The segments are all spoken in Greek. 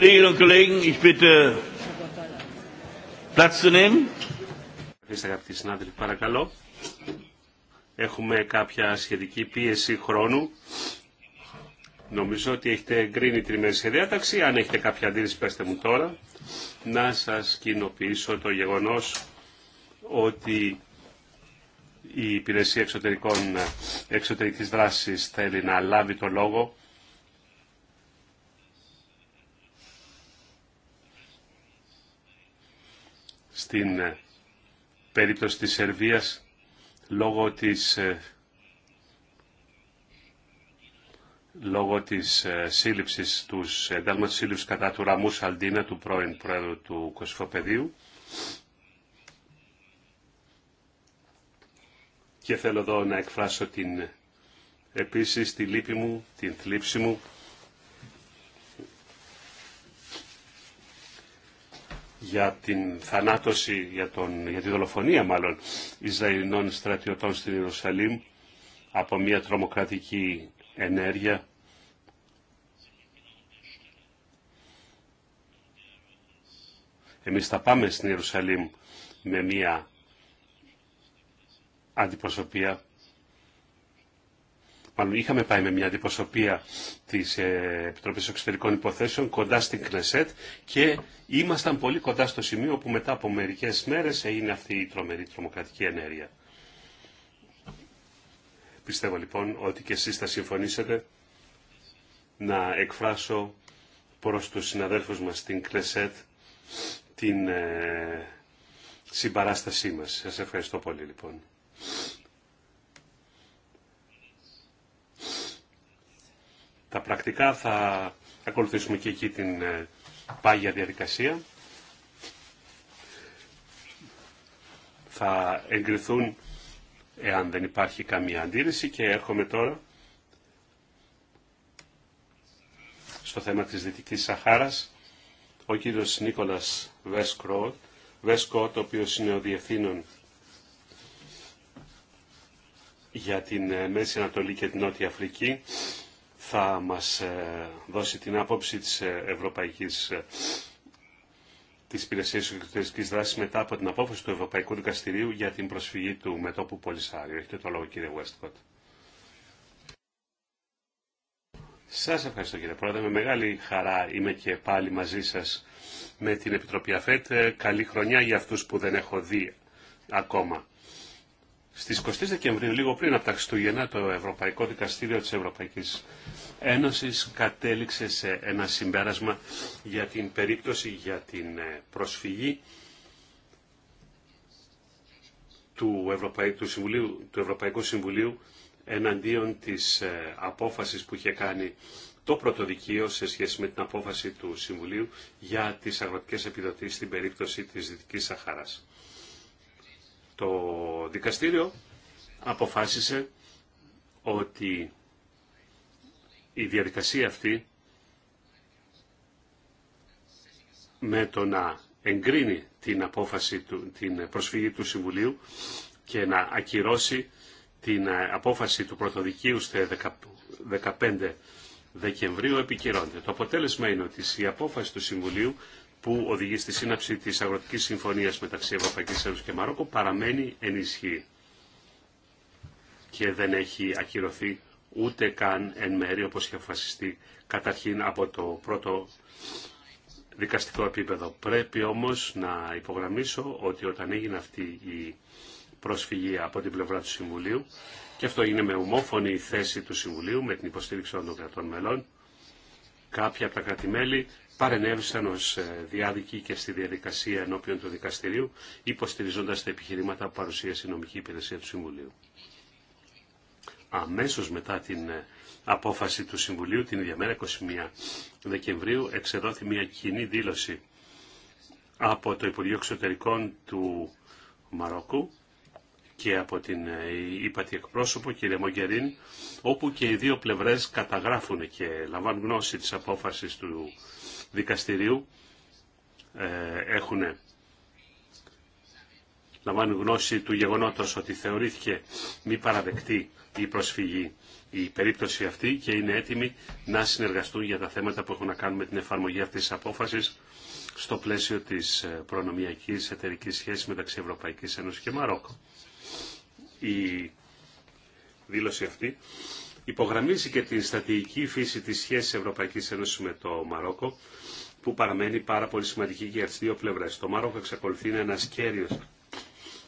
Kolleginnen und Kollegen, ich bitte Platz zu nehmen. Αγαπητοί συνάδελφοι, παρακαλώ. Έχουμε κάποια σχετική πίεση χρόνου. Νομίζω ότι έχετε εγκρίνει τη μέση διάταξη. Αν έχετε κάποια αντίρρηση, πέστε μου τώρα. Να σας κοινοποιήσω το γεγονός ότι η Υπηρεσία Εξωτερικών, Εξωτερικής Δράσης θέλει να λάβει το λόγο στην ε, περίπτωση της Σερβίας λόγω της, ε, λόγω της ε, σύλληψης τους, εντάλματος κατά του Ραμού Σαλντίνα, του πρώην πρόεδρου του Κοσφοπεδίου. Και θέλω εδώ να εκφράσω την, επίσης τη λύπη μου, την θλίψη μου για την θανάτωση, για, τον, για τη δολοφονία μάλλον Ισραηλινών στρατιωτών στην Ιερουσαλήμ από μια τρομοκρατική ενέργεια. Εμείς θα πάμε στην Ιερουσαλήμ με μια αντιπροσωπεία μάλλον είχαμε πάει με μια αντιπροσωπεία της ε, Επιτροπής Εξωτερικών Υποθέσεων κοντά στην Κνεσέτ και ήμασταν πολύ κοντά στο σημείο που μετά από μερικές μέρες έγινε αυτή η τρομερή τρομοκρατική ενέργεια. Πιστεύω λοιπόν ότι και εσείς θα συμφωνήσετε να εκφράσω προς τους συναδέλφους μας στην Κνεσέτ την ε, συμπαράστασή μας. Σας ευχαριστώ πολύ λοιπόν. τα πρακτικά θα ακολουθήσουμε και εκεί την ε, πάγια διαδικασία. Θα εγκριθούν εάν δεν υπάρχει καμία αντίρρηση και έρχομαι τώρα στο θέμα της Δυτικής Σαχάρας. Ο κύριος Νίκολας Βέσκο, Βέσκο ο οποίος είναι ο διευθύνων για την ε, Μέση Ανατολή και την Νότια Αφρική, θα μας ε, δώσει την άποψη της ε, Ευρωπαϊκής ε, της Υπηρεσίας Εξωτερικής Δράσης μετά από την απόφαση του Ευρωπαϊκού Δικαστηρίου για την προσφυγή του μετόπου Πολυσάριου. Έχετε το λόγο κύριε Westcott. Σας ευχαριστώ κύριε Πρόεδρε. Με μεγάλη χαρά είμαι και πάλι μαζί σας με την Επιτροπή ΑΦΕΤ. Καλή χρονιά για αυτούς που δεν έχω δει ακόμα. Στις 20 Δεκεμβρίου, λίγο πριν από τα Χριστούγεννα, το Ευρωπαϊκό Δικαστήριο της Ευρωπαϊκή Ένωση κατέληξε σε ένα συμπέρασμα για την περίπτωση για την ε, προσφυγή του, Συμβουλίου... Ευρωπαϊκού Συμβουλίου εναντίον της ε, απόφασης που είχε κάνει το πρωτοδικείο σε σχέση με την απόφαση του Συμβουλίου για τις αγροτικές επιδοτήσει στην περίπτωση της Δυτικής Σαχάρας. Το δικαστήριο αποφάσισε ότι η διαδικασία αυτή με το να εγκρίνει την απόφαση του, την προσφυγή του Συμβουλίου και να ακυρώσει την απόφαση του Πρωτοδικίου στις 15 Δεκεμβρίου επικυρώνεται. Το αποτέλεσμα είναι ότι η απόφαση του Συμβουλίου που οδηγεί στη σύναψη της αγροτικής συμφωνίας μεταξύ Ευρωπαϊκής Ένωσης και Μαρόκο παραμένει ισχύ και δεν έχει ακυρωθεί ούτε καν εν μέρη όπως είχε αποφασιστεί καταρχήν από το πρώτο δικαστικό επίπεδο. Πρέπει όμως να υπογραμμίσω ότι όταν έγινε αυτή η προσφυγή από την πλευρά του Συμβουλίου και αυτό έγινε με ομόφωνη θέση του Συμβουλίου με την υποστήριξη των κρατών μελών κάποια από τα κρατημέλη παρενέβησαν ω ε, διάδικοι και στη διαδικασία ενώπιον του δικαστηρίου, υποστηριζοντας τα επιχειρήματα που παρουσίασε η νομική υπηρεσία του Συμβουλίου. Αμέσως μετά την ε, απόφαση του Συμβουλίου, την ίδια μέρα, 21 Δεκεμβρίου, εξεδόθη μια κοινή δήλωση από το Υπουργείο Εξωτερικών του Μαρόκου και από την ε, ύπατη εκπρόσωπο, κύριε Μογκερίν, όπου και οι δύο πλευρές καταγράφουν και λαμβάνουν γνώση της απόφασης του δικαστηρίου ε, έχουν λαμβάνουν γνώση του γεγονότος ότι θεωρήθηκε μη παραδεκτή η προσφυγή η περίπτωση αυτή και είναι έτοιμοι να συνεργαστούν για τα θέματα που έχουν να κάνουν με την εφαρμογή αυτής της απόφασης στο πλαίσιο της ε, προνομιακής εταιρικής σχέσης μεταξύ Ευρωπαϊκής Ένωσης και Μαρόκο. Η δήλωση αυτή υπογραμμίζει και την στρατηγική φύση της σχέσης Ευρωπαϊκής Ένωσης με το Μαρόκο που παραμένει πάρα πολύ σημαντική και για τι δύο πλευρέ. Το Μάροκο εξακολουθεί να είναι ένα κέριο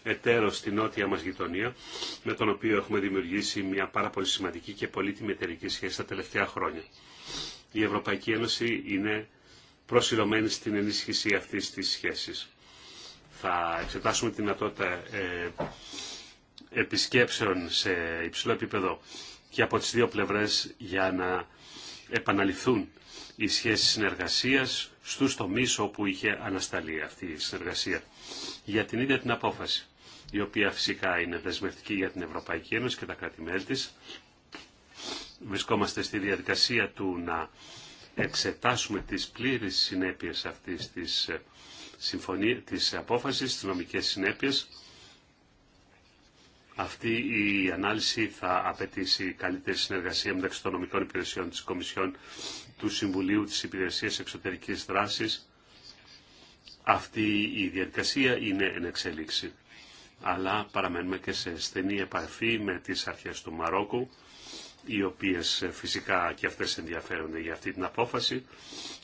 εταίρο στη νότια μα γειτονία, με τον οποίο έχουμε δημιουργήσει μια πάρα πολύ σημαντική και πολύτιμη εταιρική σχέση τα τελευταία χρόνια. Η Ευρωπαϊκή Ένωση είναι προσιλωμένη στην ενίσχυση αυτής της σχέση Θα εξετάσουμε τη δυνατότητα ε, επισκέψεων σε υψηλό επίπεδο και από τις δύο πλευρές για να επαναληφθούν οι σχέσεις συνεργασίας στους τομείς όπου είχε ανασταλεί αυτή η συνεργασία. Για την ίδια την απόφαση, η οποία φυσικά είναι δεσμευτική για την Ευρωπαϊκή Ένωση και τα κράτη-μέλη της, βρισκόμαστε στη διαδικασία του να εξετάσουμε τις πλήρεις συνέπειες αυτής της, ε, συμφωνία, της απόφασης, τις νομικές συνέπειες. Αυτή η ανάλυση θα απαιτήσει καλύτερη συνεργασία μεταξύ των νομικών υπηρεσιών της Κομισιόν του Συμβουλίου της Υπηρεσίας Εξωτερικής Δράσης. Αυτή η διαδικασία είναι εν εξέλιξη. Αλλά παραμένουμε και σε στενή επαφή με τις αρχές του Μαρόκου, οι οποίες ε, φυσικά και αυτές ενδιαφέρονται για αυτή την απόφαση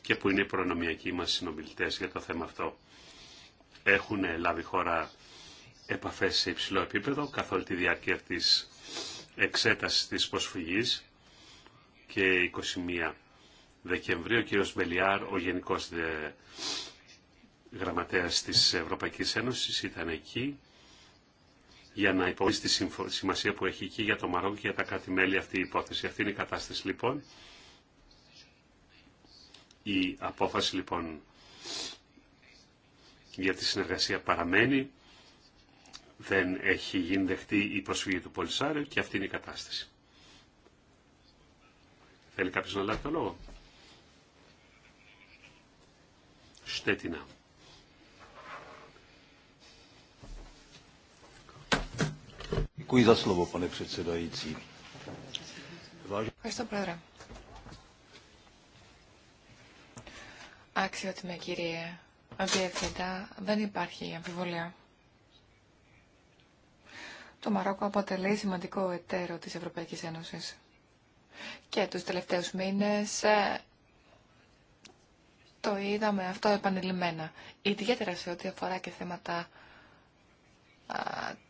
και που είναι οι προνομιακοί μας συνομιλητές για το θέμα αυτό. Έχουν λάβει χώρα επαφές σε υψηλό επίπεδο καθ' όλη τη διάρκεια της εξέτασης της προσφυγής και 21 Δεκεμβρίου, ο κύριος Μπελιάρ, ο Γενικός Γραμματέας της Ευρωπαϊκής Ένωσης, ήταν εκεί για να υποβεί τη σημασία που έχει εκεί για το Μαρόκο και για τα κράτη-μέλη αυτή η υπόθεση. Αυτή είναι η κατάσταση λοιπόν. Η απόφαση λοιπόν για τη συνεργασία παραμένει. Δεν έχει γίνει δεχτή η προσφυγή του Πολυσάριου και αυτή είναι η κατάσταση. Θέλει κάποιος να λάβει το λόγο. Штетина. Ευχαριστώ, Πρόεδρε. Αξιότιμε κύριε Διευθυντά, δεν υπάρχει αμφιβολία. Το Μαρόκο αποτελεί σημαντικό εταίρο της Ευρωπαϊκής Ένωσης. Και τους τελευταίους μήνες ε, το είδαμε αυτό επανειλημμένα. Ιδιαίτερα σε ό,τι αφορά και θέματα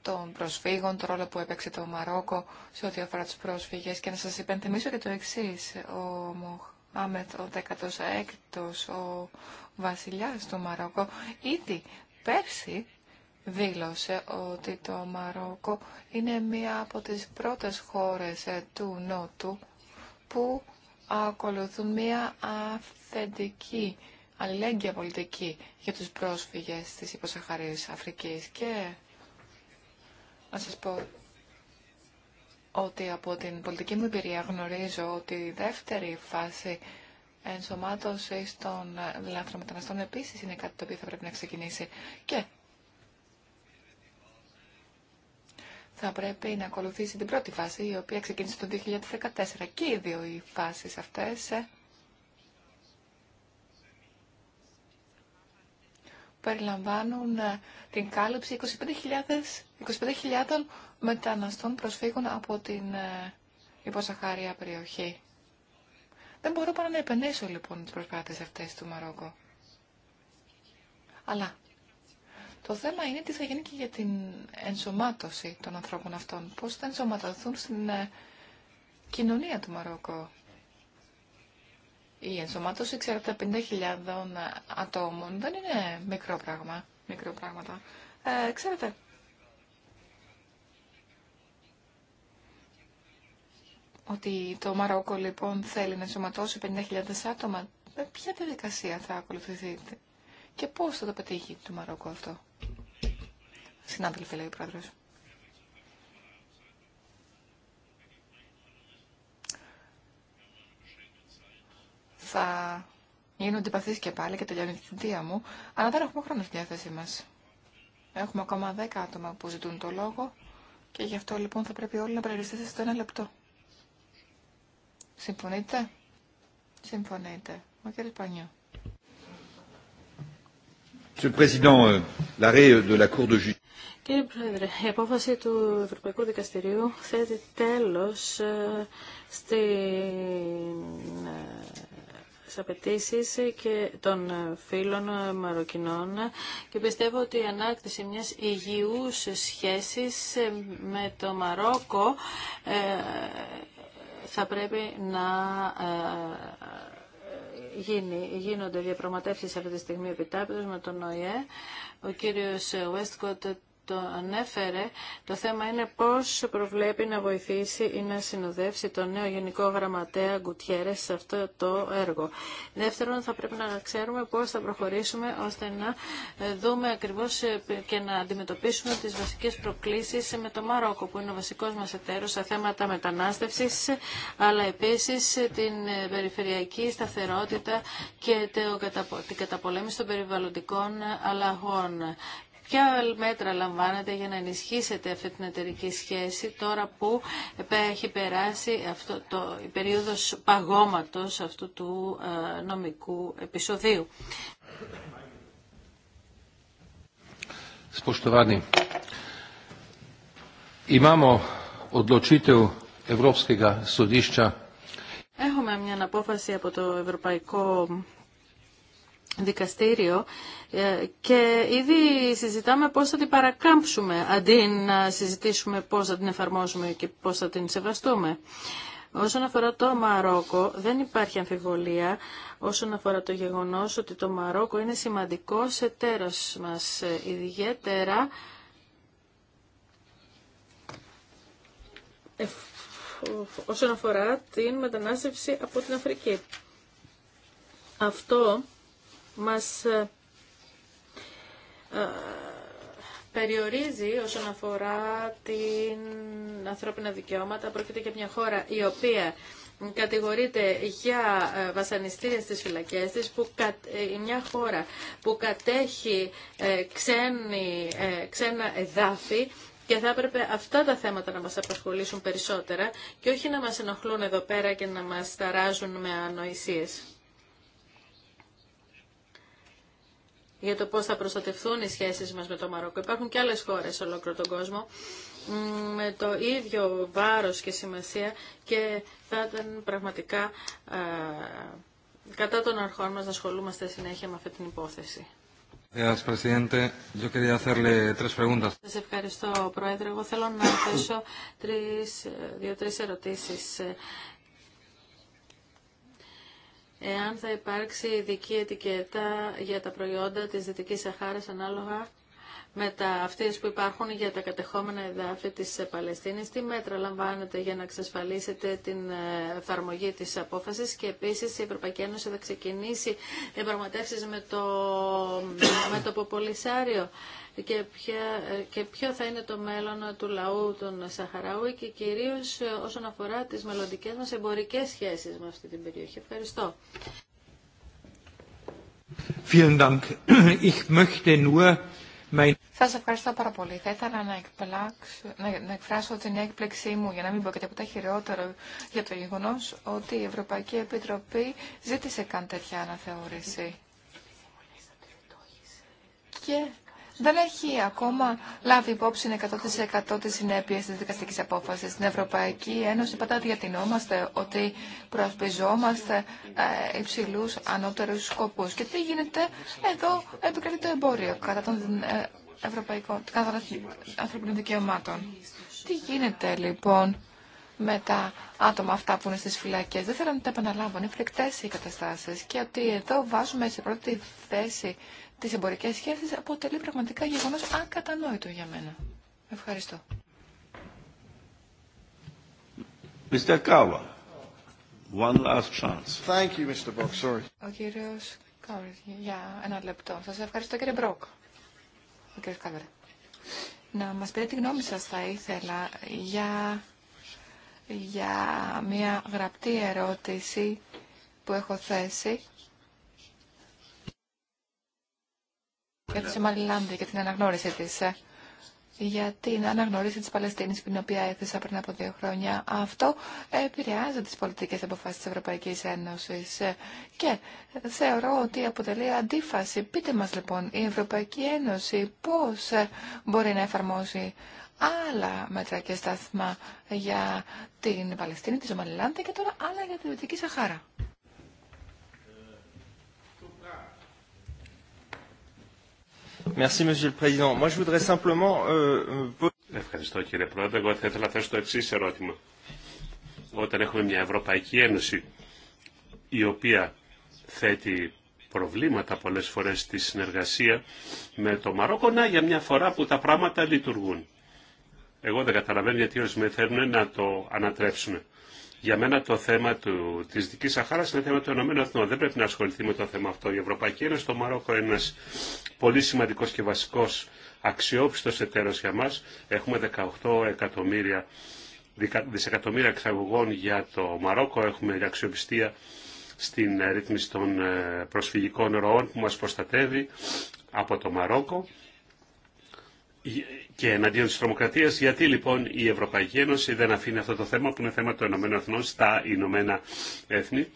των προσφύγων, το ρόλο που έπαιξε το Μαρόκο σε ό,τι αφορά τους πρόσφυγες. Και να σας υπενθυμίσω και το εξή, Ο Μοχάμετ, ο 16 ο βασιλιάς του Μαρόκο, ήδη πέρσι δήλωσε ότι το Μαρόκο είναι μία από τις πρώτες χώρες ε, του Νότου που ακολουθούν μια αυθεντική αλληλέγγυα πολιτική για τους πρόσφυγες της υποσαχαρής Αφρικής και να σας πω ότι από την πολιτική μου εμπειρία γνωρίζω ότι η δεύτερη φάση ενσωμάτωσης των μεταναστών επίσης είναι κάτι το οποίο θα πρέπει να ξεκινήσει και θα πρέπει να ακολουθήσει την πρώτη φάση, η οποία ξεκίνησε το 2014. Και οι δύο οι φάσεις αυτές ε, περιλαμβάνουν ε, την κάλυψη 25.000 25.000 μεταναστών προσφύγων από την ε, υποσαχάρια περιοχή. Δεν μπορώ παρά να επενέσω λοιπόν τις προσπάθειες αυτές του Μαρόκο. Αλλά το θέμα είναι τι θα γίνει και για την ενσωμάτωση των ανθρώπων αυτών. Πώς θα ενσωματωθούν στην ε, κοινωνία του Μαρόκο. Η ενσωμάτωση, ξέρετε, 50.000 ε, ατόμων δεν είναι μικρό πράγμα. Μικρό πράγματα. Ε, ξέρετε. Ότι το Μαρόκο λοιπόν θέλει να ενσωματώσει 50.000 άτομα. Ποια διαδικασία θα ακολουθηθεί και πώς θα το πετύχει το Μαρόκο αυτό. Συνάδελφε, λέει ο Πρόεδρος. Θα γίνουν αντιπαθή και πάλι και τελειώνει η θητεία μου, αλλά δεν έχουμε χρόνο στη διάθεσή μας. Έχουμε ακόμα δέκα άτομα που ζητούν το λόγο και γι' αυτό λοιπόν θα πρέπει όλοι να περιοριστείτε στο ένα λεπτό. Συμφωνείτε? Συμφωνείτε. Ο κ. Πανιού. Κύριε Πρόεδρε, η απόφαση του Ευρωπαϊκού Δικαστηρίου θέτει τέλος ε, ε, στις απαιτήσει και των φίλων ε, Μαροκινών και πιστεύω ότι η ανάκτηση μιας υγιούς σχέσης με το Μαρόκο θα πρέπει να γίνει, γίνονται διαπραγματεύσεις αυτή τη στιγμή επιτάπητος με τον ΟΗΕ. Ο κύριος Westcott το ανέφερε, το θέμα είναι πώς προβλέπει να βοηθήσει ή να συνοδεύσει το νέο Γενικό Γραμματέα Γκουτιέρες σε αυτό το έργο. Δεύτερον, θα πρέπει να ξέρουμε πώς θα προχωρήσουμε ώστε να ε, δούμε ακριβώς ε, και να αντιμετωπίσουμε τις βασικές προκλήσεις με το Μαρόκο, που είναι ο βασικός μας εταίρος σε θέματα μετανάστευσης, αλλά επίσης την ε, περιφερειακή σταθερότητα και την καταπολέμηση των περιβαλλοντικών αλλαγών. Ποια μέτρα λαμβάνετε για να ενισχύσετε αυτή την εταιρική σχέση τώρα που έχει περάσει αυτό το, η περίοδος παγώματος αυτού του ε, νομικού επεισοδίου. Spoštovani, imamo Evropskega Έχουμε μια απόφαση από το Ευρωπαϊκό δικαστήριο ε, και ήδη συζητάμε πώς θα την παρακάμψουμε αντί να συζητήσουμε πώς θα την εφαρμόσουμε και πώς θα την σεβαστούμε. Όσον αφορά το Μαρόκο, δεν υπάρχει αμφιβολία όσον αφορά το γεγονός ότι το Μαρόκο είναι σημαντικός εταίρος μας, ε, ιδιαίτερα όσον αφορά την μετανάστευση από την Αφρική. Αυτό μας ε, ε, περιορίζει όσον αφορά την ανθρώπινα δικαιώματα. Πρόκειται και μια χώρα η οποία κατηγορείται για ε, βασανιστήρια στις φυλακές της, που μια χώρα που κατέχει ξένη, ξένα εδάφη και θα έπρεπε αυτά τα θέματα να μας απασχολήσουν περισσότερα και όχι να μας ενοχλούν εδώ πέρα και να μας ταράζουν με ανοησίες. για το πώς θα προστατευθούν οι σχέσεις μας με το Μαρόκο. Υπάρχουν και άλλες χώρες σε ολόκληρο τον κόσμο με το ίδιο βάρος και σημασία και θα ήταν πραγματικά κατά των αρχών μας να ασχολούμαστε συνέχεια με αυτή την υπόθεση. Σας ευχαριστώ, Πρόεδρε. Εγώ θέλω να θέσω δύο-τρεις ερωτήσεις εάν θα υπάρξει ειδική ετικέτα για τα προϊόντα της Δυτικής Σαχάρας ανάλογα με τα αυτές που υπάρχουν για τα κατεχόμενα εδάφη της Παλαιστίνης. Τι μέτρα λαμβάνετε για να εξασφαλίσετε την ε, εφαρμογή της απόφασης και επίσης η Ευρωπαϊκή Ένωση θα ξεκινήσει με το, με το Ποπολισάριο και, ποια, ποιο θα είναι το μέλλον του λαού των Σαχαράουι και κυρίως ε, όσον αφορά τις μελλοντικές μας εμπορικές σχέσεις με αυτή την περιοχή. Ευχαριστώ. Σα ευχαριστώ πάρα πολύ. Θα ήθελα να, να, να εκφράσω την έκπληξή μου, για να μην πω και τίποτα χειρότερο, για το γεγονό ότι η Ευρωπαϊκή Επιτροπή ζήτησε καν τέτοια αναθεώρηση. Και δεν έχει ακόμα λάβει υπόψη 100% τη συνέπειε τη δικαστική απόφαση. Στην Ευρωπαϊκή Ένωση πάντα διατηνόμαστε ότι προασπιζόμαστε ε, υψηλού ανώτερου σκοπού. Και τι γίνεται εδώ επικρατεί το εμπόριο κατά των ε, ευρωπαϊκών, κατά ανθρωπινών δικαιωμάτων. Τι γίνεται λοιπόν με τα άτομα αυτά που είναι στι φυλακές. Δεν θέλω να τα επαναλάβω, είναι φρικτέ οι καταστάσει και ότι εδώ βάζουμε σε πρώτη θέση τις εμπορικές σχέσεις αποτελεί πραγματικά γεγονός ακατανόητο για μένα. Ευχαριστώ. Mr. Kawa, one last chance. Thank you, Mr. Brock. Sorry. Ο κύριος Κάβερ, για ένα λεπτό. Σας ευχαριστώ κύριε Μπρόκ. Ο κύριος Κάβερ. Να μας πείτε τη γνώμη σας θα ήθελα για, για μια γραπτή ερώτηση που έχω θέσει για τη Σομαλιλάνδη και την αναγνώριση τη, για την αναγνώριση τη Παλαιστίνης την οποία έθεσα πριν από δύο χρόνια. Αυτό επηρεάζει τι πολιτικέ αποφάσει τη Ευρωπαϊκή Ένωση. και θεωρώ ότι αποτελεί αντίφαση. Πείτε μα λοιπόν η Ευρωπαϊκή Ένωση πώ μπορεί να εφαρμόσει άλλα μέτρα και σταθμά για την Παλαιστίνη, τη Σομαλιλάνδη και τώρα άλλα για τη Δυτική Σαχάρα. Monsieur Président. Moi, voudrais euh, euh, Ευχαριστώ, κύριε Πρόεδρε. Εγώ θα ήθελα να θέσω το εξή ερώτημα. Όταν έχουμε μια Ευρωπαϊκή Ένωση, η οποία θέτει προβλήματα πολλέ φορέ στη συνεργασία με το Μαρόκο, να για μια φορά που τα πράγματα λειτουργούν. Εγώ δεν καταλαβαίνω γιατί με θέλουν να το ανατρέψουμε. Για μένα το θέμα του, της δικής Σαχάρας είναι θέμα του Ενωμένου Εθνών. Δεν πρέπει να ασχοληθεί με το θέμα αυτό. Η Ευρωπαϊκή Ένωση, το Μαρόκο είναι ένας πολύ σημαντικός και βασικός αξιόπιστος εταίρος για μας. Έχουμε 18 εκατομμύρια, δισεκατομμύρια εξαγωγών για το Μαρόκο. Έχουμε αξιοπιστία στην ε, ρύθμιση των ε, προσφυγικών ροών που μας προστατεύει από το Μαρόκο και εναντίον τη τρομοκρατία, Γιατί λοιπόν η Ευρωπαϊκή Ένωση δεν αφήνει αυτό το θέμα που είναι θέμα των Ηνωμένων Εθνών στα Ηνωμένα Έθνη.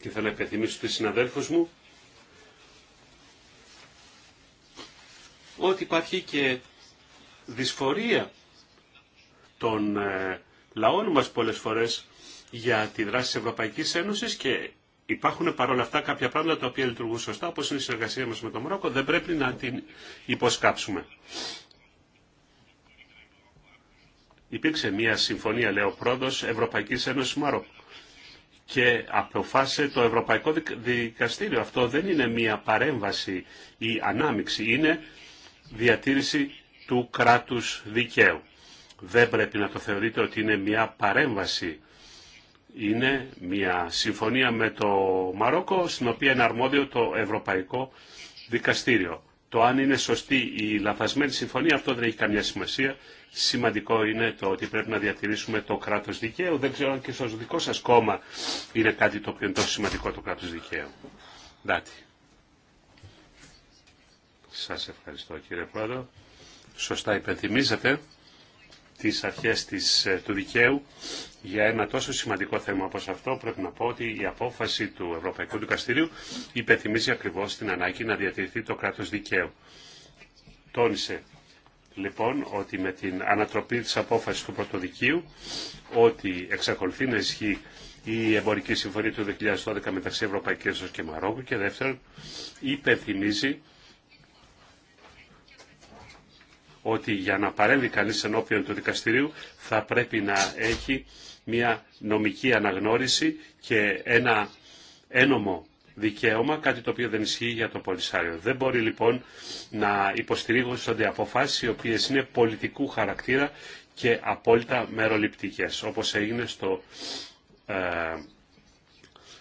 Και θέλω να υπενθυμίσω τους συναδέλφους μου ότι υπάρχει και δυσφορία των ε, λαών μας πολλές φορές για τη δράση της Ευρωπαϊκής Ένωσης και Υπάρχουν παρόλα αυτά κάποια πράγματα τα οποία λειτουργούν σωστά, όπω είναι η συνεργασία μα με το Μαρόκο, δεν πρέπει να την υποσκάψουμε. Υπήρξε μια συμφωνία, λέει ο πρόεδρο Ευρωπαϊκή Ένωση Μαρόκο. Και αποφάσισε το Ευρωπαϊκό Δικαστήριο. Αυτό δεν είναι μια παρέμβαση ή ανάμιξη, είναι διατήρηση του κράτους δικαίου. Δεν πρέπει να το θεωρείτε ότι είναι μια παρέμβαση είναι μια συμφωνία με το Μαρόκο στην οποία είναι αρμόδιο το Ευρωπαϊκό Δικαστήριο. Το αν είναι σωστή η λαθασμένη συμφωνία αυτό δεν έχει καμιά σημασία. Σημαντικό είναι το ότι πρέπει να διατηρήσουμε το κράτος δικαίου. Δεν ξέρω αν και στο δικό σας κόμμα είναι κάτι το οποίο είναι τόσο σημαντικό το κράτος δικαίου. Δάτη. Σας ευχαριστώ κύριε Πρόεδρο. Σωστά υπενθυμίζετε τις αρχές της, ε, του δικαίου για ένα τόσο σημαντικό θέμα όπως αυτό πρέπει να πω ότι η απόφαση του Ευρωπαϊκού Δικαστηρίου υπενθυμίζει ακριβώς την ανάγκη να διατηρηθεί το κράτος δικαίου. Τόνισε λοιπόν ότι με την ανατροπή της απόφασης του Πρωτοδικίου ότι εξακολουθεί να ισχύει η εμπορική συμφωνία του 2012 μεταξύ Ευρωπαϊκής και Μαρόκου και δεύτερον υπενθυμίζει ότι για να παρέμβει κανείς ενώπιον του δικαστηρίου θα πρέπει να έχει μια νομική αναγνώριση και ένα ένομο δικαίωμα, κάτι το οποίο δεν ισχύει για το Πολυσάριο. Δεν μπορεί λοιπόν να υποστηρίζονται αποφάσει οι οποίες είναι πολιτικού χαρακτήρα και απόλυτα μεροληπτικές, όπως έγινε στο, ε,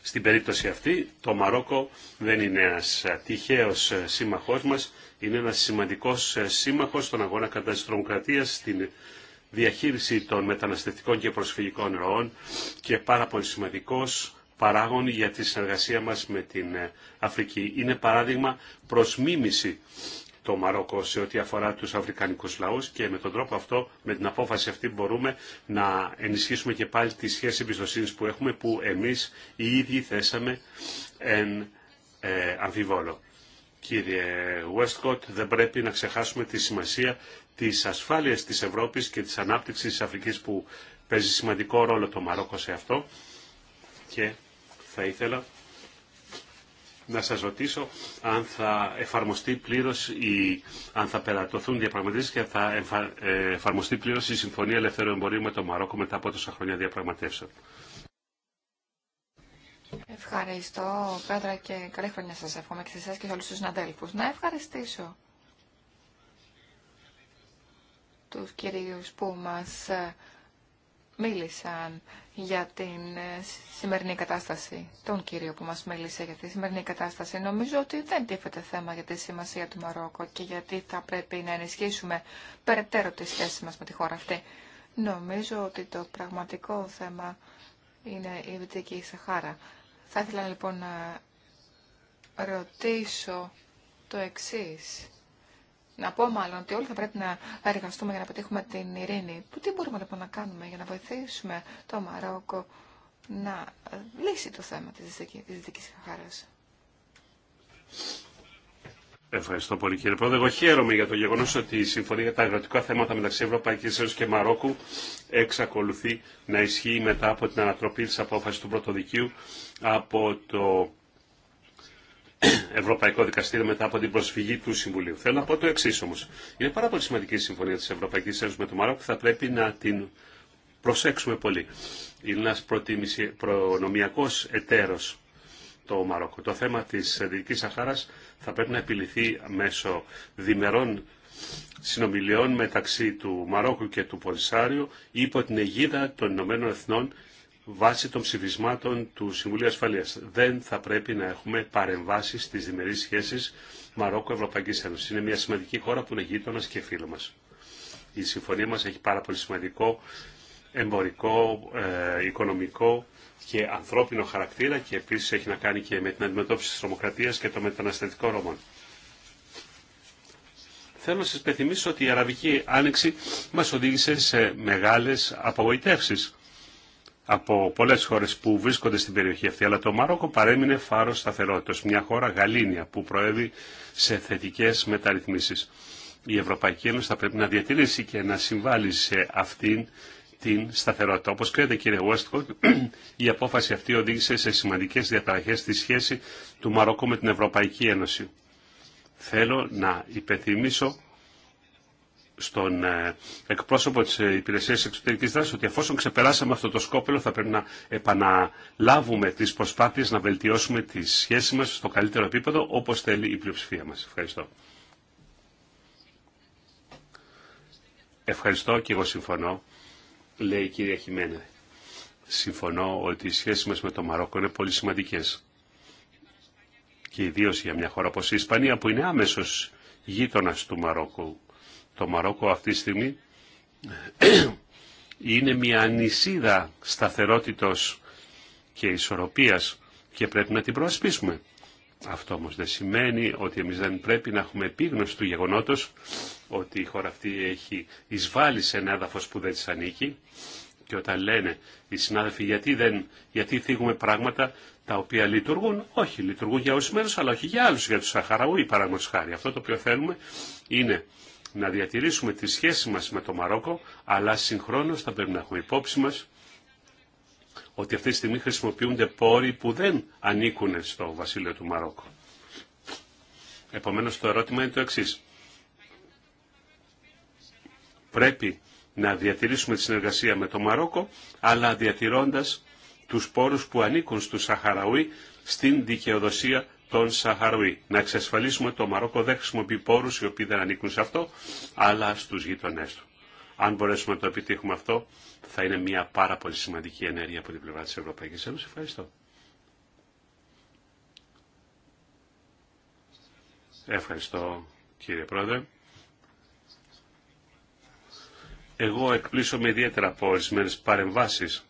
στην περίπτωση αυτή. Το Μαρόκο δεν είναι ένας τυχαίος σύμμαχός μας, είναι ένα σημαντικός ε, σύμμαχος στον αγώνα κατά της τρομοκρατίας, στην διαχείριση των μεταναστευτικών και προσφυγικών ροών και πάρα πολύ σημαντικός παράγων για τη συνεργασία μας με την ε, Αφρική. Είναι παράδειγμα προς μίμηση το Μαρόκο σε ό,τι αφορά τους αφρικανικούς λαούς και με τον τρόπο αυτό, με την απόφαση αυτή μπορούμε να ενισχύσουμε και πάλι τη σχέση εμπιστοσύνη που έχουμε που εμείς οι ίδιοι θέσαμε εν ε, Κύριε Westcott, δεν πρέπει να ξεχάσουμε τη σημασία της ασφάλειας της Ευρώπης και της ανάπτυξης της Αφρικής που παίζει σημαντικό ρόλο το Μαρόκο σε αυτό. Και θα ήθελα να σας ρωτήσω αν θα εφαρμοστεί πλήρως, η, αν θα περατωθούν διαπραγματεύσεις και θα ε, εφαρμοστεί πλήρως η Συμφωνία Ελευθερού Εμπορίου με το Μαρόκο μετά από τόσα χρόνια διαπραγματεύσεων. Ευχαριστώ, Πέτρα, και καλή χρονιά σας εύχομαι και σε εσάς και σε όλους τους συναδέλφους. Να ευχαριστήσω τους κυρίους που μας ε, μίλησαν για την ε, σημερινή κατάσταση, τον κύριο που μας μίλησε για τη σημερινή κατάσταση. Νομίζω ότι δεν τίθεται θέμα για τη σημασία του Μαρόκο και γιατί θα πρέπει να ενισχύσουμε περαιτέρω τη σχέση μας με τη χώρα αυτή. Νομίζω ότι το πραγματικό θέμα είναι η Βυτική Σαχάρα. Θα ήθελα λοιπόν να ρωτήσω το εξής. Να πω μάλλον ότι όλοι θα πρέπει να εργαστούμε για να πετύχουμε την ειρήνη. Που τι μπορούμε λοιπόν να κάνουμε για να βοηθήσουμε το Μαρόκο να λύσει το θέμα της Δυτικής χαράς. Ευχαριστώ πολύ κύριε Πρόεδρε. Εγώ χαίρομαι για το γεγονό ότι η Συμφωνία για τα Αγροτικά Θέματα μεταξύ Ευρωπαϊκή Ένωση και Μαρόκου εξακολουθεί να ισχύει μετά από την ανατροπή τη απόφαση του Πρωτοδικείου από το Ευρωπαϊκό Δικαστήριο μετά από την προσφυγή του Συμβουλίου. Θέλω να πω το εξή όμω. Είναι πάρα πολύ σημαντική η Συμφωνία τη Ευρωπαϊκή Ένωση με το Μαρόκο. Θα πρέπει να την προσέξουμε πολύ. Είναι ένα προνομιακό εταίρο το Μαρόκο. Το θέμα της Δυτικής Σαχάρας θα πρέπει να επιληθεί μέσω διμερών συνομιλιών μεταξύ του Μαρόκου και του Πολυσάριου υπό την αιγίδα των Ηνωμένων Εθνών βάσει των ψηφισμάτων του Συμβουλίου Ασφαλείας. Δεν θα πρέπει να έχουμε παρεμβάσεις στις διμερείς σχέσεις Μαρόκου-Ευρωπαϊκής Ένωσης. Είναι μια σημαντική χώρα που είναι γείτονα και φίλο μας. Η συμφωνία μας έχει πάρα πολύ σημαντικό εμπορικό, ε, οικονομικό και ανθρώπινο χαρακτήρα και επίσης έχει να κάνει και με την αντιμετώπιση της τρομοκρατίας και των μεταναστευτικών ρόμων. Θέλω να σας πεθυμίσω ότι η Αραβική Άνοιξη μας οδήγησε σε μεγάλες απογοητεύσεις από πολλές χώρες που βρίσκονται στην περιοχή αυτή, αλλά το Μάροκο παρέμεινε φάρος σταθερότητας, μια χώρα γαλήνια που προέβη σε θετικές μεταρρυθμίσεις. Η Ευρωπαϊκή Ένωση θα πρέπει να διατηρήσει και να συμβάλλει σε αυτήν την σταθερότητα. Όπω ξέρετε κύριε Westcott, η απόφαση αυτή οδήγησε σε σημαντικέ διαταραχέ στη σχέση του Μαρόκου με την Ευρωπαϊκή Ένωση. Θέλω να υπενθυμίσω στον ε, εκπρόσωπο της ε, Υπηρεσίας Εξωτερικής Δράσης ότι εφόσον ξεπεράσαμε αυτό το σκόπελο θα πρέπει να επαναλάβουμε τις προσπάθειες να βελτιώσουμε τη σχέση μας στο καλύτερο επίπεδο όπως θέλει η πλειοψηφία μας. Ευχαριστώ. Ευχαριστώ και εγώ συμφωνώ λέει η κυρία Χιμένα. Συμφωνώ ότι οι σχέσεις μας με το Μαρόκο είναι πολύ σημαντικές. Και ιδίω για μια χώρα όπως η Ισπανία που είναι άμεσος γείτονας του Μαρόκου. Το Μαρόκο αυτή τη στιγμή είναι μια ανισίδα σταθερότητος και ισορροπίας και πρέπει να την προασπίσουμε. Αυτό όμως δεν σημαίνει ότι εμείς δεν πρέπει να έχουμε επίγνωση του γεγονότος ότι η χώρα αυτή έχει εισβάλλει σε ένα έδαφος που δεν της ανήκει και όταν λένε οι συνάδελφοι γιατί, δεν, γιατί θίγουμε πράγματα τα οποία λειτουργούν, όχι λειτουργούν για μέρους αλλά όχι για άλλους, για τους Σαχαραούι παραγματος χάρη. Αυτό το οποίο θέλουμε είναι να διατηρήσουμε τη σχέση μας με το Μαρόκο, αλλά συγχρόνως θα πρέπει να έχουμε υπόψη μας ότι αυτή τη στιγμή χρησιμοποιούνται πόροι που δεν ανήκουν στο βασίλειο του Μαρόκο. Επομένως το ερώτημα είναι το εξή. Πρέπει να διατηρήσουμε τη συνεργασία με το Μαρόκο, αλλά διατηρώντας τους πόρους που ανήκουν στους Σαχαραούι στην δικαιοδοσία των Σαχαραούι. Να εξασφαλίσουμε το Μαρόκο δεν χρησιμοποιεί πόρους οι οποίοι δεν ανήκουν σε αυτό, αλλά στους γείτονές του. Αν μπορέσουμε να το επιτύχουμε αυτό, θα είναι μια πάρα πολύ σημαντική ενέργεια από την πλευρά της Ευρωπαϊκής Ένωσης. Ευχαριστώ. Ευχαριστώ κύριε Πρόεδρε. Εγώ με ιδιαίτερα από ορισμένε παρεμβάσεις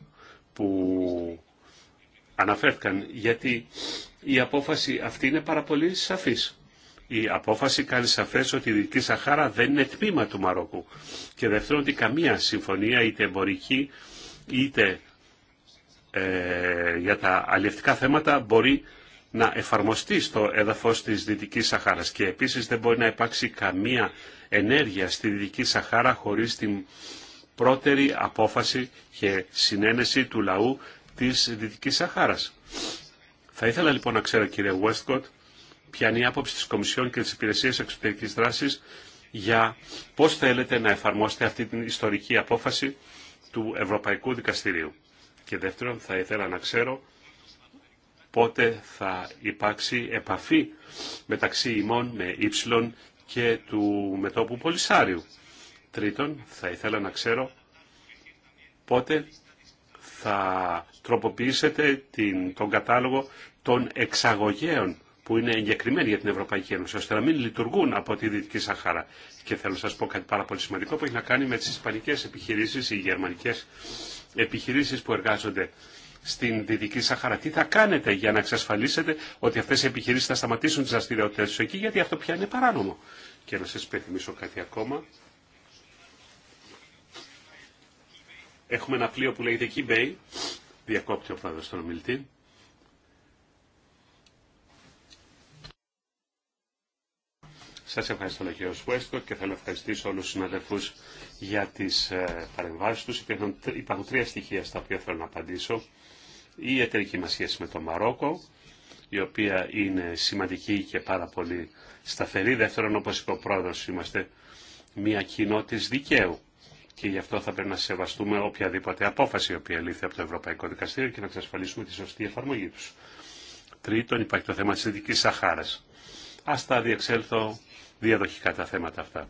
που αναφέρθηκαν, γιατί η απόφαση αυτή είναι πάρα πολύ σαφής. Η απόφαση κάνει σαφέ ότι η Δυτική Σαχάρα δεν είναι τμήμα του Μαρόκου. Και δεύτερον ότι καμία συμφωνία, είτε εμπορική, είτε ε, για τα αλληλευτικά θέματα, μπορεί να εφαρμοστεί στο έδαφος της Δυτικής Σαχάρας. Και επίσης δεν μπορεί να υπάρξει καμία ενέργεια στη Δυτική Σαχάρα χωρίς την πρώτερη απόφαση και συνένεση του λαού της Δυτικής Σαχάρας. Θα ήθελα λοιπόν να ξέρω κύριε Westcott ποια είναι η άποψη της Κομισιόν και της Υπηρεσίας Εξωτερικής Δράσης για πώς θέλετε να εφαρμόσετε αυτή την ιστορική απόφαση του Ευρωπαϊκού Δικαστηρίου. Και δεύτερον θα ήθελα να ξέρω πότε θα υπάρξει επαφή μεταξύ ημών με ύψιλον και του μετόπου Πολυσάριου. Τρίτον, θα ήθελα να ξέρω πότε θα τροποποιήσετε την, τον κατάλογο των εξαγωγέων που είναι εγκεκριμένοι για την Ευρωπαϊκή Ένωση, ώστε να μην λειτουργούν από τη Δυτική Σαχάρα. Και θέλω να σας πω κάτι πάρα πολύ σημαντικό που έχει να κάνει με τις ισπανικές επιχειρήσεις, οι γερμανικές επιχειρήσεις που εργάζονται στην Δυτική Σαχάρα. Τι θα κάνετε για να εξασφαλίσετε ότι αυτέ οι επιχειρήσει θα σταματήσουν τι δραστηριότητε του εκεί, γιατί αυτό πια είναι παράνομο. Και να σα υπενθυμίσω κάτι ακόμα. Έχουμε ένα πλοίο που λέγεται Key διακόπτει ο πρόεδρο στον ομιλητή. Σα ευχαριστώ κύριο Σουέσκο και θέλω να ευχαριστήσω όλου του συναδελφού για τι ε, παρεμβάσει του. Υπάρχουν τρία στοιχεία στα οποία θέλω να απαντήσω η εταιρική μας σχέση με το Μαρόκο, η οποία είναι σημαντική και πάρα πολύ σταθερή. Δεύτερον, όπως είπε ο πρόεδρος, είμαστε μια κοινότης δικαίου και γι' αυτό θα πρέπει να σεβαστούμε οποιαδήποτε απόφαση η οποία λήφθη από το Ευρωπαϊκό Δικαστήριο και να εξασφαλίσουμε τη σωστή εφαρμογή του. Τρίτον, υπάρχει το θέμα της ειδικής Σαχάρα. Α τα διεξέλθω διαδοχικά τα θέματα αυτά.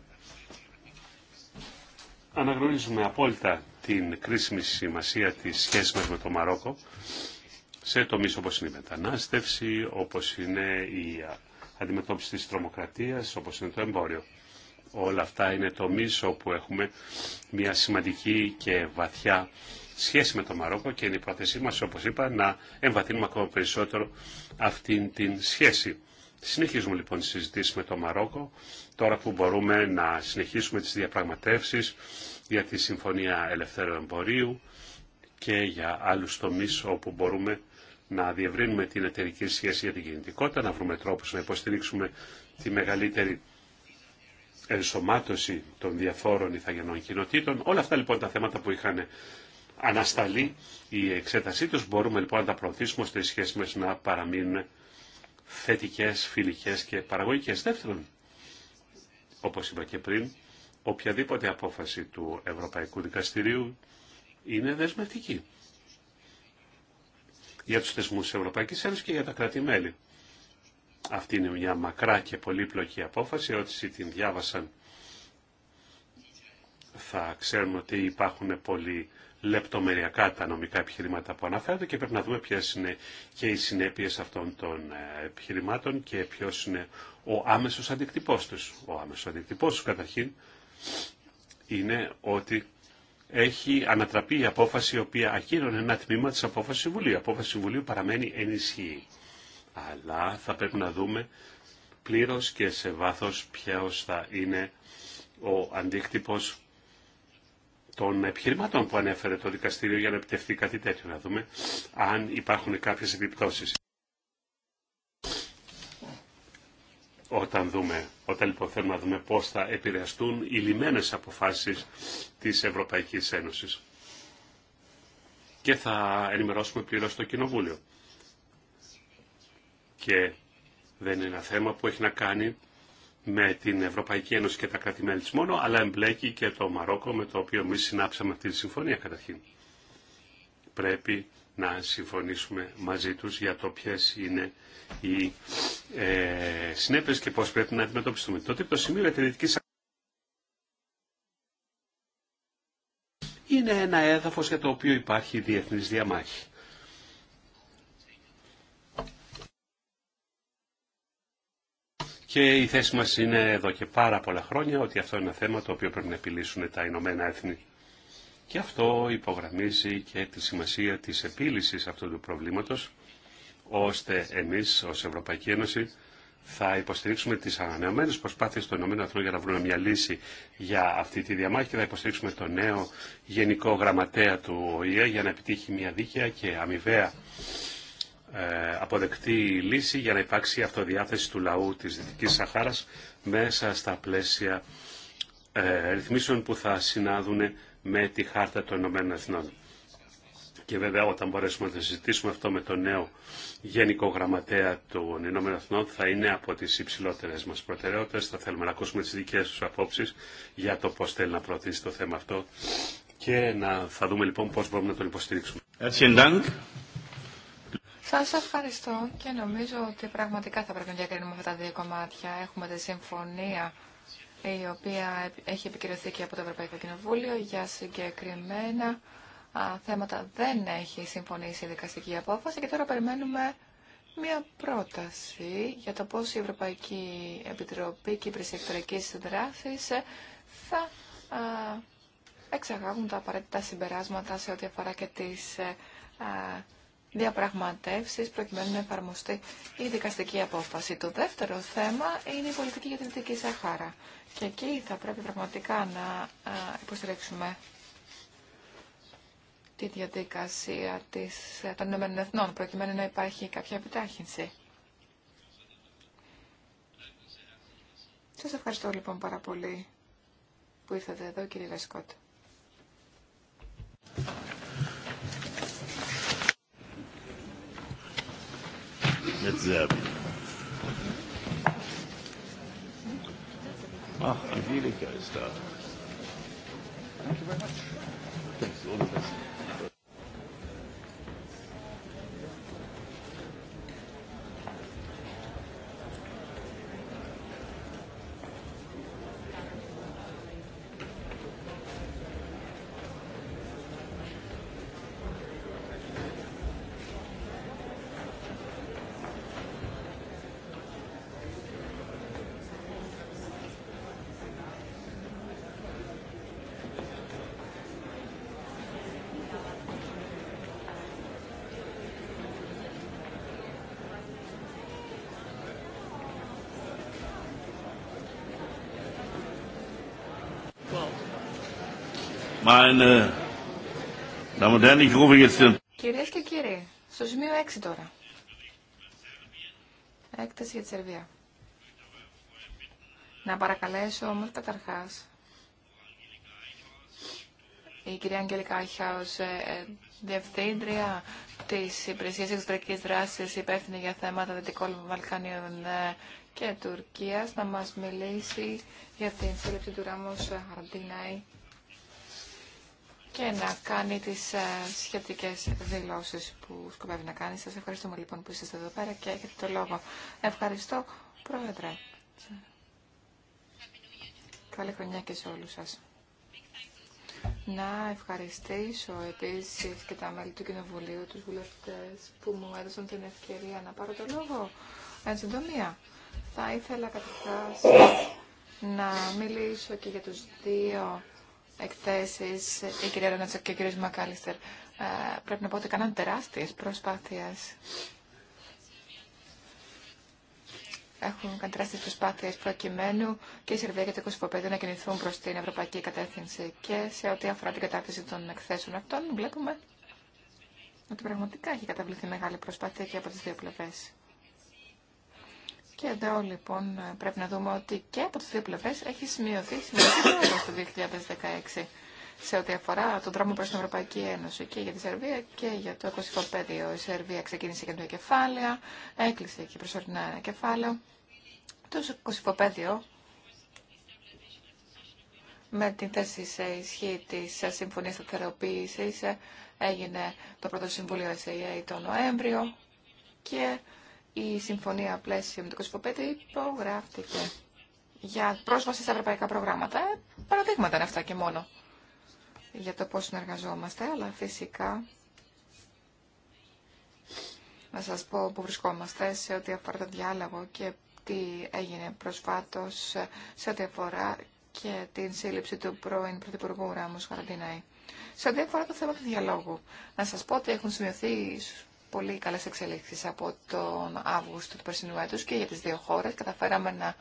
Αναγνωρίζουμε απόλυτα την κρίσιμη σημασία της σχέσης μας με το Μαρόκο σε τομείς όπως είναι η μετανάστευση, όπως είναι η αντιμετώπιση της τρομοκρατίας, όπως είναι το εμπόριο. Όλα αυτά είναι τομείς όπου έχουμε μια σημαντική και βαθιά σχέση με το Μαρόκο και είναι η πρόθεσή μας, όπως είπα, να εμβαθύνουμε ακόμα περισσότερο αυτήν την σχέση. Συνεχίζουμε λοιπόν τις συζητήσεις με το Μαρόκο, τώρα που μπορούμε να συνεχίσουμε τις διαπραγματεύσεις για τη Συμφωνία Ελευθέρου Εμπορίου και για άλλους τομείς όπου μπορούμε να διευρύνουμε την εταιρική σχέση για την κινητικότητα, να βρούμε τρόπους να υποστηρίξουμε τη μεγαλύτερη ενσωμάτωση των διαφόρων ηθαγενών κοινοτήτων. Όλα αυτά λοιπόν τα θέματα που είχαν ανασταλεί η εξέτασή τους μπορούμε λοιπόν να τα προωθήσουμε ώστε οι σχέσεις μας να παραμείνουν θετικές, φιλικές και παραγωγικές. Δεύτερον, όπως είπα και πριν, οποιαδήποτε απόφαση του Ευρωπαϊκού Δικαστηρίου είναι δεσμευτική για τους θεσμούς της Ευρωπαϊκής Ένωσης και για τα κράτη-μέλη. Αυτή είναι μια μακρά και πολύπλοκη απόφαση. Όσοι την διάβασαν θα ξέρουν ότι υπάρχουν πολύ λεπτομεριακά τα νομικά επιχειρήματα που αναφέρονται και πρέπει να δούμε ποιες είναι και οι συνέπειες αυτών των ε, επιχειρημάτων και ποιος είναι ο άμεσος αντικτυπός Ο άμεσος αντικτυπός καταρχήν είναι ότι έχει ανατραπεί η απόφαση η οποία ακύρωνε ένα τμήμα της απόφασης Συμβουλίου. Η απόφαση Συμβουλίου παραμένει ενισχύη. Αλλά θα πρέπει να δούμε πλήρως και σε βάθος ποιος θα είναι ο αντίκτυπος των επιχειρημάτων που ανέφερε το δικαστήριο για να επιτευχθεί κάτι τέτοιο. Να δούμε αν υπάρχουν κάποιες επιπτώσεις. Όταν, δούμε, όταν λοιπόν θέλουμε να δούμε πώς θα επηρεαστούν οι λιμένες αποφάσεις της Ευρωπαϊκής Ένωσης. Και θα ενημερώσουμε πλήρως το Κοινοβούλιο. Και δεν είναι ένα θέμα που έχει να κάνει με την Ευρωπαϊκή Ένωση και τα κράτη-μέλη της μόνο, αλλά εμπλέκει και το Μαρόκο με το οποίο εμεί συνάψαμε αυτή τη συμφωνία καταρχήν. Πρέπει να συμφωνήσουμε μαζί τους για το ποιε είναι οι ε, συνέπειες και πώς πρέπει να αντιμετωπιστούμε. Το τρίτο σημείο για τη είναι ένα έδαφος για το οποίο υπάρχει διεθνής διαμάχη. Και η θέση μας είναι εδώ και πάρα πολλά χρόνια ότι αυτό είναι ένα θέμα το οποίο πρέπει να επιλύσουν τα Ηνωμένα Έθνη. Και αυτό υπογραμμίζει και τη σημασία της επίλυσης αυτού του προβλήματος, ώστε εμείς ως Ευρωπαϊκή Ένωση θα υποστηρίξουμε τις ανανεωμένες προσπάθειες των ΗΠΑ για να βρούμε μια λύση για αυτή τη διαμάχη και θα υποστηρίξουμε το νέο γενικό γραμματέα του ΟΗΕ για να επιτύχει μια δίκαια και αμοιβαία ε, αποδεκτή λύση για να υπάρξει αυτοδιάθεση του λαού της Δυτικής Σαχάρας μέσα στα πλαίσια ε, ρυθμίσεων που θα συνάδουν με τη Χάρτα των Ηνωμένων Εθνών. Και βέβαια όταν μπορέσουμε να συζητήσουμε αυτό με τον νέο Γενικό Γραμματέα των Ηνωμένων Εθνών θα είναι από τις υψηλότερες μας προτεραιότητες. Θα θέλουμε να ακούσουμε τις δικές τους απόψεις για το πώς θέλει να προωθήσει το θέμα αυτό και να, θα δούμε λοιπόν πώς μπορούμε να τον υποστηρίξουμε. Σας ευχαριστώ και νομίζω ότι πραγματικά θα πρέπει να διακρίνουμε αυτά τα δύο κομμάτια. Έχουμε τη συμφωνία η οποία έχει επικυρωθεί και από το Ευρωπαϊκό Κοινοβούλιο για συγκεκριμένα θέματα δεν έχει συμφωνήσει η δικαστική απόφαση και τώρα περιμένουμε μια πρόταση για το πώς η Ευρωπαϊκή Επιτροπή και η Εκτορικής Δράσης θα εξαγάγουν τα απαραίτητα συμπεράσματα σε ό,τι αφορά και τις Διαπραγματεύσει προκειμένου να εφαρμοστεί η δικαστική απόφαση. Το δεύτερο θέμα είναι η πολιτική για τη Δυτική Σαχάρα. Και εκεί θα πρέπει πραγματικά να υποστηρίξουμε τη διαδικασία ε, των Ηνωμένων Εθνών, προκειμένου να υπάρχει κάποια επιτάχυνση. Σας ευχαριστώ λοιπόν πάρα πολύ που ήρθατε εδώ κύριε Ρεσκότ. Jetzt Serbien. Ach, Angelika ist da. Thank you very much. Thanks, all the best. Κυρίε και κύριοι, στο σημείο 6 τώρα. Έκταση για τη Σερβία. Να παρακαλέσω όμω καταρχά, η κυρία Αγγελικά Άχιαος, ε, ε, διευθύντρια τη Υπηρεσία Εξωτερική Δράση υπεύθυνη για θέματα Δυτικών Βαλκανίων ε, και Τουρκία, να μα μιλήσει για την σύλληψη του Ράμος Αρντινάη και να κάνει τις ε, σχετικές δηλώσεις που σκοπεύει να κάνει. Σας ευχαριστούμε λοιπόν που είστε εδώ πέρα και έχετε το λόγο. Ευχαριστώ, Πρόεδρε. Καλή χρονιά και σε όλους σας. Να ευχαριστήσω επίσης και τα μέλη του Κοινοβουλίου, τους βουλευτές που μου έδωσαν την ευκαιρία να πάρω το λόγο. Εν συντομία, θα ήθελα καταρχάς να μιλήσω και για τους δύο εκθέσεις, η κυρία Ρονατσοκ και ο κύριος Μακάλιστερ, ε, πρέπει να πω ότι κάναν τεράστιες προσπάθειες. Έχουν κάνει τεράστιες προσπάθειες προκειμένου και η Σερβία και το Κωσυποπέδιο να κινηθούν προς την ευρωπαϊκή κατεύθυνση. Και σε ό,τι αφορά την κατάρτιση των εκθέσεων αυτών, βλέπουμε ότι πραγματικά έχει καταβληθεί μεγάλη προσπάθεια και από τις δύο πλευρές. Και εδώ λοιπόν πρέπει να δούμε ότι και από τις δύο πλευρές έχει σημειωθεί σημαντικό το 2016 σε ό,τι αφορά τον δρόμο προς την Ευρωπαϊκή Ένωση και για τη Σερβία και για το κοσικό Η Σερβία ξεκίνησε και το κεφάλαια, έκλεισε και προσωρινά ένα κεφάλαιο. Το κοσυφοπαίδιο με την θέση σε ισχύ της Συμφωνίας Σταθεροποίησης έγινε το πρώτο Συμβούλιο SAA τον Νοέμβριο και η Συμφωνία Πλαίσιο με το Κωσυφοπέτη υπογράφτηκε για πρόσβαση στα ευρωπαϊκά προγράμματα. Ε, παραδείγματα είναι αυτά και μόνο για το πώς συνεργαζόμαστε, αλλά φυσικά να σας πω που βρισκόμαστε σε ό,τι αφορά το διάλογο και τι έγινε προσφάτως σε ό,τι αφορά και την σύλληψη του πρώην Πρωθυπουργού Ράμος Χαραντινάη. Σε ό,τι αφορά το θέμα του διαλόγου, να σας πω ότι έχουν σημειωθεί πολύ καλές εξελίξεις από τον Αύγουστο του περσινού έτους και για τις δύο χώρες. Καταφέραμε να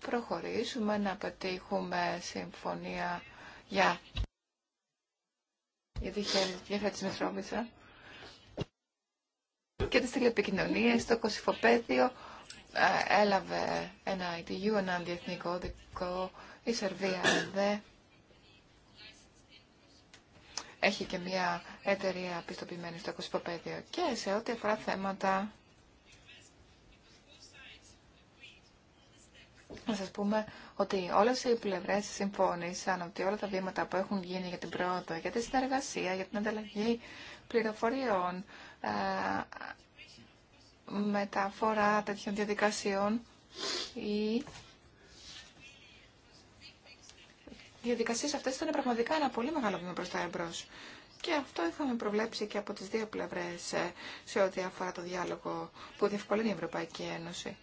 προχωρήσουμε, να πετύχουμε συμφωνία για, τη της Μητρόμητρα και τις τηλεπικοινωνίες, το ε, έλαβε ένα ITU, ένα διεθνή κώδικο, η Σερβία δε. Έχει και μια εταιρεία πιστοποιημένη στο πεδίο και σε ό,τι αφορά θέματα Να σας πούμε ότι όλες οι πλευρές συμφώνησαν ότι όλα τα βήματα που έχουν γίνει για την πρόοδο, για τη συνεργασία, για την ανταλλαγή πληροφοριών, ε, μεταφορά τέτοιων διαδικασιών ή οι διαδικασίε αυτέ ήταν πραγματικά ένα πολύ μεγάλο βήμα προς τα εμπρό. Και αυτό είχαμε προβλέψει και από τις δύο πλευρές ε, σε ό,τι αφορά το διάλογο που διευκολύνει η Ευρωπαϊκή Ένωση.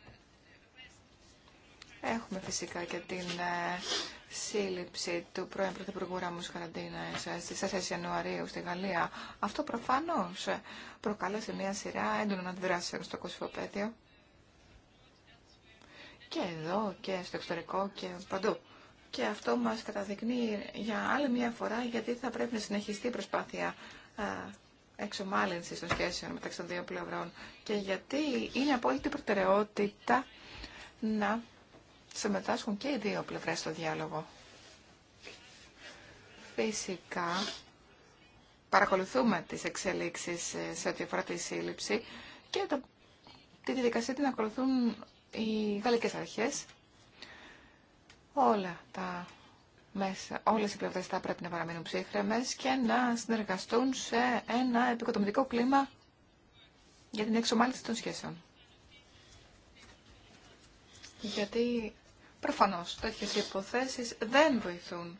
Έχουμε φυσικά και την ε, σύλληψη του πρώην Πρωθυπουργού Ραμού Καραντίνα ε, στις 4 Ιανουαρίου στη Γαλλία. Αυτό προφανώς προκάλεσε μια σειρά έντονων αντιδράσεων στο κοσυφοπαίδιο. Και εδώ και στο εξωτερικό και παντού. Και αυτό μας καταδεικνύει για άλλη μια φορά γιατί θα πρέπει να συνεχιστεί η προσπάθεια εξομάλυνσης των σχέσεων μεταξύ των δύο πλευρών και γιατί είναι απόλυτη προτεραιότητα να συμμετάσχουν και οι δύο πλευρές στο διάλογο. Φυσικά, παρακολουθούμε τις εξελίξεις ε, σε ό,τι αφορά τη σύλληψη και το, τη διαδικασία την ακολουθούν οι γαλλικές αρχές όλα τα μέσα, όλες οι πλευρές θα πρέπει να παραμείνουν ψύχρεμες και να συνεργαστούν σε ένα επικοδομητικό κλίμα για την εξομάλυνση των σχέσεων. Γιατί προφανώς τέτοιες υποθέσεις δεν βοηθούν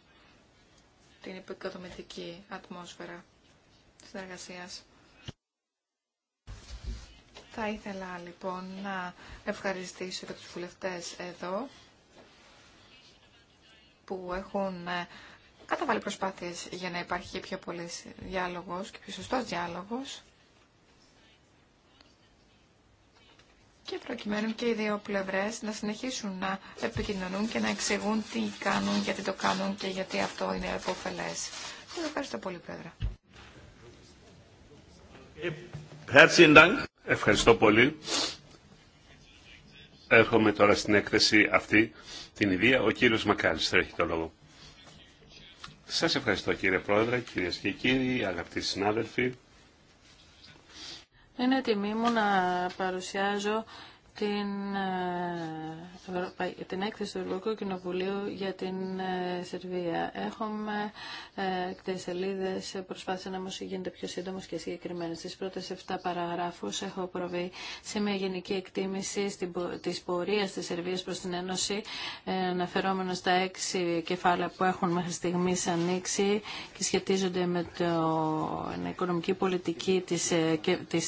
την επικοδομητική ατμόσφαιρα συνεργασίας. Θα ήθελα λοιπόν να ευχαριστήσω και τους βουλευτές εδώ που έχουν ε, καταβάλει προσπάθειες για να υπάρχει πιο πολύ διάλογος και πιο σωστός διάλογος και προκειμένου και οι δύο πλευρές να συνεχίσουν να επικοινωνούν και να εξηγούν τι κάνουν, γιατί το κάνουν και γιατί αυτό είναι επωφελές. Σας ευχαριστώ πολύ, Πρόεδρε. Ευχαριστώ πολύ. Έρχομαι τώρα στην έκθεση αυτή, την ιδία. Ο κύριος Μακάλιστερ έχει το λόγο. Σας ευχαριστώ κύριε Πρόεδρε, κυρίες και κύριοι, αγαπητοί συνάδελφοι. Είναι τιμή μου να παρουσιάζω την, ε, την έκθεση του Ευρωπαϊκού Κοινοβουλίου για την ε, Σερβία. Έχουμε ε, σελίδε, προσπάθησα να μου γίνεται πιο σύντομο και συγκεκριμένε. Στι πρώτε 7 παραγράφου έχω προβεί σε μια γενική εκτίμηση τη πορεία τη Σερβία προ την Ένωση, ε, αναφερόμενο στα έξι κεφάλαια που έχουν μέχρι στιγμή ανοίξει και σχετίζονται με την οικονομική πολιτική τη ε, ε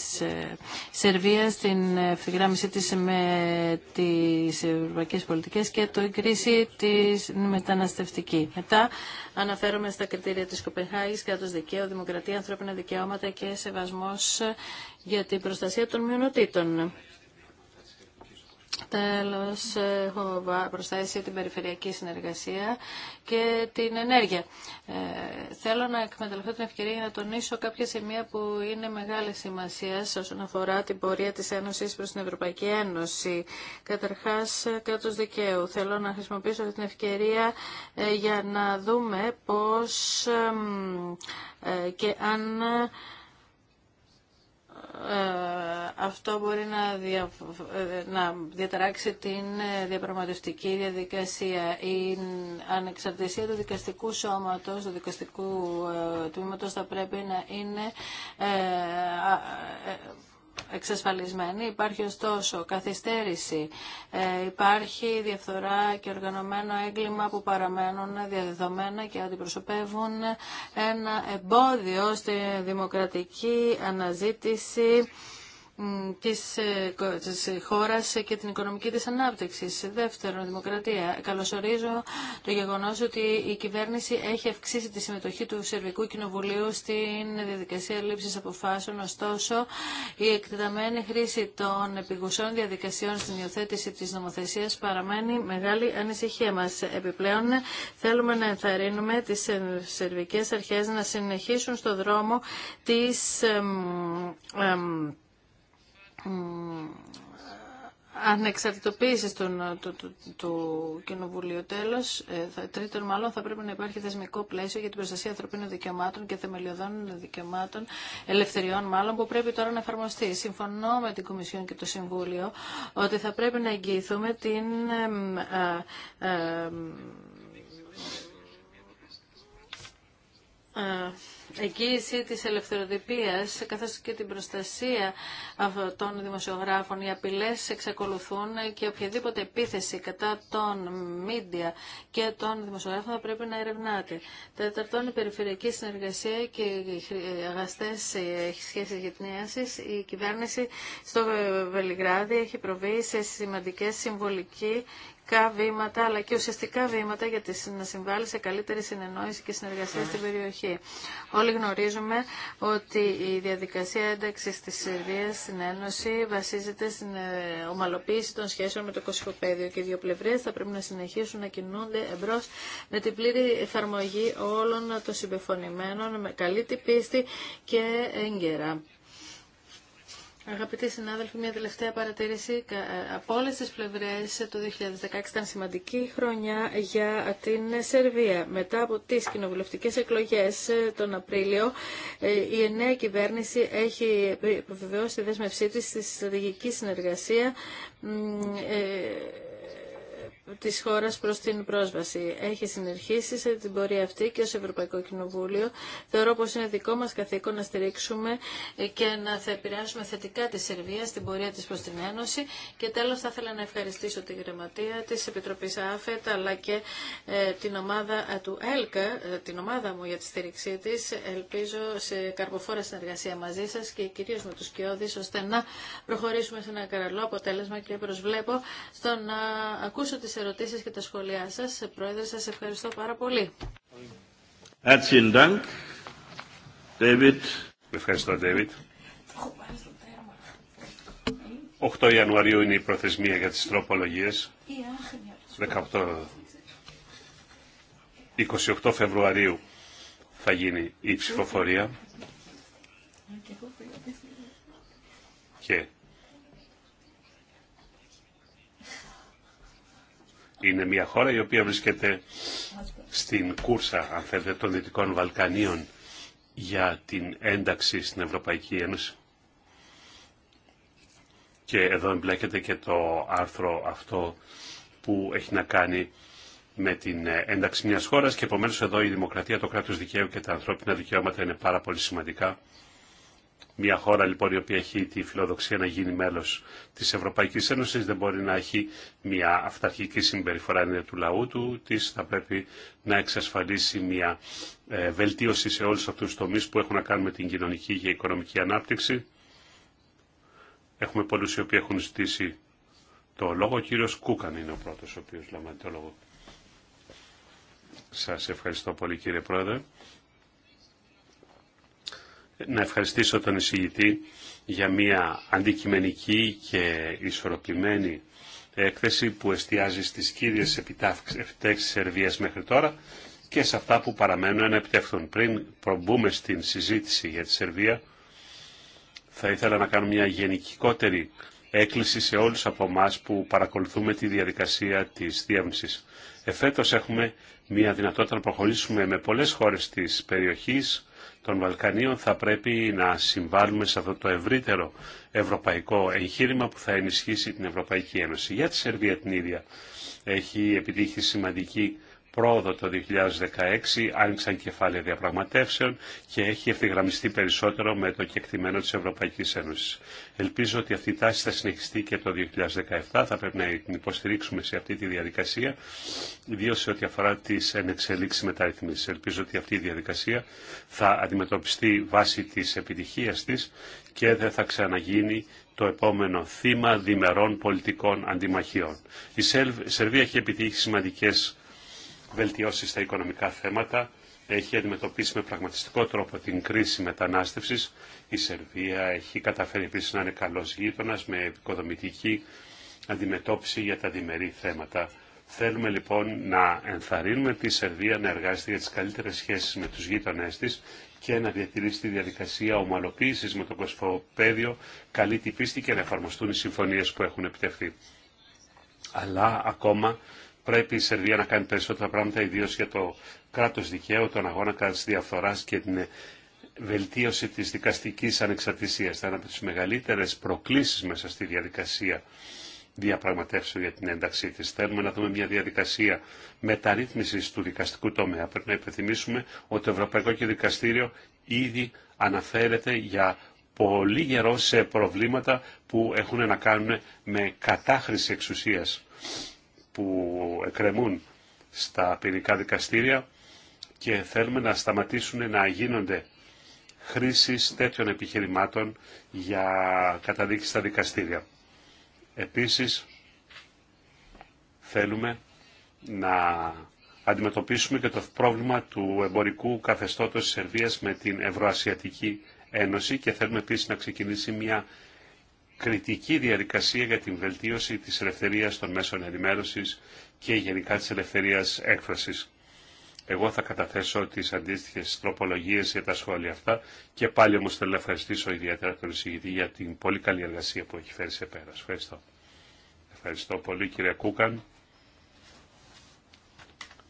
Σερβία, την ευθυγράμμιση τη με τις ευρωπαϊκές πολιτικές και το κρίση της μεταναστευτική. Μετά αναφέρομαι στα κριτήρια της Κοπενχάγης, κράτος δικαίου, δημοκρατία, ανθρώπινα δικαιώματα και σεβασμός για την προστασία των μειονοτήτων. Τέλος, έχω προσθέσει την περιφερειακή συνεργασία και την ενέργεια. Ε, θέλω να εκμεταλλευτώ την ευκαιρία για να τονίσω κάποια σημεία που είναι μεγάλη σημασία όσον αφορά την πορεία της Ένωσης προς την Ευρωπαϊκή Ένωση. Καταρχάς, κράτος δικαίου. Θέλω να χρησιμοποιήσω την ευκαιρία ε, για να δούμε πώς ε, και αν ε, αυτό μπορεί να, δια, να διαταράξει την ε, διαπραγματευτική διαδικασία. Η ανεξαρτησία του δικαστικού σώματος, του δικαστικού ε, τμήματος θα πρέπει να είναι εξασφαλισμένη. Υπάρχει ωστόσο καθυστέρηση, ε, υπάρχει διαφθορά και οργανωμένο έγκλημα που παραμένουν διαδεδομένα και αντιπροσωπεύουν ένα εμπόδιο στη δημοκρατική αναζήτηση της, της χώρας και την οικονομική της ανάπτυξης. Δεύτερον, δημοκρατία. Καλωσορίζω το γεγονός ότι η κυβέρνηση έχει αυξήσει τη συμμετοχή του Σερβικού Κοινοβουλίου στην διαδικασία λήψης αποφάσεων. Ωστόσο, η εκτεταμένη χρήση των επιγουσών διαδικασιών στην υιοθέτηση της νομοθεσίας παραμένει μεγάλη ανησυχία μας. Επιπλέον, θέλουμε να ενθαρρύνουμε τις σερβικές αρχές να συνεχίσουν στο δρόμο της ανεξαρτητοποίησης του, το Κοινοβουλίου. Τέλο, ε, τρίτον, μάλλον θα πρέπει να υπάρχει θεσμικό πλαίσιο για την προστασία ανθρωπίνων δικαιωμάτων και θεμελιωδών δικαιωμάτων, ελευθεριών μάλλον, που πρέπει τώρα να εφαρμοστεί. Συμφωνώ με την Κομισιόν και το Συμβούλιο ότι θα πρέπει να εγγυηθούμε την. Ε, ε εγγύηση της ελευθεροδιπίας καθώς και την προστασία των δημοσιογράφων. Οι απειλές εξακολουθούν και οποιαδήποτε επίθεση κατά των μίντια και των δημοσιογράφων θα πρέπει να ερευνάται. Τέταρτον, η περιφερειακή συνεργασία και οι ε, αγαστές ε, σχέσεις γυπνίασης. Η κυβέρνηση στο Βελιγράδι έχει προβεί σε σημαντικές συμβολική πρακτικά βήματα αλλά και ουσιαστικά βήματα για να συμβάλλει σε καλύτερη συνεννόηση και συνεργασία στην περιοχή. Όλοι γνωρίζουμε ότι η διαδικασία ένταξη της Σερβίας στην Ένωση βασίζεται στην ε, ομαλοποίηση των σχέσεων με το Κωσικοπαίδιο και οι δύο πλευρές θα πρέπει να συνεχίσουν να κινούνται εμπρός με την πλήρη εφαρμογή όλων των συμπεφωνημένων με καλή την πίστη και έγκαιρα. Αγαπητοί συνάδελφοι, μια τελευταία παρατήρηση. Ε, από όλε τι πλευρέ ε, το 2016 ήταν σημαντική χρονιά για την Σερβία. Μετά από τι κοινοβουλευτικέ εκλογέ ε, τον Απρίλιο, η νέα κυβέρνηση έχει επιβεβαιώσει τη δέσμευσή τη στη στρατηγική συνεργασία της χώρας προς την πρόσβαση. Έχει συνεχίσει σε την πορεία αυτή και ως Ευρωπαϊκό Κοινοβούλιο. Θεωρώ πως είναι δικό μας καθήκον να στηρίξουμε και να θα επηρεάσουμε θετικά τη Σερβία στην πορεία της προς την Ένωση. Και τέλος θα ήθελα να ευχαριστήσω τη Γραμματεία της Επιτροπής ΑΦΕΤ αλλά και ε, την ομάδα ε, του ΕΛΚΑ, ε, την ομάδα μου για τη στήριξή της. Ελπίζω σε καρποφόρα συνεργασία μαζί σας και κυρίως με τους Κιώδης ώστε να προχωρήσουμε σε ένα καραλό αποτέλεσμα και προσβλέπω στο να ακούσω τις ερωτήσεις και τα σχόλιά σας. Πρόεδρε, σας ευχαριστώ πάρα πολύ. Ευχαριστώ, David. 8 Ιανουαρίου είναι η προθεσμία για τις τροπολογίες. 18... 28 Φεβρουαρίου θα γίνει η ψηφοφορία. Και είναι μια χώρα η οποία βρίσκεται στην κούρσα, αν θέλετε, των Δυτικών Βαλκανίων για την ένταξη στην Ευρωπαϊκή Ένωση. Και εδώ εμπλέκεται και το άρθρο αυτό που έχει να κάνει με την ένταξη μιας χώρας και επομένως εδώ η δημοκρατία, το κράτος δικαίου και τα ανθρώπινα δικαιώματα είναι πάρα πολύ σημαντικά μια χώρα λοιπόν η οποία έχει τη φιλοδοξία να γίνει μέλος της Ευρωπαϊκής Ένωσης δεν μπορεί να έχει μια αυταρχική συμπεριφορά του λαού του, της θα πρέπει να εξασφαλίσει μια ε, βελτίωση σε όλους αυτούς τους τομείς που έχουν να κάνουν με την κοινωνική και οικονομική ανάπτυξη. Έχουμε πολλούς οι οποίοι έχουν ζητήσει το λόγο. Ο κύριος Κούκαν είναι ο πρώτος ο οποίος λαμβάνει το λόγο. Σας ευχαριστώ πολύ κύριε Πρόεδρε να ευχαριστήσω τον εισηγητή για μια αντικειμενική και ισορροπημένη έκθεση που εστιάζει στις κύριες επιτάξεις Σερβίας μέχρι τώρα και σε αυτά που παραμένουν να επιτευχθούν. Πριν προμπούμε στην συζήτηση για τη Σερβία, θα ήθελα να κάνω μια γενικικότερη έκκληση σε όλους από εμά που παρακολουθούμε τη διαδικασία της διεύνησης. Εφέτος έχουμε μια δυνατότητα να προχωρήσουμε με πολλές χώρες της περιοχής, των Βαλκανίων θα πρέπει να συμβάλλουμε σε αυτό το ευρύτερο ευρωπαϊκό εγχείρημα που θα ενισχύσει την Ευρωπαϊκή Ένωση. Για τη Σερβία την ίδια έχει επιτύχει σημαντική πρόοδο το 2016, άνοιξαν κεφάλαια διαπραγματεύσεων και έχει ευθυγραμμιστεί περισσότερο με το κεκτημένο της Ευρωπαϊκής Ένωσης. Ελπίζω ότι αυτή η τάση θα συνεχιστεί και το 2017. Θα πρέπει να την υποστηρίξουμε σε αυτή τη διαδικασία, ιδίω σε ό,τι αφορά τις ενεξελίξεις μεταρρυθμίσεις. Ελπίζω ότι αυτή η διαδικασία θα αντιμετωπιστεί βάσει της επιτυχίας της και δεν θα ξαναγίνει το επόμενο θύμα διμερών πολιτικών αντιμαχιών. Η Σερβία έχει επιτύχει σημαντικές βελτιώσει στα οικονομικά θέματα, έχει αντιμετωπίσει με πραγματιστικό τρόπο την κρίση μετανάστευση. Η Σερβία έχει καταφέρει επίση να είναι καλό γείτονα με επικοδομητική αντιμετώπιση για τα διμερή θέματα. Θέλουμε λοιπόν να ενθαρρύνουμε τη Σερβία να εργάζεται για τι καλύτερε σχέσει με του γείτονέ τη και να διατηρήσει τη διαδικασία ομαλοποίηση με το κοσφοπέδιο, καλή την πίστη και να εφαρμοστούν οι συμφωνίε που έχουν επιτευχθεί. Αλλά ακόμα πρέπει η Σερβία να κάνει περισσότερα πράγματα, ιδίω για το κράτο δικαίου, τον αγώνα κατά τη διαφθορά και την βελτίωση τη δικαστική ανεξαρτησία, Θα είναι από τι μεγαλύτερε προκλήσει μέσα στη διαδικασία διαπραγματεύσεων για την ένταξή τη. Θέλουμε να δούμε μια διαδικασία μεταρρύθμιση του δικαστικού τομέα. Πρέπει να υπενθυμίσουμε ότι το Ευρωπαϊκό και Δικαστήριο ήδη αναφέρεται για πολύ γερό σε προβλήματα που έχουν να κάνουν με κατάχρηση εξουσίας που εκκρεμούν στα πυρικά δικαστήρια και θέλουμε να σταματήσουν να γίνονται χρήσεις τέτοιων επιχειρημάτων για καταδίκη στα δικαστήρια. Επίσης, θέλουμε να αντιμετωπίσουμε και το πρόβλημα του εμπορικού καθεστώτος της Σερβίας με την Ευρωασιατική Ένωση και θέλουμε επίσης να ξεκινήσει μια κριτική διαδικασία για την βελτίωση της ελευθερίας των μέσων ενημέρωσης και γενικά της ελευθερίας έκφρασης. Εγώ θα καταθέσω τις αντίστοιχες τροπολογίες για τα σχόλια αυτά και πάλι όμως θέλω να ευχαριστήσω ιδιαίτερα τον εισηγητή για την πολύ καλή εργασία που έχει φέρει σε πέρα. Ευχαριστώ. Ευχαριστώ πολύ κύριε Κούκαν.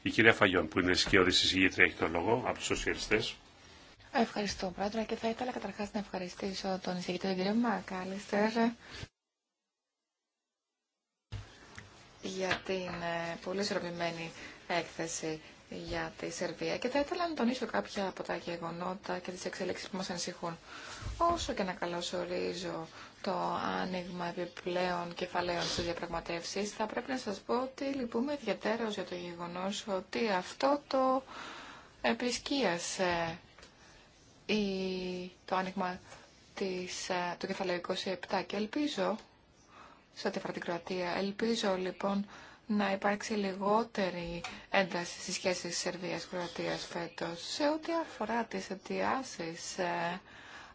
Η κυρία Φαγιόν που είναι σκιώδης εισηγήτρια έχει τον λόγο από τους σοσιαλιστές. Ευχαριστώ, Πρόεδρε, και θα ήθελα καταρχά να ευχαριστήσω τον εισηγητή τον κύριο Μακάλιστερ για την ε, πολύ ισορροπημένη έκθεση για τη Σερβία και θα ήθελα να τονίσω κάποια από τα γεγονότα και τις εξελίξεις που μας ανησυχούν. Όσο και να καλωσορίζω το άνοιγμα επιπλέον κεφαλαίων στι διαπραγματεύσεις, θα πρέπει να σα πω ότι λυπούμε ιδιαίτερω για το γεγονό ότι αυτό το επισκίασε το άνοιγμα της, ε, του κεφαλαίου 27 και ελπίζω, σε ό,τι αφορά την Κροατία, ελπίζω λοιπόν να υπάρξει λιγότερη ένταση στις σχέσεις Σερβίας-Κροατίας φέτος. Σε ό,τι αφορά τις αιτιάσεις ε,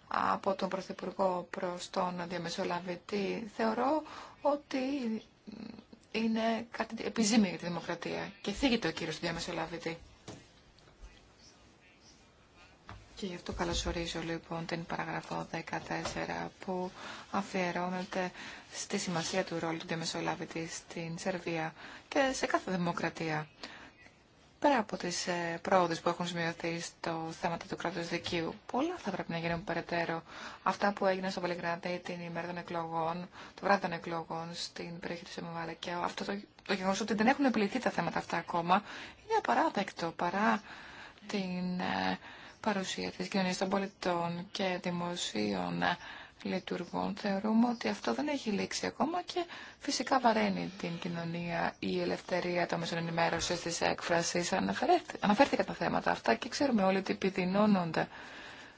από τον Πρωθυπουργό προς τον διαμεσολαβητή, θεωρώ ότι είναι κάτι επιζήμιο για τη δημοκρατία και θίγεται ο κύριος διαμεσολαβητή. Και γι' αυτό καλωσορίζω λοιπόν την παραγραφό 14 που αφιερώνεται στη σημασία του ρόλου του διαμεσολάβητη στην Σερβία και σε κάθε δημοκρατία. Πέρα από τις ε, πρόοδες που έχουν σημειωθεί στο θέμα του κράτους δικαίου, πολλά θα πρέπει να γίνουν περαιτέρω. Αυτά που έγιναν στο Βελιγράδι την ημέρα των εκλογών, το βράδυ των εκλογών στην περιοχή του Σεμβάλα και αυτό το, το γεγονός ότι δεν έχουν επιληθεί τα θέματα αυτά ακόμα, είναι απαράδεκτο παρά την ε, παρουσία της κοινωνίας των πολιτών και δημοσίων λειτουργών. Θεωρούμε ότι αυτό δεν έχει λήξει ακόμα και φυσικά βαραίνει την κοινωνία η ελευθερία των μέσων ενημέρωση τη έκφραση. Αναφέρθηκαν τα θέματα αυτά και ξέρουμε όλοι ότι επιδεινώνονται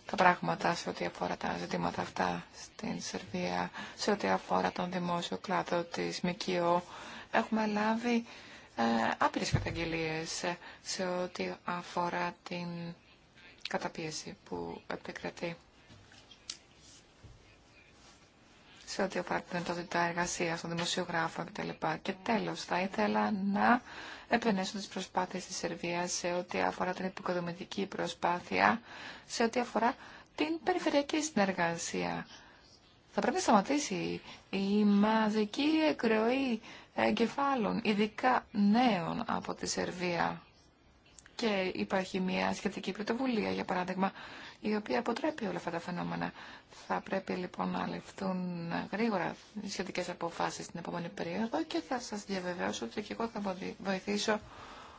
τα πράγματα σε ό,τι αφορά τα ζητήματα αυτά στην Σερβία, σε ό,τι αφορά τον δημόσιο κλάδο τη ΜΚΟ. Έχουμε λάβει ε, άπειρες καταγγελίες σε ό,τι αφορά την καταπίεση που επικρατεί σε ό,τι αφορά την δυνατότητα εργασία των δημοσιογράφων κτλ. Και τέλο, θα ήθελα να επενέσω τι προσπάθειε τη Σερβία σε ό,τι αφορά την επικοδομητική προσπάθεια, σε ό,τι αφορά την περιφερειακή συνεργασία. Θα πρέπει να σταματήσει η μαζική εκροή εγκεφάλων, ειδικά νέων από τη Σερβία και υπάρχει μια σχετική πρωτοβουλία, για παράδειγμα, η οποία αποτρέπει όλα αυτά τα φαινόμενα. Θα πρέπει λοιπόν να ληφθούν γρήγορα σχετικέ αποφάσει στην επόμενη περίοδο και θα σα διαβεβαιώσω ότι και εγώ θα βοηθήσω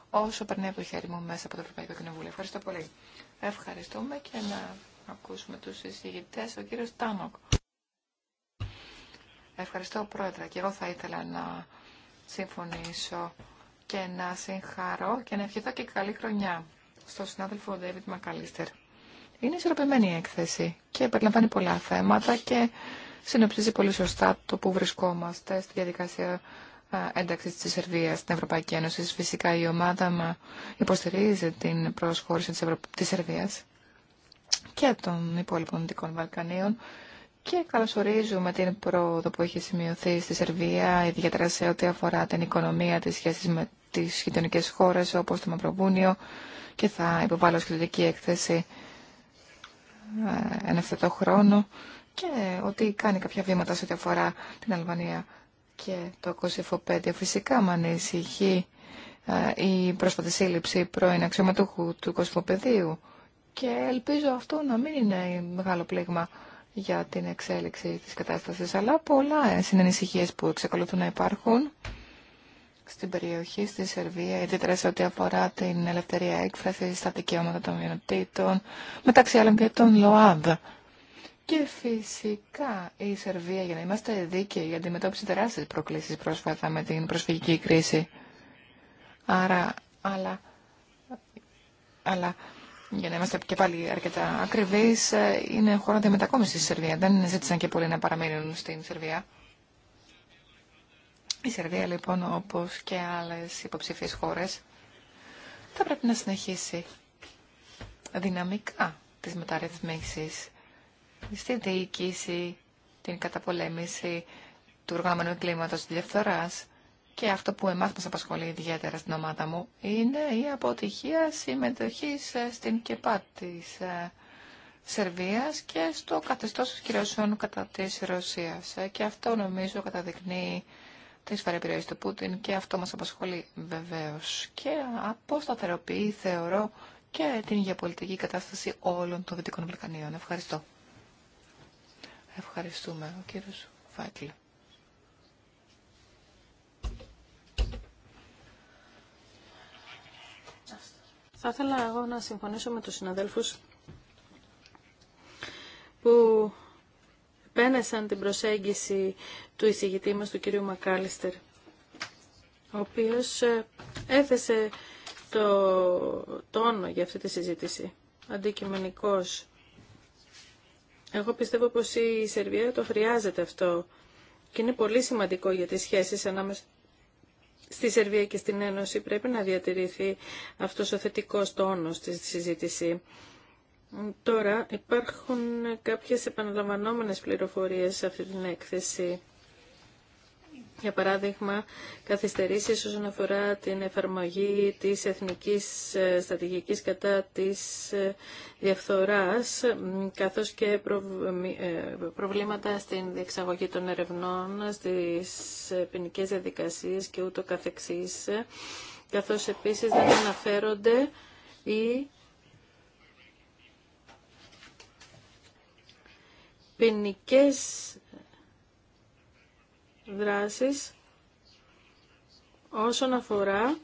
όσο περνάει από το χέρι μου μέσα από το Ευρωπαϊκό Κοινοβούλιο. Ευχαριστώ πολύ. Ευχαριστούμε και να ακούσουμε του συζητητέ, ο κύριο Τάνοκ. Ευχαριστώ, Πρόεδρε. Και εγώ θα ήθελα να συμφωνήσω και να συγχαρώ και να ευχηθώ και καλή χρονιά στον συνάδελφο David McAllister. Είναι ισορροπημένη η έκθεση και περιλαμβάνει πολλά θέματα και συνοψίζει πολύ σωστά το που βρισκόμαστε στη διαδικασία ένταξης της Σερβίας στην Ευρωπαϊκή Ένωση. Φυσικά η ομάδα μα υποστηρίζει την προσχώρηση της, Ευρω... της Σερβίας και των υπόλοιπων Δυτικών Βαλκανίων και καλωσορίζουμε την πρόοδο που έχει σημειωθεί στη Σερβία, ιδιαίτερα σε ό,τι αφορά την οικονομία, τις σχέσεις με τις γειτονικές χώρες όπως το Μαυροβούνιο και θα υποβάλω σχετική έκθεση ε, εν ευθετό χρόνο και ότι κάνει κάποια βήματα σε ό,τι αφορά την Αλβανία και το Κωσυφοπέδιο. Φυσικά με ανησυχεί ε, η πρόσφατη σύλληψη πρώην αξιωματούχου του Κωσυφοπεδίου και ελπίζω αυτό να μην είναι μεγάλο πλήγμα για την εξέλιξη της κατάστασης, αλλά πολλά ε, συνενησυχίες που εξακολουθούν να υπάρχουν στην περιοχή στη Σερβία, ιδιαίτερα σε ό,τι αφορά την ελευθερία έκφραση, στα δικαιώματα των μειονοτήτων, μεταξύ άλλων και των ΛΟΑΔ. Και φυσικά η Σερβία, για να είμαστε δίκαιοι, αντιμετώπισε τεράστιες προκλήσεις πρόσφατα με την προσφυγική κρίση. Άρα, αλλά, αλλά για να είμαστε και πάλι αρκετά ακριβείς, ε, είναι χώρα διαμετακόμισης στη Σερβία. Δεν ζήτησαν και πολλοί να παραμείνουν στην Σερβία. Η Σερβία λοιπόν όπως και άλλες υποψηφίες χώρες θα πρέπει να συνεχίσει δυναμικά τις μεταρρυθμίσεις στη διοίκηση, την καταπολέμηση του οργανωμένου κλίματος της διαφθοράς και αυτό που εμάς μας απασχολεί ιδιαίτερα στην ομάδα μου είναι η αποτυχία συμμετοχής στην ΚΕΠΑ της ε, Σερβίας και στο καθεστώς κυρώσεων κατά της Ρωσίας. Ε, και αυτό νομίζω καταδεικνύει τη σφαίρα επιρροή του Πούτιν και αυτό μας απασχολεί βεβαίως. Και αποσταθεροποιεί, θεωρώ, και την γεωπολιτική κατάσταση όλων των Δυτικών Βαλκανίων. Ευχαριστώ. Ευχαριστούμε, ο κύριος Φάκλ. Θα ήθελα εγώ να συμφωνήσω με τους συναδέλφους που πένεσαν την προσέγγιση του εισηγητή μας, του κυρίου Μακάλιστερ, ο οποίος ε, έθεσε το τόνο για αυτή τη συζήτηση, αντικειμενικός. Εγώ πιστεύω πως η Σερβία το χρειάζεται αυτό και είναι πολύ σημαντικό για τις σχέσεις ανάμεσα στη Σερβία και στην Ένωση πρέπει να διατηρηθεί αυτός ο θετικός τόνος στη συζήτηση. Τώρα υπάρχουν κάποιες επαναλαμβανόμενες πληροφορίες σε αυτή την έκθεση. Για παράδειγμα, καθυστερήσεις όσον αφορά την εφαρμογή της εθνικής ε, στρατηγικής κατά της ε, διαφθοράς, καθώς και ε, προβλήματα στην διεξαγωγή των ερευνών, στις ποινικέ διαδικασίες και ούτω καθεξής, καθώς επίσης δεν αναφέρονται οι ποινικέ δράσεις όσον αφορά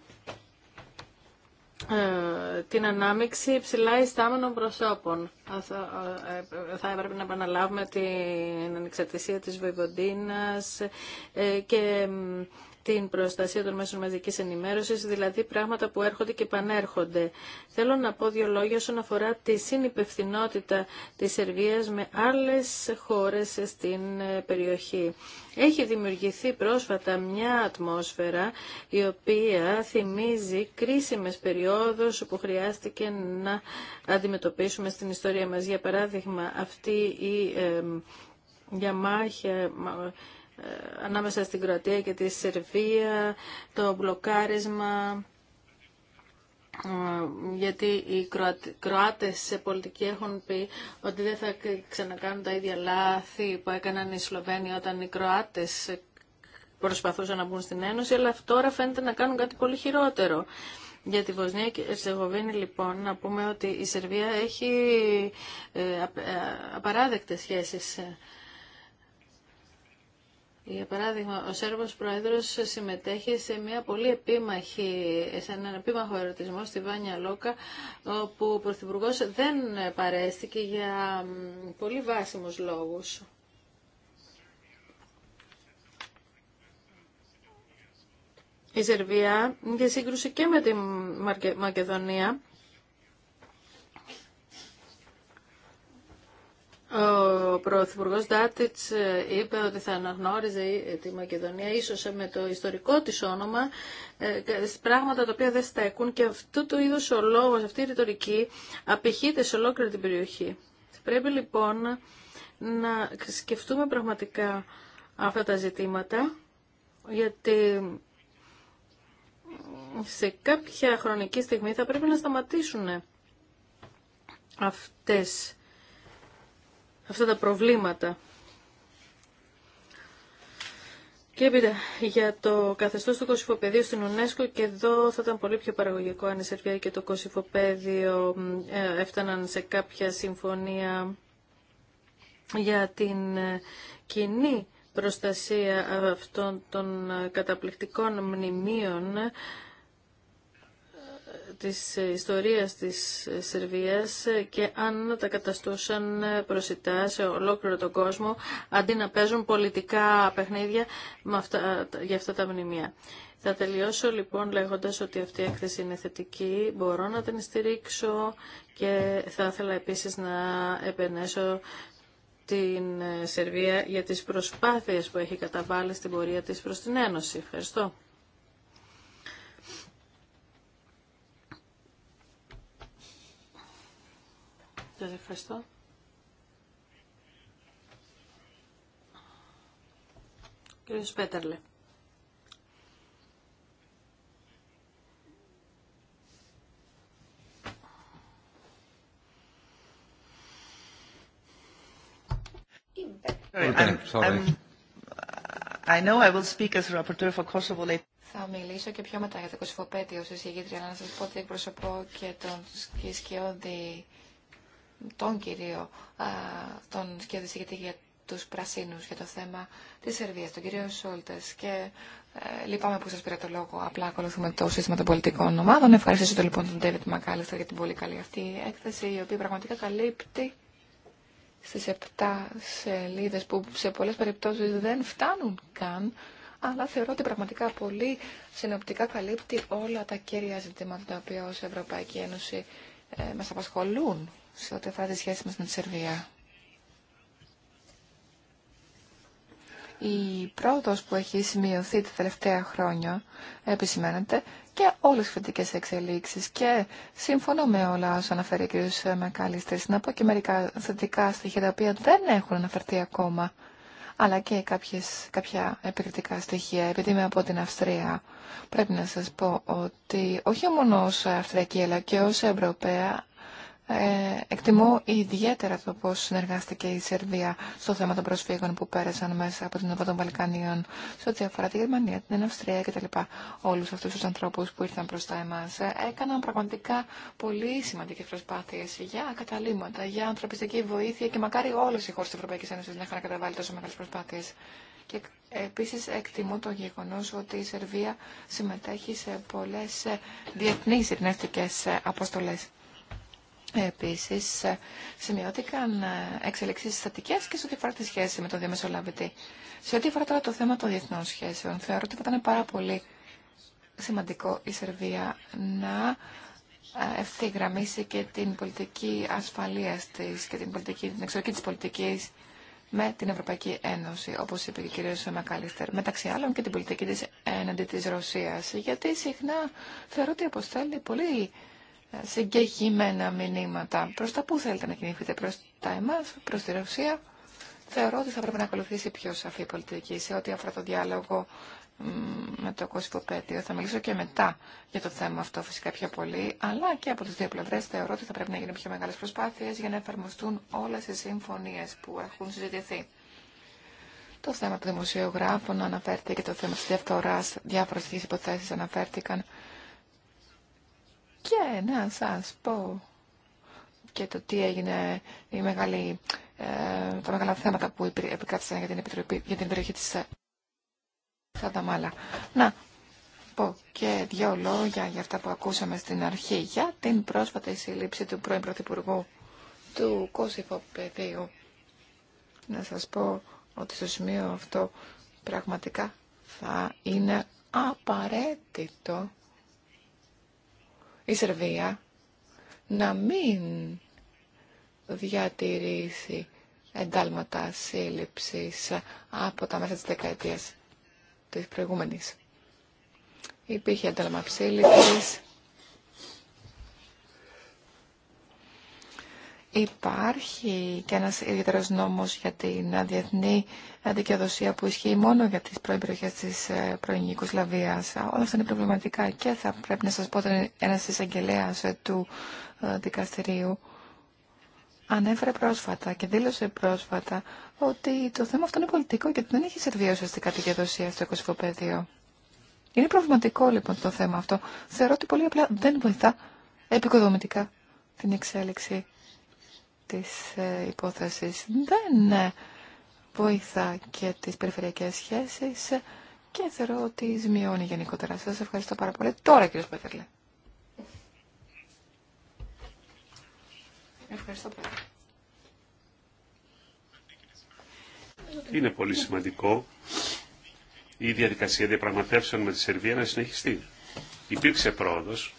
ε, την ανάμειξη ψηλά ιστάμενων προσώπων. Ε, ε, θα έπρεπε να επαναλάβουμε την ανεξαρτησία της Βοηβοντίνας και την προστασία των μέσων μαζική ενημέρωσης, δηλαδή πράγματα που έρχονται και πανέρχονται. Θέλω να πω δύο λόγια όσον αφορά τη συνυπευθυνότητα τη Σερβία με άλλες χώρες στην ε, περιοχή. Έχει δημιουργηθεί πρόσφατα μια ατμόσφαιρα η οποία θυμίζει κρίσιμες περιόδους που χρειάστηκε να αντιμετωπίσουμε στην ιστορία μας. Για παράδειγμα, αυτή η ε, διαμάχη ε, ε, ανάμεσα στην Κροατία και τη Σερβία, το μπλοκάρισμα, ε, γιατί οι Κροάτες σε πολιτική έχουν πει ότι δεν θα ξανακάνουν τα ίδια λάθη που έκαναν οι Σλοβαίνοι όταν οι Κροάτες προσπαθούσαν να μπουν στην Ένωση, αλλά τώρα φαίνεται να κάνουν κάτι πολύ χειρότερο. Για τη Βοσνία και Ερσεγοβίνη λοιπόν να πούμε ότι η Σερβία έχει ε, απαράδεκτες σχέσεις για παράδειγμα, ο Σέρβος Πρόεδρος συμμετέχει σε, μια πολύ επίμαχη, σε έναν επίμαχο ερωτισμό στη Βάνια Λόκα, όπου ο Πρωθυπουργό δεν παρέστηκε για πολύ βάσιμους λόγους. Η Σερβία είχε σύγκρουση και με τη Μακεδονία Ο Πρωθυπουργό Ντάτιτ ε, είπε ότι θα αναγνώριζε ε, τη Μακεδονία ίσως ε, με το ιστορικό της όνομα, πράγματα τα οποία δεν στέκουν και αυτού του είδους ο λόγο, αυτή η ρητορική απηχείται σε ολόκληρη την περιοχή. Πρέπει λοιπόν να σκεφτούμε πραγματικά αυτά τα ζητήματα, γιατί σε κάποια χρονική στιγμή θα πρέπει να σταματήσουν αυτές αυτά τα προβλήματα. Και έπειτα, για το καθεστώ του Κωσυφοπεδίου στην UNESCO και εδώ θα ήταν πολύ πιο παραγωγικό αν η Σερβία και το Κωσυφοπέδιο ε, έφταναν σε κάποια συμφωνία για την ε, κοινή προστασία αυτών των ε, καταπληκτικών μνημείων της ιστορίας της Σερβίας και αν τα καταστούσαν προσιτά σε ολόκληρο τον κόσμο αντί να παίζουν πολιτικά παιχνίδια με για αυτά τα μνημεία. Θα τελειώσω λοιπόν λέγοντας ότι αυτή η έκθεση είναι θετική, μπορώ να την στηρίξω και θα ήθελα επίσης να επενέσω την Σερβία για τις προσπάθειες που έχει καταβάλει στην πορεία της προς την Ένωση. Ευχαριστώ. Σας ευχαριστώ. Κύριος Πέτερλε. Θα μιλήσω και πιο μετά για το 25ο συζήτρια, αλλά να σας πω ότι εκπροσωπώ και τον σκισκιώδη τον κύριο, τον κύριο για τους πρασίνους για το θέμα της Σερβίας, τον κύριο Σόλτες και ε, λυπάμαι που σας πήρα το λόγο, απλά ακολουθούμε το σύστημα των πολιτικών ομάδων. Ευχαριστήσω λοιπόν τον Τέβιτ Μακάλιστα για την πολύ καλή αυτή έκθεση, η οποία πραγματικά καλύπτει στις 7 σελίδες που σε πολλές περιπτώσεις δεν φτάνουν καν, αλλά θεωρώ ότι πραγματικά πολύ συνοπτικά καλύπτει όλα τα κύρια ζητήματα τα οποία ως Ευρωπαϊκή Ένωση ε, μας απασχολούν σε ό,τι αφορά τη σχέση μας με τη Σερβία. Η πρόοδος που έχει σημειωθεί τα τελευταία χρόνια επισημαίνεται και όλες τις φοιτικές εξελίξεις και σύμφωνα με όλα όσα αναφέρει ο κ. Μακάλιστερ να πω και μερικά θετικά στοιχεία τα οποία δεν έχουν αναφερθεί ακόμα αλλά και κάποιες, κάποια επικριτικά στοιχεία. Επειδή είμαι από την Αυστρία, πρέπει να σας πω ότι όχι μόνο ως Αυστριακή, αλλά και ως Ευρωπαία, ε, εκτιμώ ιδιαίτερα το πώς συνεργάστηκε η Σερβία στο θέμα των προσφύγων που πέρασαν μέσα από την Ευρώπη των Βαλκανίων σε ό,τι αφορά τη Γερμανία, την Αυστρία κτλ. Όλους αυτούς τους ανθρώπους που ήρθαν μπροστά εμάς ε, έκαναν πραγματικά πολύ σημαντικές προσπάθειες για καταλήμματα, για ανθρωπιστική βοήθεια και μακάρι όλες οι χώρες της Ευρωπαϊκής Ένωσης να είχαν καταβάλει τόσο μεγάλες προσπάθειες. Και επίσης εκτιμώ το γεγονός ότι η Σερβία συμμετέχει σε πολλές ε, διεθνείς ειρηνευτικές αποστολές. Επίσης, σημειώθηκαν ε, εξελιξίες στατικέ και σε ό,τι αφορά τη σχέση με τον διαμεσολάβητη. Σε ό,τι αφορά τώρα το θέμα των διεθνών σχέσεων, θεωρώ ότι θα ήταν πάρα πολύ σημαντικό η Σερβία να ε, ευθυγραμμίσει και την πολιτική ασφαλείας της και την, πολιτική, την εξωτερική της πολιτικής με την Ευρωπαϊκή Ένωση, όπως είπε και ο κ. Μακάλιστερ, μεταξύ άλλων και την πολιτική της έναντι της Ρωσίας, γιατί συχνά θεωρώ ότι αποστέλνει πολύ συγκεκριμένα μηνύματα. Προς τα πού θέλετε να κινηθείτε, προς τα εμάς, προς τη Ρωσία. Θεωρώ ότι θα πρέπει να ακολουθήσει πιο σαφή πολιτική σε ό,τι αφορά το διάλογο με το κόσμο πέτειο. Θα μιλήσω και μετά για το θέμα αυτό φυσικά πιο πολύ, αλλά και από τις δύο πλευρές θεωρώ ότι θα πρέπει να γίνουν πιο μεγάλες προσπάθειες για να εφαρμοστούν όλες οι συμφωνίες που έχουν συζητηθεί. Το θέμα του δημοσιογράφων αναφέρθηκε και το θέμα της διαφθοράς, διάφορες υποθέσεις αναφέρθηκαν και να σας πω και το τι έγινε η μεγάλη, ε, τα μεγάλα θέματα που επικράτησαν για την, επιτροπή, για την περιοχή της ε, Σανταμάλα. Να πω και δύο λόγια για αυτά που ακούσαμε στην αρχή για την πρόσφατη συλλήψη του πρώην Πρωθυπουργού του Κώσιφο Παιδίου. Να σας πω ότι στο σημείο αυτό πραγματικά θα είναι απαραίτητο η Σερβία να μην διατηρήσει εντάλματα σύλληψη από τα μέσα της δεκαετίας της προηγούμενης. Υπήρχε εντάλμα σύλληψης Υπάρχει και ένας ιδιαίτερος νόμος για την διεθνή δικαιοδοσία που ισχύει μόνο για τις πρώην περιοχές της ε, πρώην Όλα αυτά είναι προβληματικά και θα πρέπει να σας πω ότι ένας εισαγγελέας ε, του ε, δικαστηρίου ανέφερε πρόσφατα και δήλωσε πρόσφατα ότι το θέμα αυτό είναι πολιτικό και δεν έχει σερβεί ουσιαστικά δικαιοδοσία στο εικοσυφοπέδιο. Είναι προβληματικό λοιπόν το θέμα αυτό. Θεωρώ ότι πολύ απλά δεν βοηθά επικοδομητικά την εξέλιξη της ε, υπόθεσης δεν ε, βοηθά και τις περιφερειακές σχέσεις και θεωρώ ότι σμειώνει γενικότερα. Σας ευχαριστώ πάρα πολύ. Τώρα κύριε Πέτερλε. Ευχαριστώ πολύ. Είναι πολύ σημαντικό η διαδικασία διαπραγματεύσεων με τη Σερβία να συνεχιστεί. Υπήρξε πρόοδος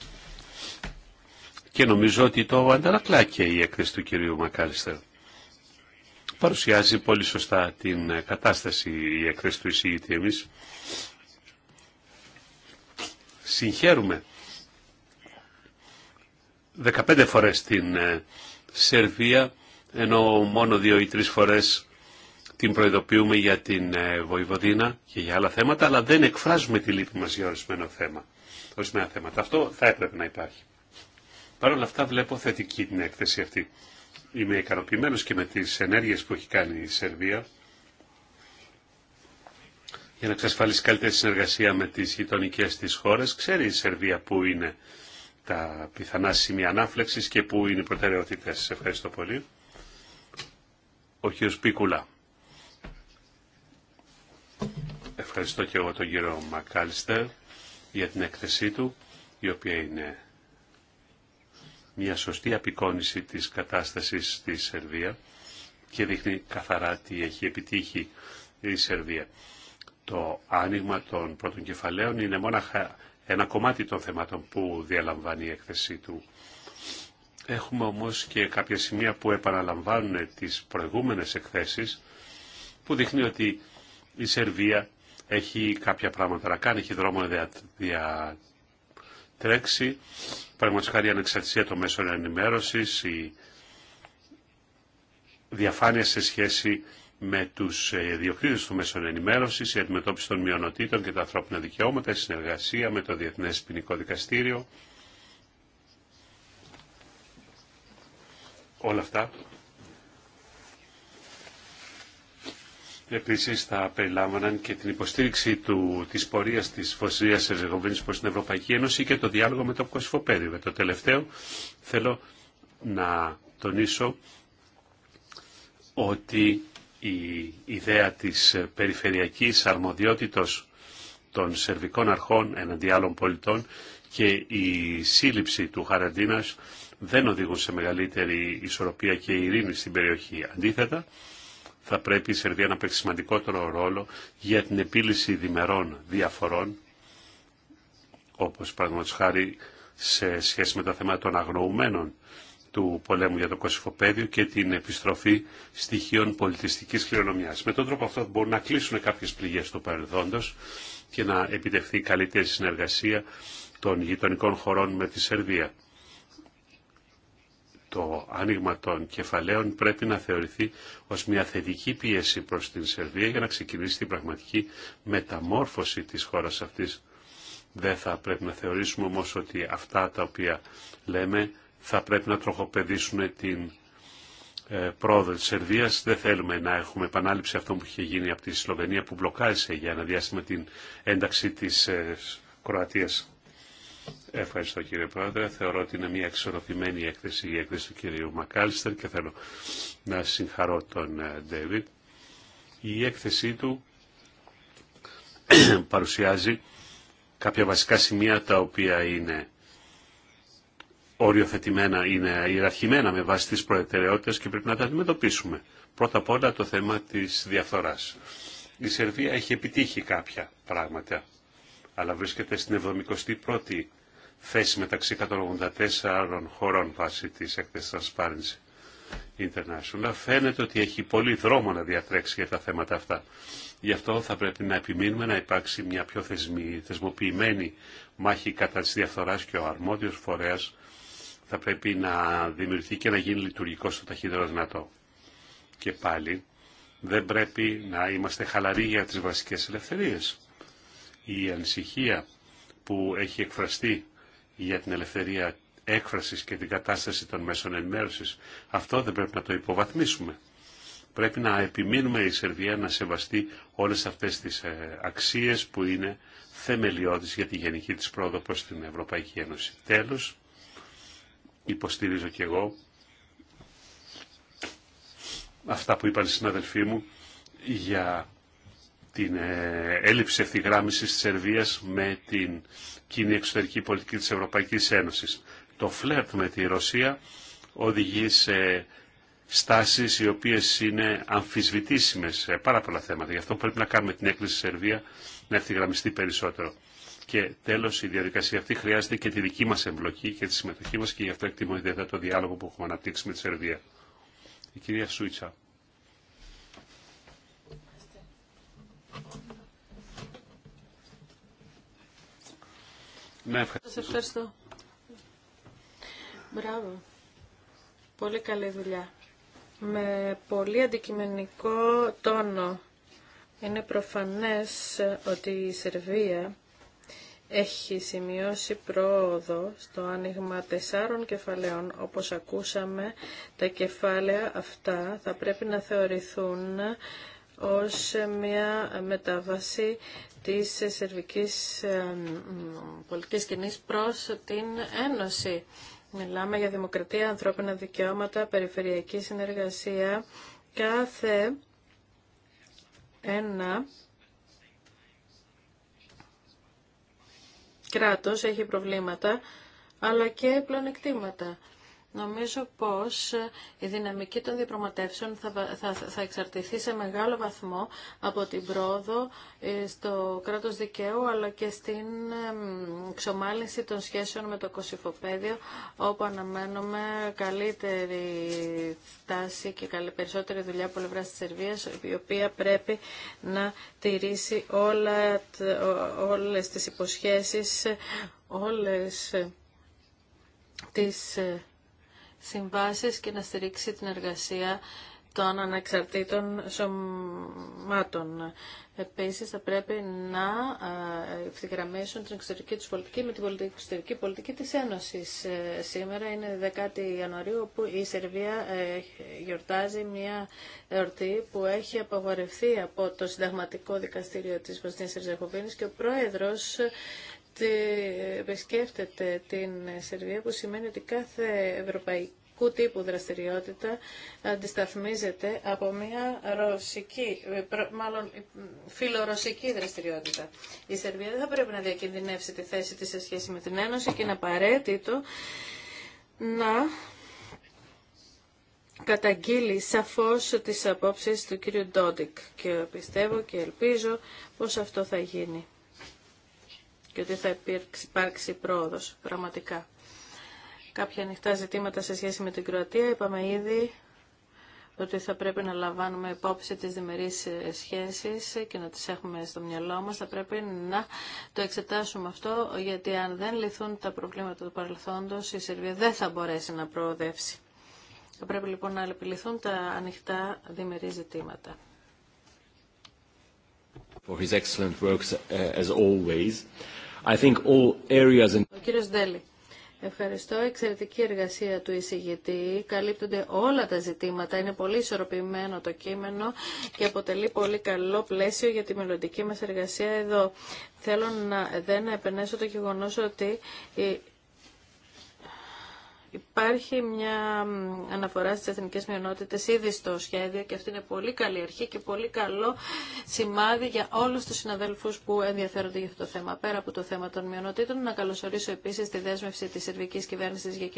και νομίζω ότι το αντανακλά και η έκθεση του κυρίου Μακάλιστερ. Παρουσιάζει πολύ σωστά την ε, κατάσταση η έκθεση του εισηγητή εμείς. Συγχαίρουμε 15 φορές την ε, Σερβία, ενώ μόνο δύο ή τρεις φορές την προειδοποιούμε για την ε, Βοηβοδίνα και για άλλα θέματα, αλλά δεν εκφράζουμε τη λύπη μας για ορισμένο θέμα, ορισμένα θέματα. Αυτό θα έπρεπε να υπάρχει. Παρ' όλα αυτά βλέπω θετική την έκθεση αυτή. Είμαι ικανοποιημένος και με τις ενέργειες που έχει κάνει η Σερβία για να εξασφαλίσει καλύτερη συνεργασία με τις γειτονικέ της χώρες. Ξέρει η Σερβία που είναι τα πιθανά σημεία ανάφλεξης και που είναι οι προτεραιότητες. Ευχαριστώ πολύ. Ο κ. Πίκουλα. Ευχαριστώ και εγώ τον κύριο Μακάλιστερ για την έκθεσή του, η οποία είναι μια σωστή απεικόνηση της κατάστασης στη Σερβία και δείχνει καθαρά τι έχει επιτύχει η Σερβία. Το άνοιγμα των πρώτων κεφαλαίων είναι μόνο ένα κομμάτι των θεμάτων που διαλαμβάνει η έκθεσή του. Έχουμε όμως και κάποια σημεία που επαναλαμβάνουν τις προηγούμενες εκθέσεις που δείχνει ότι η Σερβία έχει κάποια πράγματα να κάνει, έχει δρόμο δια, τρέξει. πραγματικά η ανεξαρτησία των μέσων ενημέρωση, η διαφάνεια σε σχέση με τους ε, διοκτήτε των μέσων ενημέρωση, η αντιμετώπιση των μειονοτήτων και τα ανθρώπινα δικαιώματα, η συνεργασία με το Διεθνές Ποινικό Δικαστήριο. Όλα αυτά Επίσης θα περιλάμβαναν και την υποστήριξη του, της πορείας της Βοσνίας Ερζεγοβίνης προς την Ευρωπαϊκή Ένωση και το διάλογο με το Κωσυφοπέδιο. Το τελευταίο θέλω να τονίσω ότι η ιδέα της περιφερειακής αρμοδιότητος των σερβικών αρχών εναντί άλλων πολιτών και η σύλληψη του Χαραντίνας δεν οδηγούν σε μεγαλύτερη ισορροπία και ειρήνη στην περιοχή. Αντίθετα, θα πρέπει η Σερβία να παίξει σημαντικότερο ρόλο για την επίλυση διμερών διαφορών, όπως παραδείγματος χάρη σε σχέση με τα θέματα των αγνοωμένων του πολέμου για το Κωσυφοπαίδιο και την επιστροφή στοιχείων πολιτιστικής κληρονομιάς. Με τον τρόπο αυτό μπορούν να κλείσουν κάποιες πληγές του παρελθόντος και να επιτευχθεί καλύτερη συνεργασία των γειτονικών χωρών με τη Σερβία το άνοιγμα των κεφαλαίων πρέπει να θεωρηθεί ως μια θετική πίεση προς την Σερβία για να ξεκινήσει την πραγματική μεταμόρφωση της χώρας αυτής. Δεν θα πρέπει να θεωρήσουμε όμως ότι αυτά τα οποία λέμε θα πρέπει να τροχοπεδίσουν την ε, πρόοδο της Σερβίας. Δεν θέλουμε να έχουμε επανάληψη αυτό που είχε γίνει από τη Σλοβενία που μπλοκάρισε για ένα διάστημα την ένταξη της ε, Κροατίας. Ευχαριστώ κύριε Πρόεδρε. Θεωρώ ότι είναι μια εξορροπημένη έκθεση η έκθεση του κυρίου Μακάλιστερ και θέλω να συγχαρώ τον Ντέβιτ. Ε, η έκθεσή του παρουσιάζει κάποια βασικά σημεία τα οποία είναι οριοθετημένα, είναι ιεραρχημένα με βάση τις προτεραιότητες και πρέπει να τα αντιμετωπίσουμε. Πρώτα απ' όλα το θέμα της διαφθοράς. Η Σερβία έχει επιτύχει κάποια πράγματα, αλλά βρίσκεται στην 71η θέση μεταξύ 184 χωρών βάσει της έκθεσης Transparency International. Φαίνεται ότι έχει πολύ δρόμο να διατρέξει για τα θέματα αυτά. Γι' αυτό θα πρέπει να επιμείνουμε να υπάρξει μια πιο θεσμή, θεσμοποιημένη μάχη κατά της διαφθοράς και ο αρμόδιος φορέας θα πρέπει να δημιουργηθεί και να γίνει λειτουργικό στο ταχύτερο δυνατό. Και πάλι δεν πρέπει να είμαστε χαλαροί για τις βασικές ελευθερίες. Η ανησυχία που έχει εκφραστεί για την ελευθερία έκφρασης και την κατάσταση των μέσων ενημέρωσης. Αυτό δεν πρέπει να το υποβαθμίσουμε. Πρέπει να επιμείνουμε η Σερβία να σεβαστεί όλες αυτές τις ε, αξίες που είναι θεμελιώδεις για τη γενική της πρόοδο προς την Ευρωπαϊκή Ένωση. Τέλος, υποστηρίζω και εγώ αυτά που είπαν οι συναδελφοί μου για την ε, έλλειψη ευθυγράμμισης της Σερβίας με την κοινή εξωτερική πολιτική της Ευρωπαϊκής Ένωσης. Το φλερτ με τη Ρωσία οδηγεί σε στάσεις οι οποίες είναι αμφισβητήσιμες σε πάρα πολλά θέματα. Γι' αυτό πρέπει να κάνουμε την έκκληση τη Σερβία να ευθυγραμμιστεί περισσότερο. Και τέλο, η διαδικασία αυτή χρειάζεται και τη δική μα εμπλοκή και τη συμμετοχή μα και γι' αυτό εκτιμώ ιδιαίτερα το διάλογο που έχουμε αναπτύξει με τη Σερβία. Η κυρία Σούιτσα. Ναι, ευχαριστώ. ευχαριστώ. Μπράβο. Πολύ καλή δουλειά. Με πολύ αντικειμενικό τόνο. Είναι προφανές ότι η Σερβία έχει σημειώσει πρόοδο στο άνοιγμα τεσσάρων κεφαλαίων. Όπως ακούσαμε, τα κεφάλαια αυτά θα πρέπει να θεωρηθούν ως μια μετάβαση της σερβικής πολιτικής κοινής προς την Ένωση. Μιλάμε για δημοκρατία, ανθρώπινα δικαιώματα, περιφερειακή συνεργασία. Κάθε ένα κράτος έχει προβλήματα αλλά και πλονεκτήματα. Νομίζω πως η δυναμική των διαπραγματεύσεων θα, θα, θα εξαρτηθεί σε μεγάλο βαθμό από την πρόοδο ε, στο κράτος δικαίου αλλά και στην εξομάλυνση των σχέσεων με το Κωσυφοπαίδιο όπου αναμένουμε καλύτερη τάση και περισσότερη δουλειά από πλευρά της Σερβίας η οποία πρέπει να τηρήσει όλα, όλες τις υποσχέσεις, όλες τις ε, συμβάσεις και να στηρίξει την εργασία των ανεξαρτήτων σωμάτων. Επίσης θα πρέπει να ε, ευθυγραμμίσουν την εξωτερική τους πολιτική με την εξωτερική πολιτική της Ένωσης. Ε, σήμερα είναι 10η Ιανουαρίου όπου η Σερβία ε, γιορτάζει μια εορτή που έχει απαγορευτεί από το Συνταγματικό Δικαστήριο της Βοσνίας Ερζεχοβίνης και ο πρόεδρος επισκέφτεται την Σερβία που σημαίνει ότι κάθε ευρωπαϊκού τύπου δραστηριότητα αντισταθμίζεται από μια ρωσική, μάλλον φιλορωσική δραστηριότητα. Η Σερβία δεν θα πρέπει να διακινδυνεύσει τη θέση της σε σχέση με την Ένωση και είναι απαραίτητο να καταγγείλει σαφώς τις απόψεις του κύριου Ντόντικ και πιστεύω και ελπίζω πως αυτό θα γίνει και ότι θα υπάρξει, πρόοδο πρόοδος πραγματικά. Κάποια ανοιχτά ζητήματα σε σχέση με την Κροατία είπαμε ήδη ότι θα πρέπει να λαμβάνουμε υπόψη τις διμερείς ε, σχέσεις και να τις έχουμε στο μυαλό μας. Θα πρέπει να το εξετάσουμε αυτό, γιατί αν δεν λυθούν τα προβλήματα του παρελθόντος, η Σερβία δεν θα μπορέσει να προοδεύσει. Θα πρέπει λοιπόν να επιληθούν τα ανοιχτά διμερεί ζητήματα. For his excellent works, ε, as always. I think all areas in... Ο κύριος Δέλη. Ευχαριστώ. Εξαιρετική εργασία του εισηγητή. Καλύπτονται όλα τα ζητήματα. Είναι πολύ ισορροπημένο το κείμενο και αποτελεί πολύ καλό πλαίσιο για τη μελλοντική μας εργασία εδώ. Θέλω να δεν επενέσω το γεγονός ότι Υπάρχει μια αναφορά στις εθνικές μειονότητες ήδη στο σχέδιο και αυτή είναι πολύ καλή αρχή και πολύ καλό σημάδι για όλους τους συναδέλφους που ενδιαφέρονται για αυτό το θέμα. Πέρα από το θέμα των μειονοτήτων, να καλωσορίσω επίσης τη δέσμευση της Σερβικής Κυβέρνησης για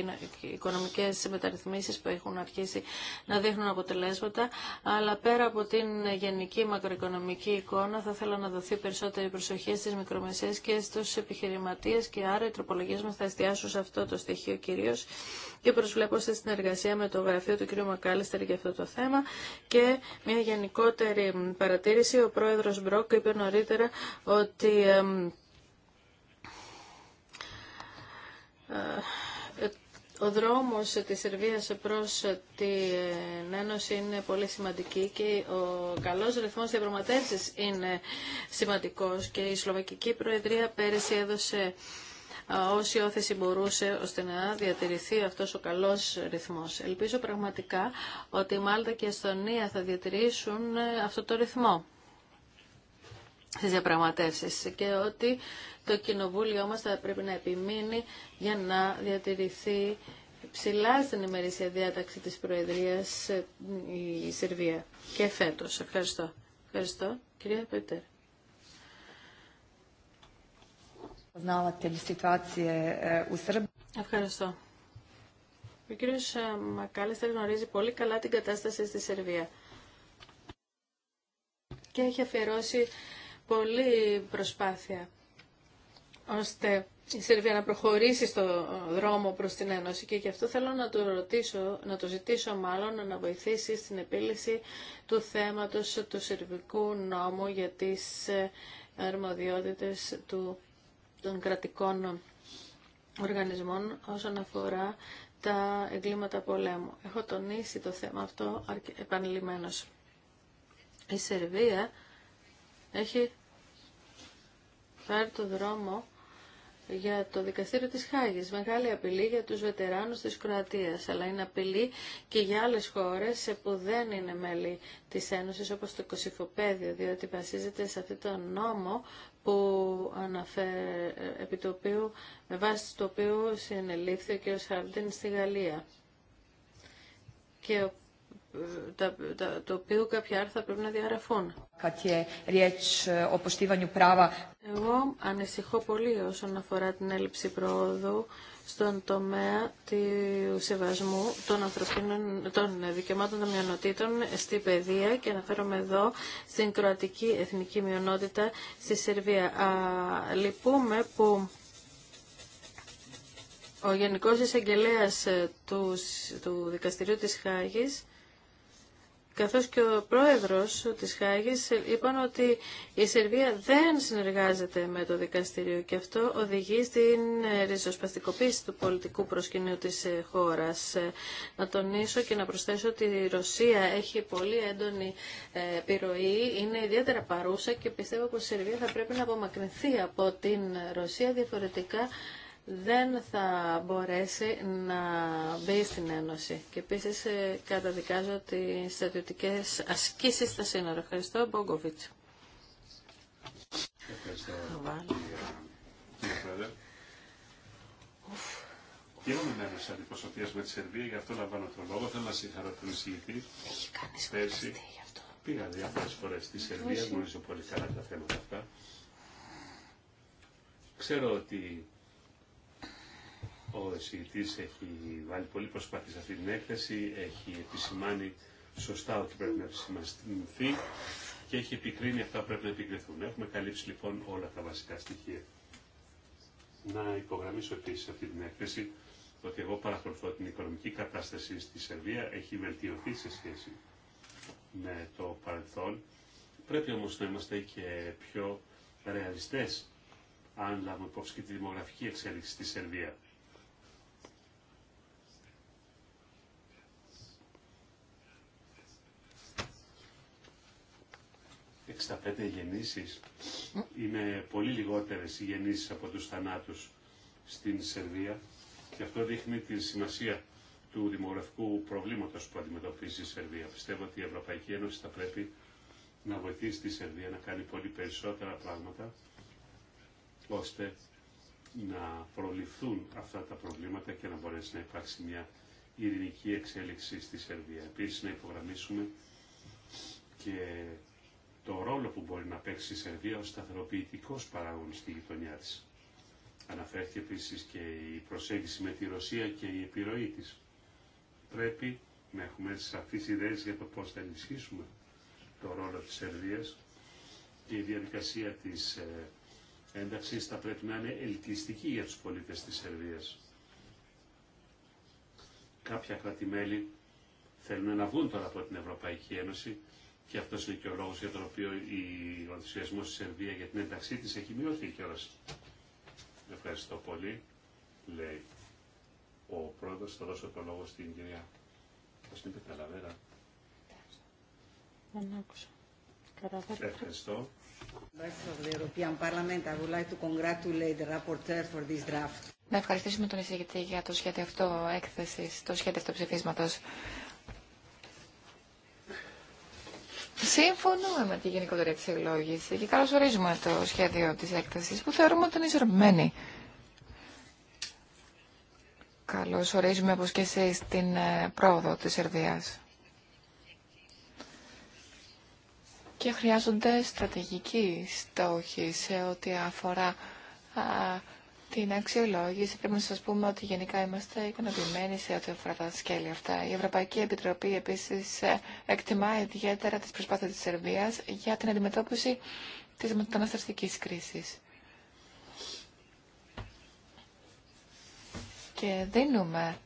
οικονομικές μεταρρυθμίσεις που έχουν αρχίσει να δείχνουν αποτελέσματα, αλλά πέρα από την γενική μακροοικονομική εικόνα θα ήθελα να δοθεί περισσότερη προσοχή στις μικρομεσαίες και στους επιχειρηματίες και άρα οι τροπολογίες μας θα εστιάσουν σε αυτό το στοιχείο κυρίως και προσβλέπω σε συνεργασία με το γραφείο του κ. Μακάλιστερ για αυτό το θέμα και μια γενικότερη παρατήρηση. Ο πρόεδρος Μπρόκ είπε νωρίτερα ότι ε, ο δρόμος της Σερβίας προς την Ένωση είναι πολύ σημαντική και ο καλός ρυθμός διαπραγματεύσεις είναι σημαντικός και η Σλοβακική Προεδρία πέρυσι έδωσε όση όθεση μπορούσε ώστε να διατηρηθεί αυτός ο καλός ρυθμός. Ελπίζω πραγματικά ότι η Μάλτα και η Αστονία θα διατηρήσουν ε, αυτό το ρυθμό στις διαπραγματεύσεις και ότι το κοινοβούλιο μας θα πρέπει να επιμείνει για να διατηρηθεί ψηλά στην ημερήσια διάταξη της Προεδρίας ε, η Σερβία και φέτος. Ευχαριστώ. Ευχαριστώ. Κυρία Πέτερ. E, Ευχαριστώ. Ο κύριος να ε, γνωρίζει πολύ καλά την κατάσταση στη Σερβία και έχει αφιερώσει πολλή προσπάθεια ώστε η Σερβία να προχωρήσει στο δρόμο προς την Ένωση και γι' αυτό θέλω να το ρωτήσω, να το ζητήσω μάλλον να βοηθήσει στην επίλυση του θέματος του σερβικού νόμου για τις ε, αρμοδιότητες του των κρατικών οργανισμών όσον αφορά τα εγκλήματα πολέμου. Έχω τονίσει το θέμα αυτό επανειλημμένως. Η Σερβία έχει πάρει το δρόμο για το δικαστήριο της Χάγης. Μεγάλη απειλή για τους βετεράνους της Κροατίας, αλλά είναι απειλή και για άλλες χώρες που δεν είναι μέλη της Ένωσης, όπως το Κωσυφοπαίδιο, διότι βασίζεται σε αυτό το νόμο που αναφέρει, επί με βάση το οποίο συνελήφθη ο κ. στη Γαλλία και ε, τα, τα, το οποίο κάποια άρθρα πρέπει να διαγραφούν. Ε, ε, Εγώ ανησυχώ πολύ όσον αφορά την έλλειψη προόδου στον τομέα του σεβασμού των, των δικαιωμάτων των μειονοτήτων στη παιδεία και αναφέρομαι εδώ στην κροατική εθνική μειονότητα στη Σερβία. Α, λυπούμε που ο Γενικός Εισαγγελέας ε, του, του Δικαστηρίου της Χάγης καθώς και ο πρόεδρος της Χάγης είπαν ότι η Σερβία δεν συνεργάζεται με το δικαστήριο και αυτό οδηγεί στην ριζοσπαστικοποίηση του πολιτικού προσκυνείου της χώρας. Να τονίσω και να προσθέσω ότι η Ρωσία έχει πολύ έντονη ε, επιρροή, είναι ιδιαίτερα παρούσα και πιστεύω πως η Σερβία θα πρέπει να απομακρυνθεί από την Ρωσία διαφορετικά δεν θα μπορέσει να μπει στην Ένωση. Και επίση ε, καταδικάζω τις στρατιωτικέ ασκήσει στα σύνορα. Ευχαριστώ, Μπόγκοβιτ. Ευχαριστώ, κύριε και εγώ είμαι μέρο τη αντιπροσωπεία με τη Σερβία, γι' αυτό λαμβάνω τον λόγο. Θέλω να συγχαρώ τον εισηγητή. Πέρσι πήγα διάφορε φορέ στη Σερβία, γνωρίζω πολύ καλά τα θέματα αυτά. Ξέρω ότι ο εισηγητής έχει βάλει πολύ προσπάθεια σε αυτή την έκθεση, έχει επισημάνει σωστά ότι πρέπει να επισημανθεί και έχει επικρίνει αυτά που πρέπει να επικριθούν. Έχουμε καλύψει λοιπόν όλα τα βασικά στοιχεία. Να υπογραμμίσω επίση αυτή την έκθεση ότι εγώ παρακολουθώ την οικονομική κατάσταση στη Σερβία, έχει βελτιωθεί σε σχέση με το παρελθόν. Πρέπει όμως να είμαστε και πιο ρεαλιστές αν λάβουμε υπόψη και τη δημογραφική εξέλιξη στη Σερβία. γεννήσεις είναι πολύ λιγότερες οι γεννήσεις από τους θανάτους στην Σερβία και αυτό δείχνει τη σημασία του δημογραφικού προβλήματος που αντιμετωπίζει η Σερβία. Πιστεύω ότι η Ευρωπαϊκή Ένωση θα πρέπει να βοηθήσει τη Σερβία να κάνει πολύ περισσότερα πράγματα ώστε να προληφθούν αυτά τα προβλήματα και να μπορέσει να υπάρξει μια ειρηνική εξέλιξη στη Σερβία. Επίσης να υπογραμμίσουμε και το ρόλο που μπορεί να παίξει η Σερβία ως σταθεροποιητικός παράγων στη γειτονιά της. Αναφέρθηκε επίσης και η προσέγγιση με τη Ρωσία και η επιρροή της. Πρέπει να έχουμε σαφείς ιδέες για το πώς θα ενισχύσουμε το ρόλο της Σερβίας και η διαδικασία της ε, ένταξης θα πρέπει να είναι ελκυστική για τους πολίτες της Σερβίας. Κάποια κράτη-μέλη θέλουν να βγουν τώρα από την Ευρωπαϊκή Ένωση και αυτό είναι και ο λόγο για τον οποίο ο ενθουσιασμό στη Σερβία για την ένταξή τη έχει μειωθεί και κιόλα. Ευχαριστώ πολύ, λέει ο πρόεδρο. Θα δώσω το λόγο στην κυρία. Πώ την είπε, Καλαβέρα. Δεν άκουσα. Ευχαριστώ. Να ευχαριστήσουμε τον εισηγητή για το σχέδιο αυτό έκθεση, το σχέδιο αυτό ψηφίσματο. Συμφωνούμε με τη γενικότερη αξιολόγηση και καλωσορίζουμε το σχέδιο της έκτασης που θεωρούμε ότι είναι ισορροπημένη. ορίζουμε όπως και εσεί την ε, πρόοδο της Σερβίας. Και χρειάζονται στρατηγικοί στόχοι σε ό,τι αφορά την αξιολόγηση πρέπει να σας πούμε ότι γενικά είμαστε ικανοποιημένοι σε ό,τι αφορά τα σκέλη αυτά. Η Ευρωπαϊκή Επιτροπή επίσης ε, εκτιμά ιδιαίτερα τι προσπάθειε της Σερβίας για την αντιμετώπιση της μεταναστευτικής κρίσης. Και δίνουμε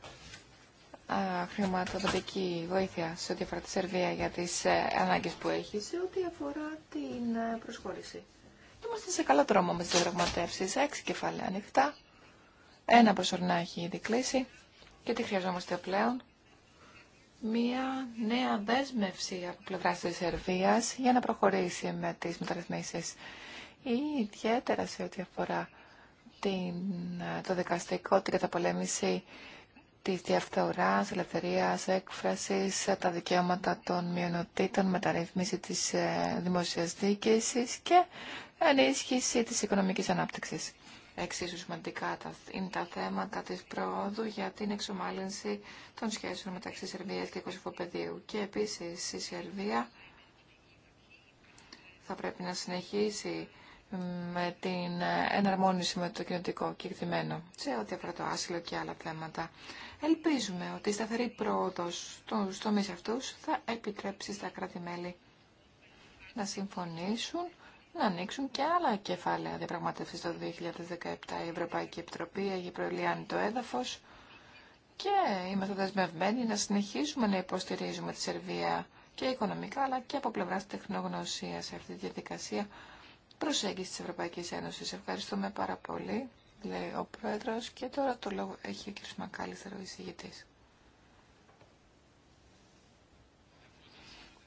χρηματοδοτική βοήθεια σε ό,τι αφορά τη Σερβία για τις ε, ανάγκες που έχει, σε ό,τι αφορά την ε, προσχώρηση είμαστε σε καλό δρόμο με τι διαπραγματεύσει. Έξι κεφάλαια ανοιχτά. Ένα προσωρινά έχει ήδη κλείσει. Και τι χρειαζόμαστε πλέον. Μία νέα δέσμευση από πλευρά τη Σερβία για να προχωρήσει με τι μεταρρυθμίσει. Ιδιαίτερα σε ό,τι αφορά την, το δικαστικό, την καταπολέμηση της διαφθοράς, ελευθερίας, έκφρασης, τα δικαιώματα των μειονοτήτων, μεταρρύθμιση της ε, δημοσίας και ενίσχυση της οικονομικής ανάπτυξης. Εξίσου σημαντικά είναι τα θέματα της πρόοδου για την εξομάλυνση των σχέσεων μεταξύ Σερβίας και Κωσυφοπεδίου. Και επίσης η Σερβία θα πρέπει να συνεχίσει με την ε, εναρμόνιση με το κοινωτικό κεκτημένο σε ό,τι αφορά το άσυλο και άλλα θέματα. Ελπίζουμε ότι η σταθερή πρόοδο στους τομείς αυτούς θα επιτρέψει στα κράτη-μέλη να συμφωνήσουν να ανοίξουν και άλλα κεφάλαια διαπραγματεύσεις το 2017. Η Ευρωπαϊκή Επιτροπή έχει προελιάνει το έδαφος και είμαστε δεσμευμένοι να συνεχίσουμε να υποστηρίζουμε τη Σερβία και οικονομικά αλλά και από πλευρά τεχνογνωσίας σε αυτή τη διαδικασία προσέγγιση της Ευρωπαϊκής Ένωσης. Ευχαριστούμε πάρα πολύ, λέει ο Πρόεδρος. Και τώρα το λόγο έχει ο κ. Μακάλιστερ, ο εισηγητής.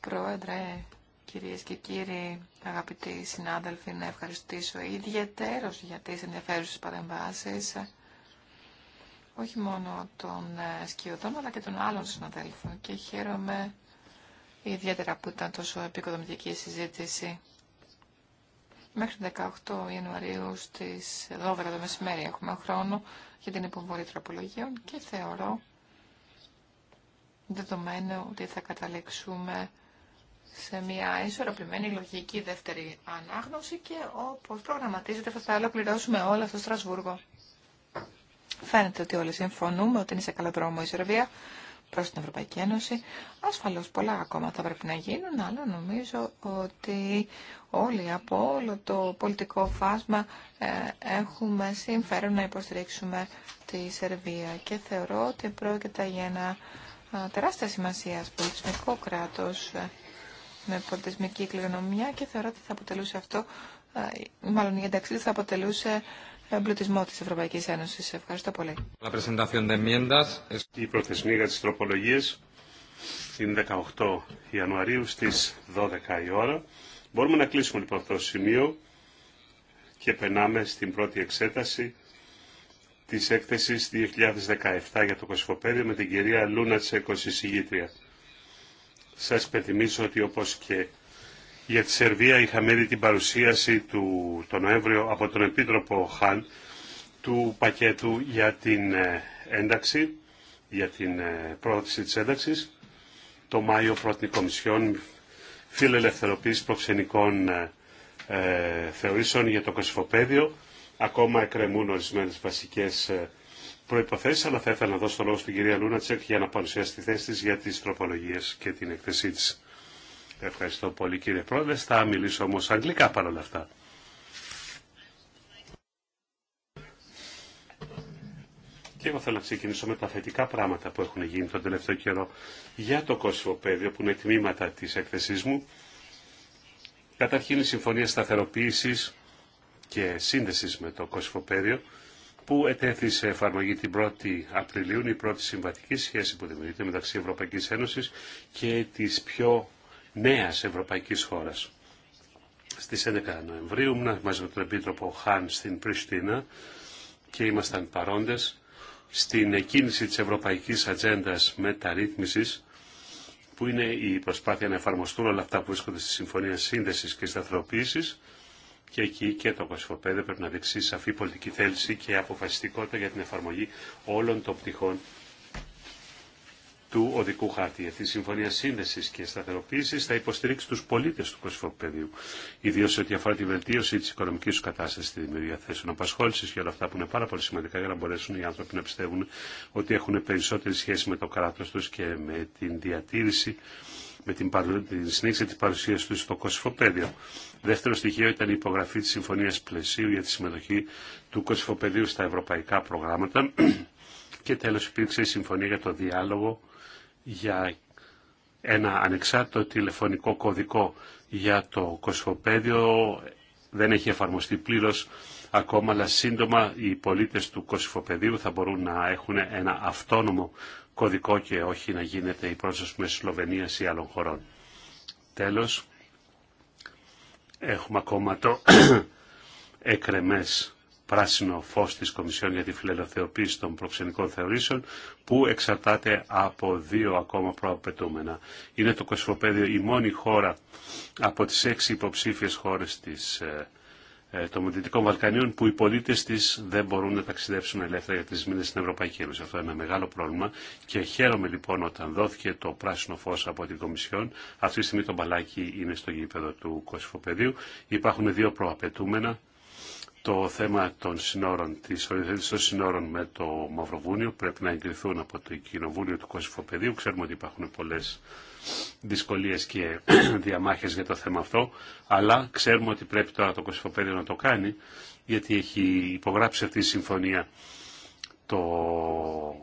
Πρόεδρε, κυρίες και κύριοι, αγαπητοί συνάδελφοι, να ευχαριστήσω ιδιαίτερος για τις ενδιαφέρουσες παρεμβάσεις όχι μόνο των ε, σκιωδών αλλά και των άλλων συναδέλφων και χαίρομαι ιδιαίτερα που ήταν τόσο επικοδομητική συζήτηση Μέχρι 18 Ιανουαρίου στις 12 το μεσημέρι έχουμε χρόνο για την υποβολή τροπολογίων και θεωρώ δεδομένου ότι θα καταλήξουμε σε μια ισορροπημένη λογική δεύτερη ανάγνωση και όπως προγραμματίζεται θα ολοκληρώσουμε όλα στο Στρασβούργο. Φαίνεται ότι όλοι συμφωνούμε ότι είναι σε καλό δρόμο η Σερβία προς την Ευρωπαϊκή Ένωση. Ασφαλώς πολλά ακόμα θα πρέπει να γίνουν, αλλά νομίζω ότι όλοι από όλο το πολιτικό φάσμα ε, έχουμε συμφέρον να υποστηρίξουμε τη Σερβία και θεωρώ ότι πρόκειται για ένα ε, τεράστια σημασία πολιτισμικό κράτος ε, με πολιτισμική κληρονομιά και θεωρώ ότι θα αποτελούσε αυτό, μάλλον η ένταξη θα αποτελούσε εμπλουτισμό της Ευρωπαϊκής Ένωσης. Ευχαριστώ πολύ. Η προθεσμία για τις τροπολογίες είναι 18 Ιανουαρίου στις 12 η ώρα. Μπορούμε να κλείσουμε λοιπόν αυτό το σημείο και περνάμε στην πρώτη εξέταση της έκθεσης 2017 για το Κοσμοπέδιο με την κυρία Λούνα Τσέκος, εισηγήτρια. Σας υπενθυμίζω ότι όπως και για τη Σερβία είχαμε δει την παρουσίαση του, τον Νοέμβριο από τον Επίτροπο Χαν του πακέτου για την ε, ένταξη, για την ε, πρόθεση της ένταξης. Το Μάιο πρότεινε Κομισιόν φιλελευθεροποίηση προξενικών ε, θεωρήσεων για το κοσυφοπαίδιο. Ακόμα εκκρεμούν ορισμένε βασικέ προποθέσει, αλλά θα ήθελα να δώσω το λόγο στην κυρία Λούνα Τσέκ για να παρουσιάσει τη θέση τη για τι τροπολογίε και την εκθεσή τη. Ευχαριστώ πολύ κύριε Πρόεδρε. Θα μιλήσω όμως αγγλικά παρόλα αυτά. Και εγώ θέλω να ξεκινήσω με τα θετικά πράγματα που έχουν γίνει τον τελευταίο καιρό για το κόσμο Πέδιο που είναι τμήματα της έκθεσής μου. Καταρχήν η Συμφωνία Σταθεροποίησης και Σύνδεσης με το κόσμο Πέδιο που ετέθη σε εφαρμογή την 1η Απριλίου, η πρώτη συμβατική σχέση που δημιουργείται μεταξύ Ευρωπαϊκής Ένωσης και τη πιο νέας ευρωπαϊκής χώρας. Στις 11 Νοεμβρίου ήμουν μαζί με τον Επίτροπο Χάν στην Πριστίνα και ήμασταν παρόντες στην εκκίνηση της Ευρωπαϊκής Ατζέντα Μεταρρύθμισης που είναι η προσπάθεια να εφαρμοστούν όλα αυτά που βρίσκονται στη Συμφωνία Σύνδεσης και Σταθεροποίησης και εκεί και το Κοσφοπέδε πρέπει να δείξει σαφή πολιτική θέληση και αποφασιστικότητα για την εφαρμογή όλων των πτυχών του οδικού χάρτη. Αυτή η συμφωνία σύνδεση και σταθεροποίηση θα υποστηρίξει του πολίτε του Κωσυφοπαιδίου, πεδίου, ιδίω σε ό,τι αφορά τη βελτίωση τη οικονομική του κατάσταση, τη δημιουργία θέσεων απασχόληση και όλα αυτά που είναι πάρα πολύ σημαντικά για να μπορέσουν οι άνθρωποι να πιστεύουν ότι έχουν περισσότερη σχέση με το κράτο του και με την διατήρηση με την, παρου... την συνέχιση της παρουσίας του στο Κωσυφοπέδιο. Δεύτερο στοιχείο ήταν η υπογραφή της Συμφωνίας Πλαισίου για τη συμμετοχή του κωσφοπεδίου στα ευρωπαϊκά προγράμματα και τέλο υπήρξε η Συμφωνία για το Διάλογο για ένα ανεξάρτητο τηλεφωνικό κωδικό για το κοσφοπέδιο δεν έχει εφαρμοστεί πλήρως ακόμα, αλλά σύντομα οι πολίτες του κοσφοπεδίου θα μπορούν να έχουν ένα αυτόνομο κωδικό και όχι να γίνεται η πρόσβαση με Σλοβενίας ή άλλων χωρών. Τέλος, έχουμε ακόμα το εκρεμές πράσινο φως της Κομισιόν για τη φιλελευθεροποίηση των προξενικών θεωρήσεων που εξαρτάται από δύο ακόμα προαπαιτούμενα. Είναι το Κοσμοπέδιο η μόνη χώρα από τις έξι υποψήφιες χώρες της, ε, ε, των Δυτικών Βαλκανίων που οι πολίτε τη δεν μπορούν να ταξιδέψουν ελεύθερα για τι μήνε στην Ευρωπαϊκή Ένωση. Αυτό είναι ένα μεγάλο πρόβλημα και χαίρομαι λοιπόν όταν δόθηκε το πράσινο φω από την Κομισιόν. Αυτή τη στιγμή το μπαλάκι είναι στο γήπεδο του Κωσυφοπεδίου. Υπάρχουν δύο προαπαιτούμενα το θέμα των συνόρων, της οριοθέτησης των συνόρων με το Μαυροβούνιο πρέπει να εγκριθούν από το Κοινοβούλιο του Κωσυφοπεδίου. Ξέρουμε ότι υπάρχουν πολλές δυσκολίες και διαμάχες για το θέμα αυτό, αλλά ξέρουμε ότι πρέπει τώρα το Κωσυφοπεδίο να το κάνει, γιατί έχει υπογράψει αυτή η συμφωνία το,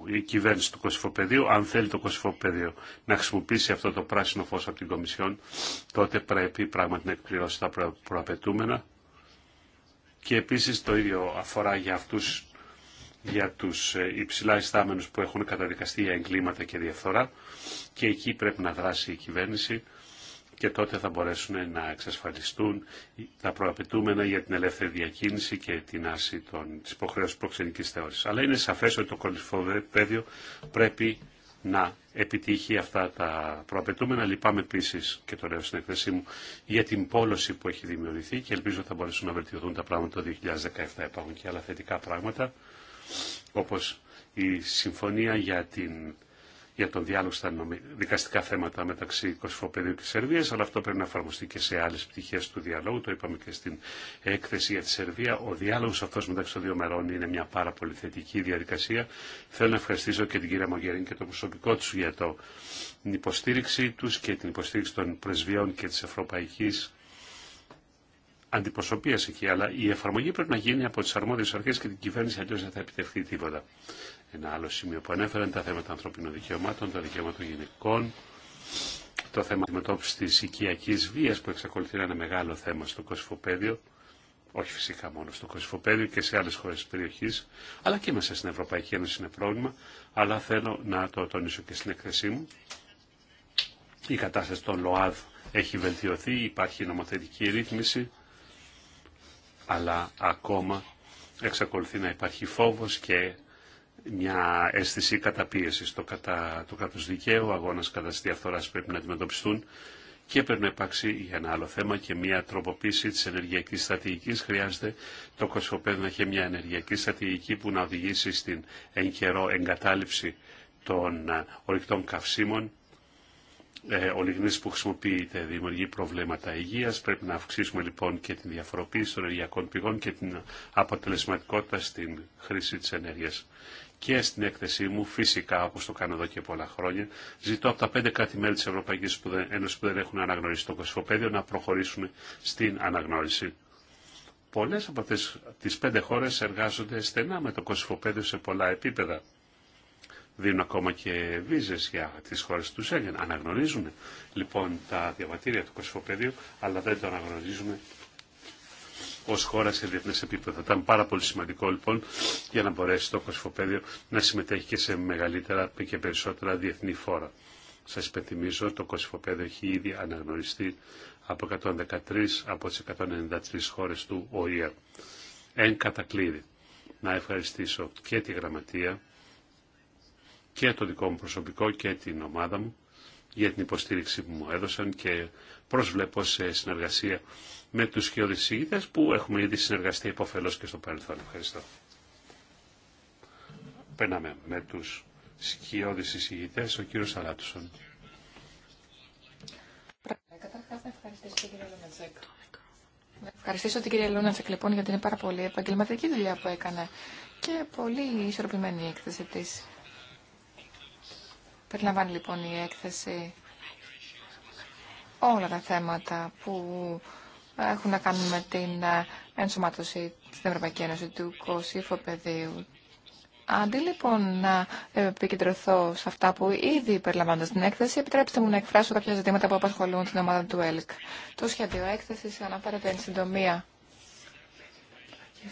η κυβέρνηση του Κωσυφοπεδίου. Αν θέλει το Κωσυφοπεδίο να χρησιμοποιήσει αυτό το πράσινο φως από την Κομισιόν, τότε πρέπει πράγματι να εκπληρώσει τα προαπαιτούμενα και επίσης το ίδιο αφορά για αυτούς για τους ε, υψηλά ειστάμενους που έχουν καταδικαστεί για εγκλήματα και διαφθορά και εκεί πρέπει να δράσει η κυβέρνηση και τότε θα μπορέσουν να εξασφαλιστούν τα προαπαιτούμενα για την ελεύθερη διακίνηση και την άρση των, της υποχρέωσης προξενικής θεώρησης. Αλλά είναι σαφές ότι το κολυφοπέδιο πρέπει να επιτύχει αυτά τα προαπαιτούμενα. Λυπάμαι επίση και το λέω στην έκθεσή μου για την πόλωση που έχει δημιουργηθεί και ελπίζω θα μπορέσουν να βελτιωθούν τα πράγματα το 2017. Υπάρχουν και άλλα θετικά πράγματα όπως η συμφωνία για την για τον διάλογο στα δικαστικά θέματα μεταξύ Κωσυφοπεδίου και Σέρβία, αλλά αυτό πρέπει να εφαρμοστεί και σε άλλε πτυχέ του διαλόγου. Το είπαμε και στην έκθεση για τη Σερβία. Ο διάλογο αυτό μεταξύ των δύο μερών είναι μια πάρα πολύ θετική διαδικασία. Θέλω να ευχαριστήσω και την κυρία Μογερίνη και το προσωπικό του για το, την υποστήριξή του και την υποστήριξη των πρεσβειών και τη Ευρωπαϊκή αντιπροσωπεία εκεί, αλλά η εφαρμογή πρέπει να γίνει από τι αρμόδιε αρχέ και την κυβέρνηση, αλλιώ δεν θα επιτευχθεί τίποτα. Ένα άλλο σημείο που ανέφεραν τα θέματα ανθρωπίνων δικαιωμάτων, τα δικαιώματα των γυναικών, το θέμα αντιμετώπιση τη οικιακή βία που εξακολουθεί να είναι μεγάλο θέμα στο Κωσυφοπαίδιο, όχι φυσικά μόνο στο κοσφοπέδιο και σε άλλε χώρε τη περιοχή, αλλά και μέσα στην Ευρωπαϊκή Ένωση είναι πρόβλημα, αλλά θέλω να το τονίσω και στην εκθεσή μου. Η κατάσταση των ΛΟΑΔ έχει βελτιωθεί, υπάρχει νομοθετική ρύθμιση, αλλά ακόμα εξακολουθεί να υπάρχει φόβος και μια αίσθηση καταπίεσης. Το, κατά, το κράτος δικαίου, αγώνας κατά της διαφθοράς πρέπει να αντιμετωπιστούν και πρέπει να υπάρξει για ένα άλλο θέμα και μια τροποποίηση της ενεργειακής στρατηγικής. Χρειάζεται το κοσμοπέδιο να έχει μια ενεργειακή στρατηγική που να οδηγήσει στην εν καιρό εγκατάλειψη των ε, ορυκτών καυσίμων ε, ο λιγνής που χρησιμοποιείται δημιουργεί προβλήματα υγείας. Πρέπει να αυξήσουμε λοιπόν και την διαφοροποίηση των ενεργειακών πηγών και την αποτελεσματικότητα στην χρήση της ενέργειας. Και στην έκθεσή μου, φυσικά, όπω το κάνω εδώ και πολλά χρόνια, ζητώ από τα πέντε κράτη-μέλη τη Ευρωπαϊκή Ένωση που δεν έχουν αναγνωρίσει το κοσμοπέδιο να προχωρήσουν στην αναγνώριση. Πολλέ από αυτέ τι πέντε χώρε εργάζονται στενά με το κοσμοπέδιο σε πολλά επίπεδα δίνουν ακόμα και βίζες για τις χώρες του Σέγγεν. Αναγνωρίζουν λοιπόν τα διαβατήρια του Κωσυφοπεδίου, αλλά δεν το αναγνωρίζουν ω χώρα σε διεθνέ επίπεδο. ήταν πάρα πολύ σημαντικό λοιπόν για να μπορέσει το Κωσυφοπέδιο να συμμετέχει και σε μεγαλύτερα και περισσότερα διεθνή φόρα. Σα υπενθυμίζω, το Κωσυφοπέδιο έχει ήδη αναγνωριστεί από 113 από τι 193 χώρε του ΟΗΕ. Εν κατακλείδη, να ευχαριστήσω και τη Γραμματεία και το δικό μου προσωπικό και την ομάδα μου για την υποστήριξη που μου έδωσαν και προσβλέπω σε συνεργασία με τους χειοδησίγητες που έχουμε ήδη συνεργαστεί υποφελώς και στο παρελθόν. Ευχαριστώ. Περνάμε με τους σκιώδεις εισηγητές, ο κύριος Αλάτουσον. Καταρχάς να ευχαριστήσω τον κύριο Λουνατσέκ. Να ευχαριστήσω την κυρία Λούνατσεκ λοιπόν για την πάρα πολύ επαγγελματική δουλειά που έκανε και πολύ ισορροπημένη η έκθεση της. Περιλαμβάνει λοιπόν η έκθεση όλα τα θέματα που έχουν να κάνουν με την ενσωμάτωση στην Ευρωπαϊκή Ένωση του κοσίφου πεδίου. Αντί λοιπόν να επικεντρωθώ σε αυτά που ήδη περιλαμβάνονται στην έκθεση, επιτρέψτε μου να εκφράσω κάποια ζητήματα που απασχολούν την ομάδα του ΕΛΚ. Το σχέδιο έκθεση αναφέρεται εν συντομία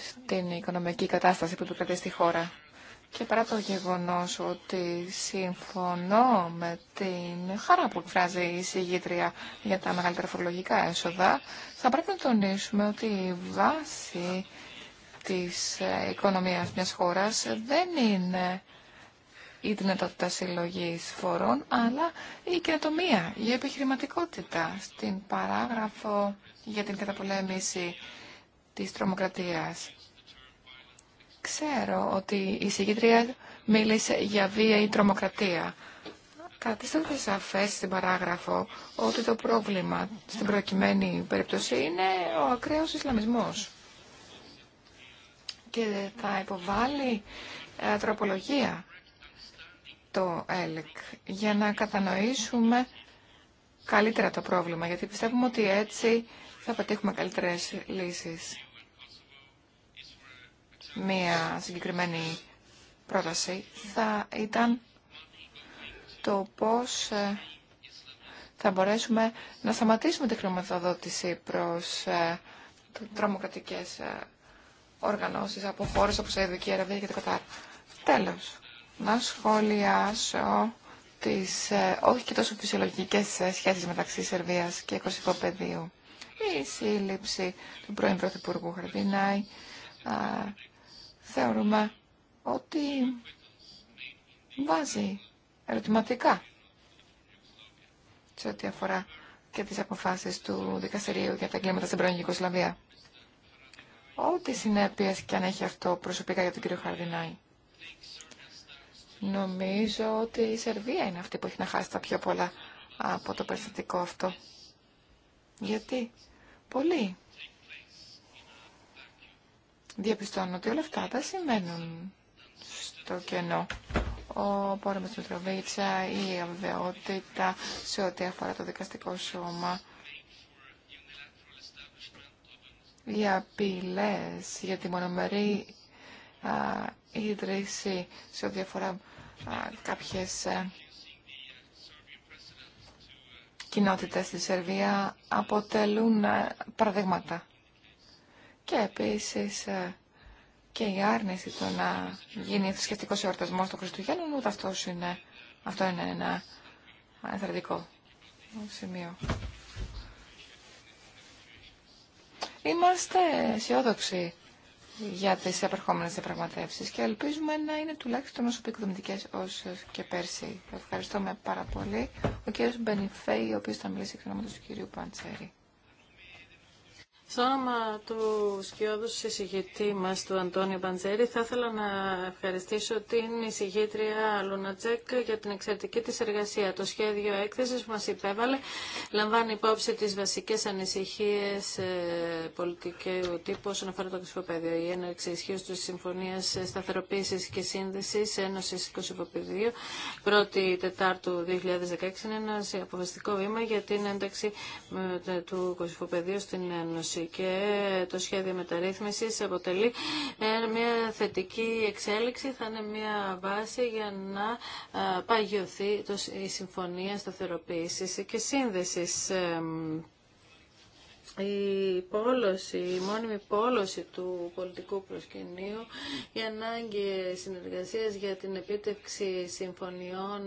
στην οικονομική κατάσταση που του κρατεί στη χώρα. Και παρά το γεγονός ότι συμφωνώ με την χαρά που εκφράζει η συγγήτρια για τα μεγαλύτερα φορολογικά έσοδα, θα πρέπει να τονίσουμε ότι η βάση της ε, οικονομίας μιας χώρας δεν είναι η δυνατότητα συλλογή φορών, αλλά η καινοτομία, η επιχειρηματικότητα στην παράγραφο για την καταπολέμηση της τρομοκρατίας. Ξέρω ότι η συγκεντρία μίλησε για βία ή τρομοκρατία. Καθίστε σαφέ στην παράγραφο ότι το πρόβλημα στην προκειμένη περίπτωση είναι ο ακραίος Ισλαμισμός. Και θα υποβάλει ε, τροπολογία το ΕΛΚ για να κατανοήσουμε καλύτερα το πρόβλημα, γιατί πιστεύουμε ότι έτσι θα πετύχουμε καλύτερες λύσεις μία συγκεκριμένη πρόταση θα ήταν το πώς ε, θα μπορέσουμε να σταματήσουμε τη χρηματοδότηση προς ε, τρομοκρατικές ε, οργανώσεις από χώρες όπως η Ειδική Αραβία και το Κατάρ. Τέλος, να σχολιάσω τις όχι και τόσο φυσιολογικές σχέσεις μεταξύ Σερβίας και Κωσικοπεδίου. Η σύλληψη του πρώην Πρωθυπουργού Χαρδινάη, θεωρούμε ότι βάζει ερωτηματικά σε ό,τι αφορά και τις αποφάσεις του δικαστηρίου για τα εγκλήματα στην πρώην Ιουγκοσλαβία. Ό,τι συνέπειες και αν έχει αυτό προσωπικά για τον κύριο Χαρδινάη. Νομίζω ότι η Σερβία είναι αυτή που έχει να χάσει τα πιο πολλά από το περιστατικό αυτό. Γιατί πολλοί διαπιστώνω ότι όλα αυτά τα συμβαίνουν στο κενό. Ο πόρεμος Μητροβίτσα, η αβεβαιότητα σε ό,τι αφορά το δικαστικό σώμα, οι απειλές για τη μονομερή ίδρυση σε ό,τι αφορά α, κάποιες ε, κοινότητες στη Σερβία αποτελούν ε, παραδείγματα και επίσης ε, και η άρνηση το να γίνει θρησκευτικό εορτασμό των Χριστουγέννων, ούτε είναι, αυτό είναι ένα ενθαρρυντικό σημείο. Είμαστε αισιόδοξοι για τις επερχόμενες διαπραγματεύσεις και ελπίζουμε να είναι τουλάχιστον όσο επικοδομητικές όσο και πέρσι. Ευχαριστούμε πάρα πολύ. Ο κύριος Μπενιφέη, ο οποίος θα μιλήσει εξ του κύριου Παντσέρη. Στο όνομα του σκιώδου εισηγητή μας, του Αντώνιο Μπαντζέρη, θα ήθελα να ευχαριστήσω την εισηγήτρια Λούνατζεκ για την εξαιρετική της εργασία. Το σχέδιο έκθεσης που μας υπέβαλε λαμβάνει υπόψη τις βασικές ανησυχίες ε, πολιτικού τύπου όσον αφορά το Κωσυφοπέδιο. Η έναρξη ισχύω τη Συμφωνία Σταθεροποίηση και Σύνδεση Ένωση Κοσμοπεδίου 1η Τετάρτου 2016 είναι ένα αποφασιστικό βήμα για την ένταξη ε, του κοσμοπεδίου στην Ένωση και το σχέδιο μεταρρύθμισης αποτελεί ε, μια θετική εξέλιξη, θα είναι μια βάση για να ε, παγιωθεί η συμφωνία σταθεροποίησης και σύνδεσης ε, η πόλωση, η μόνιμη πόλωση του πολιτικού προσκυνείου, η ανάγκη συνεργασίας για την επίτευξη συμφωνιών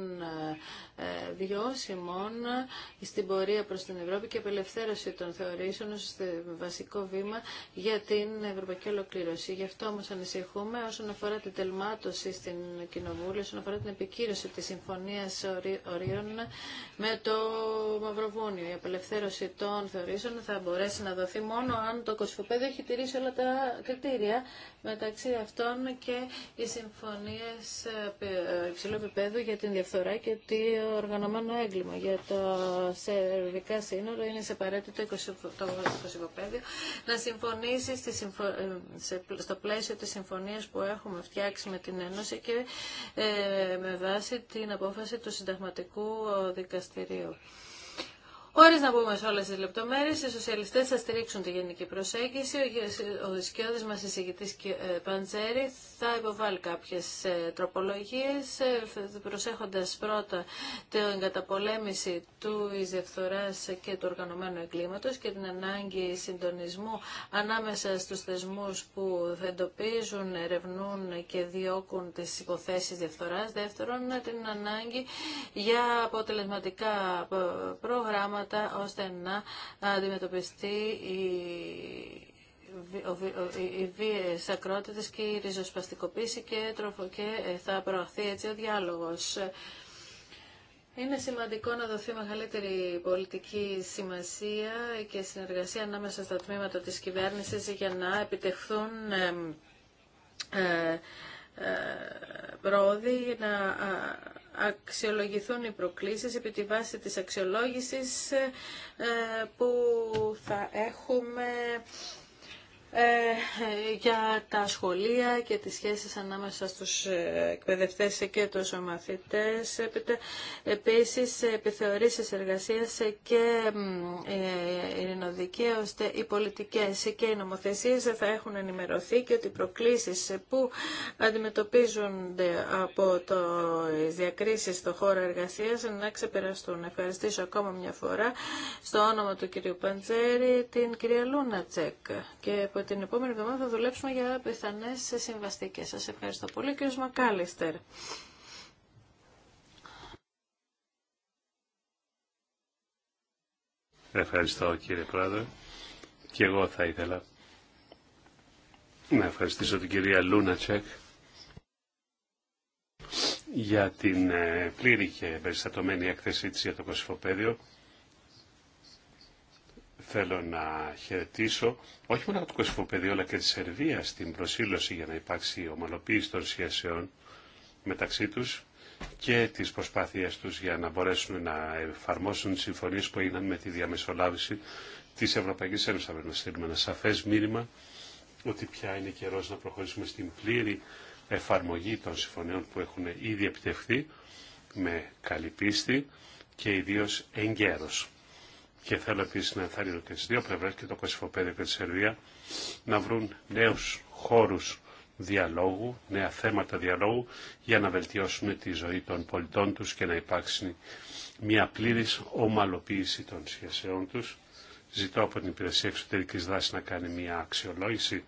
διώσιμων ε, στην πορεία προς την Ευρώπη και απελευθέρωση των θεωρήσεων ως βασικό βήμα για την ευρωπαϊκή ολοκλήρωση. Γι' αυτό όμως ανησυχούμε όσον αφορά την τελμάτωση στην κοινοβούλη, όσον αφορά την επικύρωση της συμφωνίας ορίων με το Μαυροβούνιο. Η απελευθέρωση των θεωρήσεων θα μπορέσει να δοθεί μόνο αν το κοσφοπέδιο έχει τηρήσει όλα τα κριτήρια, μεταξύ αυτών και οι συμφωνίες ε, υψηλού επίπεδου για την διαφθορά και το οργανωμένο έγκλημα. Για το σερβικά σύνορα είναι σε απαραίτητο το κοσφοπέδιο να συμφωνήσει στη συμφω... Ε, στο πλαίσιο τη συμφωνίας που έχουμε φτιάξει με την Ένωση και ε, με βάση την απόφαση του Συνταγματικού Δικαστηρίου. Χωρί να μπούμε σε όλε τι λεπτομέρειε, οι σοσιαλιστέ θα στηρίξουν τη γενική προσέγγιση. Ο δυσκιώδη μα εισηγητή ε, Παντζέρη θα υποβάλει κάποιε τροπολογίε, ε, προσέχοντα πρώτα την καταπολέμηση του διαφθορά και του οργανωμένου εγκλήματο και την ανάγκη συντονισμού ανάμεσα στου θεσμού που εντοπίζουν, ερευνούν και διώκουν τι υποθέσει διαφθορά. Δεύτερον, την ανάγκη για αποτελεσματικά προγράμματα ώστε να αντιμετωπιστεί η οι βίες ακρότητες και η ριζοσπαστικοποίηση και, ε, θα προαχθεί έτσι ο διάλογος. Είναι σημαντικό να δοθεί μεγαλύτερη πολιτική σημασία και συνεργασία ανάμεσα στα τμήματα της κυβέρνησης για να επιτευχθούν ε, ε, πρόοδοι, να αξιολογηθούν οι προκλήσεις επί τη βάση της αξιολόγησης ε, που θα έχουμε ε, για τα σχολεία και τις σχέσεις ανάμεσα στους ε, εκπαιδευτές και τους μαθητές. επίτε, επίσης, επιθεωρήσεις εργασίας και ε, ειρηνοδικία, ώστε οι πολιτικές και οι νομοθεσίες θα έχουν ενημερωθεί και ότι οι προκλήσεις που αντιμετωπίζονται από το, τις διακρίσεις στο χώρο εργασίας να ξεπεραστούν. Ευχαριστήσω ακόμα μια φορά στο όνομα του κυρίου Παντζέρη την κυρία Τσεκ και την επόμενη εβδομάδα θα δουλέψουμε για πιθανέ συμβαστικέ. Σα ευχαριστώ πολύ, κύριο Μακάλιστερ. Ευχαριστώ κύριε Πρόεδρε. Και εγώ θα ήθελα να ευχαριστήσω την κυρία Λούνατσεκ για την ε, πλήρη και περιστατωμένη έκθεσή της για το Κωσυφοπαίδιο. Θέλω να χαιρετήσω όχι μόνο το Κοσμοπεδίο αλλά και τη Σερβία στην προσήλωση για να υπάρξει ομαλοποίηση των σχέσεων μεταξύ τους και τις προσπάθειές τους για να μπορέσουν να εφαρμόσουν τις συμφωνίες που έγιναν με τη διαμεσολάβηση της Ευρωπαϊκής Ένωσης. Θα να στείλουμε ένα σαφές μήνυμα ότι πια είναι καιρός να προχωρήσουμε στην πλήρη εφαρμογή των συμφωνιών που έχουν ήδη επιτευχθεί με καλή πίστη και ιδίως εγκαίρως. Και θέλω επίση να ενθαρρύνω και τι δύο πλευρέ, και το Κωσυφοπέδιο και τη Σερβία, να βρουν νέου χώρου διαλόγου, νέα θέματα διαλόγου, για να βελτιώσουν τη ζωή των πολιτών τους και να υπάρξει μια πλήρης ομαλοποίηση των σχέσεών τους. Ζητώ από την Υπηρεσία Εξωτερικής δάση να κάνει μια αξιολόγηση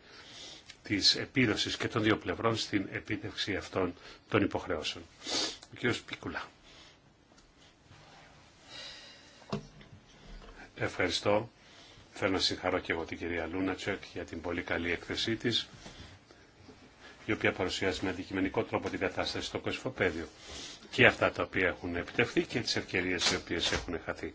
της επίδοσης και των δύο πλευρών στην επίτευξη αυτών των υποχρεώσεων. Ο κ. Πίκουλα. Ευχαριστώ. Θέλω να συγχαρώ και εγώ την κυρία Λούνατσεκ για την πολύ καλή έκθεσή τη, η οποία παρουσιάζει με αντικειμενικό τρόπο την κατάσταση στο κοσμοπέδιο και αυτά τα οποία έχουν επιτευχθεί και τι ευκαιρίε οι οποίε έχουν χαθεί.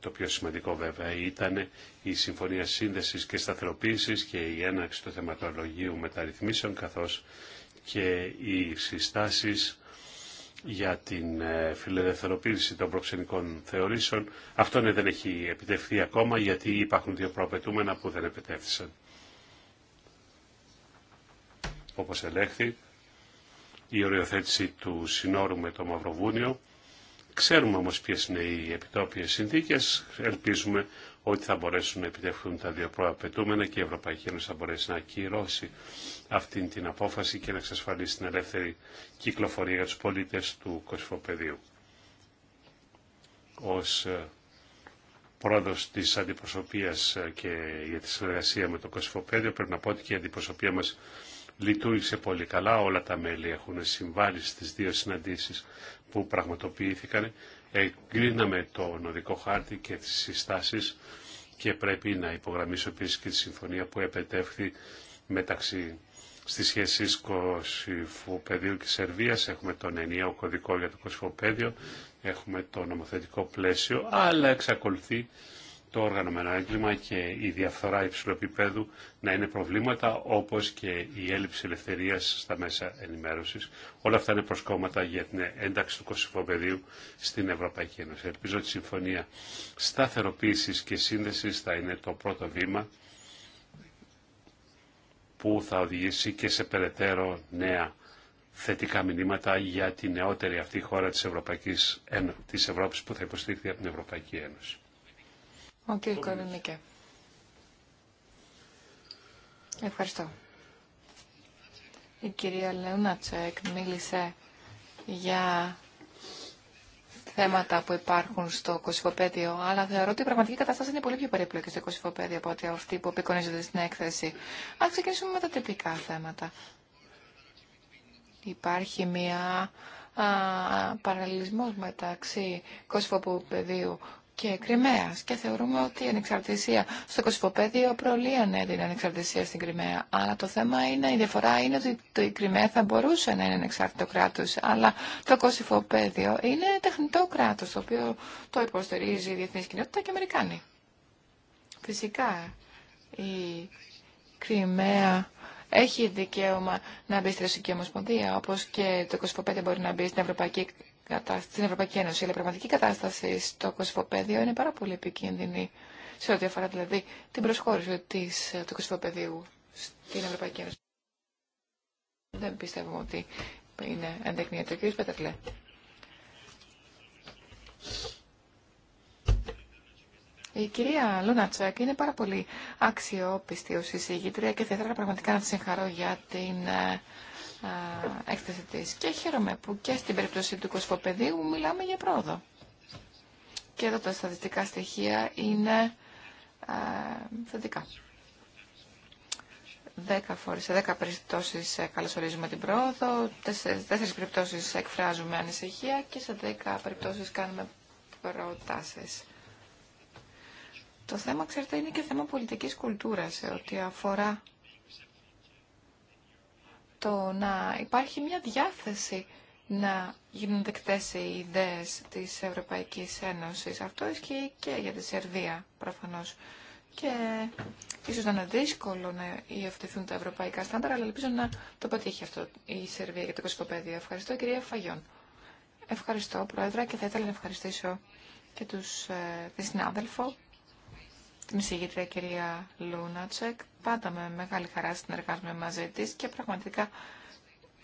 Το πιο σημαντικό βέβαια ήταν η Συμφωνία σύνδεση και σταθεροποίηση και η έναρξη του θεματολογίου μεταρρυθμίσεων καθώ και οι συστάσει για την ε, φιλελευθεροποίηση των προξενικών θεωρήσεων. Αυτό ναι, δεν έχει επιτευχθεί ακόμα γιατί υπάρχουν δύο προαπαιτούμενα που δεν επιτεύθησαν. Όπως ελέγχθη, η οριοθέτηση του συνόρου με το Μαυροβούνιο. Ξέρουμε όμως ποιες είναι οι επιτόπιες συνθήκες. Ελπίζουμε ότι θα μπορέσουν να επιτευχθούν τα δύο προαπαιτούμενα και η Ευρωπαϊκή Ένωση θα μπορέσει να ακυρώσει αυτή την απόφαση και να εξασφαλίσει την ελεύθερη κυκλοφορία για τους πολίτες του Κοσφοπεδίου. Ως ε, πρόεδρος της αντιπροσωπείας ε, και για τη συνεργασία με το Κοσφοπέδιο πρέπει να πω ότι και η αντιπροσωπεία μας λειτουργήσε πολύ καλά. Όλα τα μέλη έχουν συμβάλει στις δύο συναντήσεις που πραγματοποιήθηκαν εγκρίναμε το νοδικό χάρτη και τις συστάσεις και πρέπει να υπογραμμίσω επίσης και τη συμφωνία που επετεύχθη μεταξύ στις σχέσεις Κωσυφοπεδίου και Σερβίας. Έχουμε τον ενιαίο κωδικό για το Κωσυφοπέδιο, έχουμε το νομοθετικό πλαίσιο, αλλά εξακολουθεί το οργανωμένο έγκλημα και η διαφθορά υψηλού να είναι προβλήματα όπως και η έλλειψη ελευθερίας στα μέσα ενημέρωσης. Όλα αυτά είναι προσκόμματα για την ένταξη του κοσυφοπεδίου στην Ευρωπαϊκή Ένωση. Ελπίζω ότι η Συμφωνία Σταθεροποίησης και σύνδεση θα είναι το πρώτο βήμα που θα οδηγήσει και σε περαιτέρω νέα θετικά μηνύματα για τη νεότερη αυτή χώρα της, Ευρωπαϊκής, της Ευρώπης που θα υποστηρίξει από την Ευρωπαϊκή Ένωση. Ότι και. Ευχαριστώ. Η κυρία Λεούνατσεκ μίλησε για θέματα που υπάρχουν στο κοσυφοπέδιο, αλλά θεωρώ ότι η πραγματική κατάσταση είναι πολύ πιο περίπλοκη στο κοσυφοπέδιο από ότι αυτοί που απεικονίζεται στην έκθεση. Ας ξεκινήσουμε με τα τυπικά θέματα. Υπάρχει μια παραλληλισμός μεταξύ κοσυφοπέδιου και Κρυμαία. Και θεωρούμε ότι η ανεξαρτησία στο κωσυφοπέδιο προλύανε την ανεξαρτησία στην Κρυμαία. Αλλά το θέμα είναι, η διαφορά είναι ότι η Κρυμαία θα μπορούσε να είναι ανεξάρτητο κράτο. Αλλά το κωσυφοπέδιο είναι τεχνητό κράτο, το οποίο το υποστηρίζει η διεθνή κοινότητα και οι Αμερικάνοι. Φυσικά η Κρυμαία έχει δικαίωμα να μπει στη Ρωσική Ομοσπονδία, όπω και το 25 μπορεί να μπει στην Ευρωπαϊκή στην Ευρωπαϊκή Ένωση. Αλλά η πραγματική κατάσταση στο κοσμοπέδιο είναι πάρα πολύ επικίνδυνη σε ό,τι αφορά δηλαδή την προσχώρηση της, του κοσυφοπαίδιου στην Ευρωπαϊκή Ένωση. Δεν πιστεύω ότι είναι εντεχνία του κ. Πέτερλε. Η κυρία Λούνατσακ είναι πάρα πολύ αξιόπιστη ως εισηγήτρια και θα ήθελα πραγματικά να τη συγχαρώ για την ε, και χαίρομαι που και στην περίπτωση του κοσφοπεδίου μιλάμε για πρόοδο. Και εδώ τα στατιστικά στοιχεία είναι α, θετικά. Δέκα φορές, σε δέκα περιπτώσεις ε, καλωσορίζουμε την πρόοδο, σε τέσσερις περιπτώσεις εκφράζουμε ανησυχία και σε δέκα περιπτώσεις κάνουμε προτάσεις. Το θέμα, ξέρετε, είναι και θέμα πολιτικής κουλτούρας, ότι αφορά το να υπάρχει μια διάθεση να γίνουν δεκτές οι ιδέες της Ευρωπαϊκής Ένωσης. Αυτό ισχύει και για τη Σερβία προφανώς. Και ίσως να είναι δύσκολο να υιοθετηθούν τα ευρωπαϊκά στάνταρα, αλλά ελπίζω να το πετύχει αυτό η Σερβία για το κοσμοπέδιο. Ευχαριστώ κυρία Φαγιόν. Ευχαριστώ Πρόεδρα και θα ήθελα να ευχαριστήσω και τους, ε, τη συνάδελφο την εισηγήτρια κυρία Λούνατσεκ. Πάντα με μεγάλη χαρά συνεργάζομαι μαζί τη και πραγματικά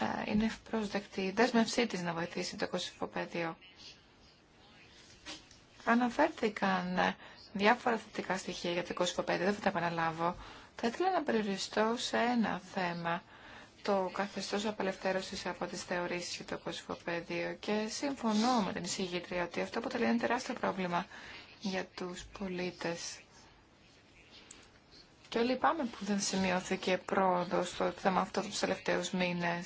ε, είναι προσδεκτή η δέσμευσή τη να βοηθήσει το κοσυφοπαίδιο. Αναφέρθηκαν ε, διάφορα θετικά στοιχεία για το 25, δεν θα τα επαναλάβω. Θα ήθελα να περιοριστώ σε ένα θέμα, το καθεστώς απελευθέρωση από τις θεωρήσεις για το κοσυφοπαίδιο και συμφωνώ με την εισηγήτρια ότι αυτό αποτελεί ένα τεράστιο πρόβλημα για τους πολίτες. Και λυπάμαι που δεν σημειώθηκε πρόοδο στο θέμα αυτό του τελευταίου μήνε.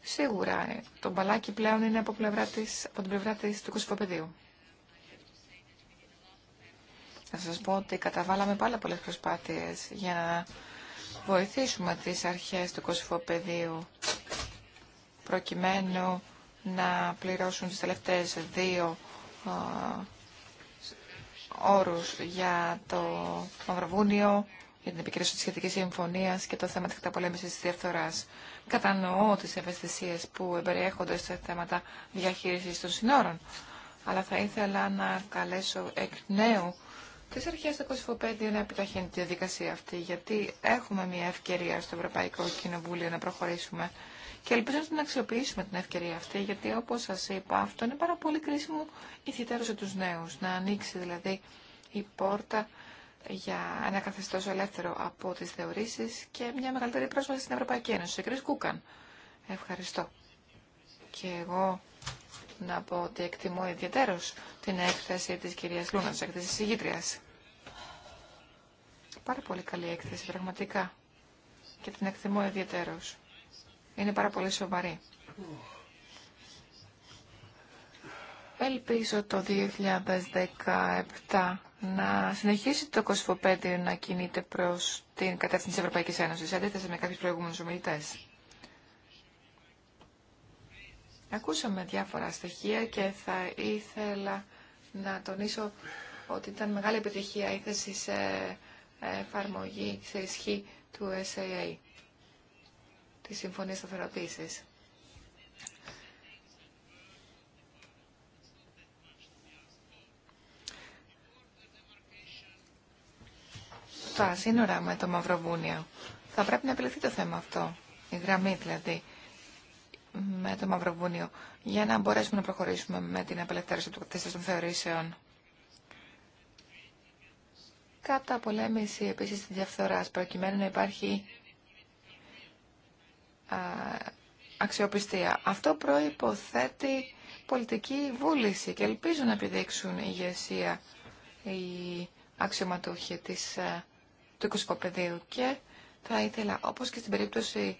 Σίγουρα το μπαλάκι πλέον είναι από, από την πλευρά της του κοσυφοπεδίου. Να σας πω ότι καταβάλαμε πάρα πολλέ προσπάθειες για να βοηθήσουμε τις αρχές του κοσυφοπεδίου προκειμένου να πληρώσουν τις τελευταίες δύο όρους για το Μαυροβούνιο, για την επικρίση της σχετικής συμφωνίας και το θέμα της καταπολέμησης της διαφθοράς. Κατανοώ τις ευαισθησίες που εμπεριέχονται σε θέματα διαχείρισης των συνόρων, αλλά θα ήθελα να καλέσω εκ νέου τις αρχές του Κωσυφοπέδιου να επιταχύνει τη διαδικασία αυτή, γιατί έχουμε μια ευκαιρία στο Ευρωπαϊκό Κοινοβούλιο να προχωρήσουμε και ελπίζω να την αξιοποιήσουμε την ευκαιρία αυτή, γιατί όπω σα είπα, αυτό είναι πάρα πολύ κρίσιμο ιδιαίτερα σε του νέου. Να ανοίξει δηλαδή η πόρτα για ένα καθεστώ ελεύθερο από τι θεωρήσει και μια μεγαλύτερη πρόσβαση στην Ευρωπαϊκή Ένωση. Σε Κούκαν. Ευχαριστώ. Και εγώ να πω ότι εκτιμώ ιδιαίτερω την έκθεση τη κυρία Λούνα, της έκθεσης Πάρα πολύ καλή έκθεση, πραγματικά. Και την εκτιμώ ιδιαίτερω είναι πάρα πολύ σοβαρή. Ελπίζω το 2017 να συνεχίσει το Κοσφοπέδιο να κινείται προς την κατεύθυνση της Ευρωπαϊκής Ένωσης, αντίθεση με κάποιους προηγούμενους ομιλητές. Ακούσαμε διάφορα στοιχεία και θα ήθελα να τονίσω ότι ήταν μεγάλη επιτυχία η θέση σε ε, εφαρμογή, σε ισχύ του SAA τη συμφωνία σταθεροποίηση. Τα σύνορα με το Μαυροβούνιο. Θα πρέπει να επιληθεί το θέμα αυτό, η γραμμή δηλαδή, με το Μαυροβούνιο, για να μπορέσουμε να προχωρήσουμε με την απελευθέρωση του κατέσταση των θεωρήσεων. Κατά πολέμηση επίσης της διαφθοράς, προκειμένου να υπάρχει αξιοπιστία. Αυτό προϋποθέτει πολιτική βούληση και ελπίζω να επιδείξουν η ηγεσία οι αξιωματούχοι της, του οικοσκοπεδίου και θα ήθελα όπως και στην περίπτωση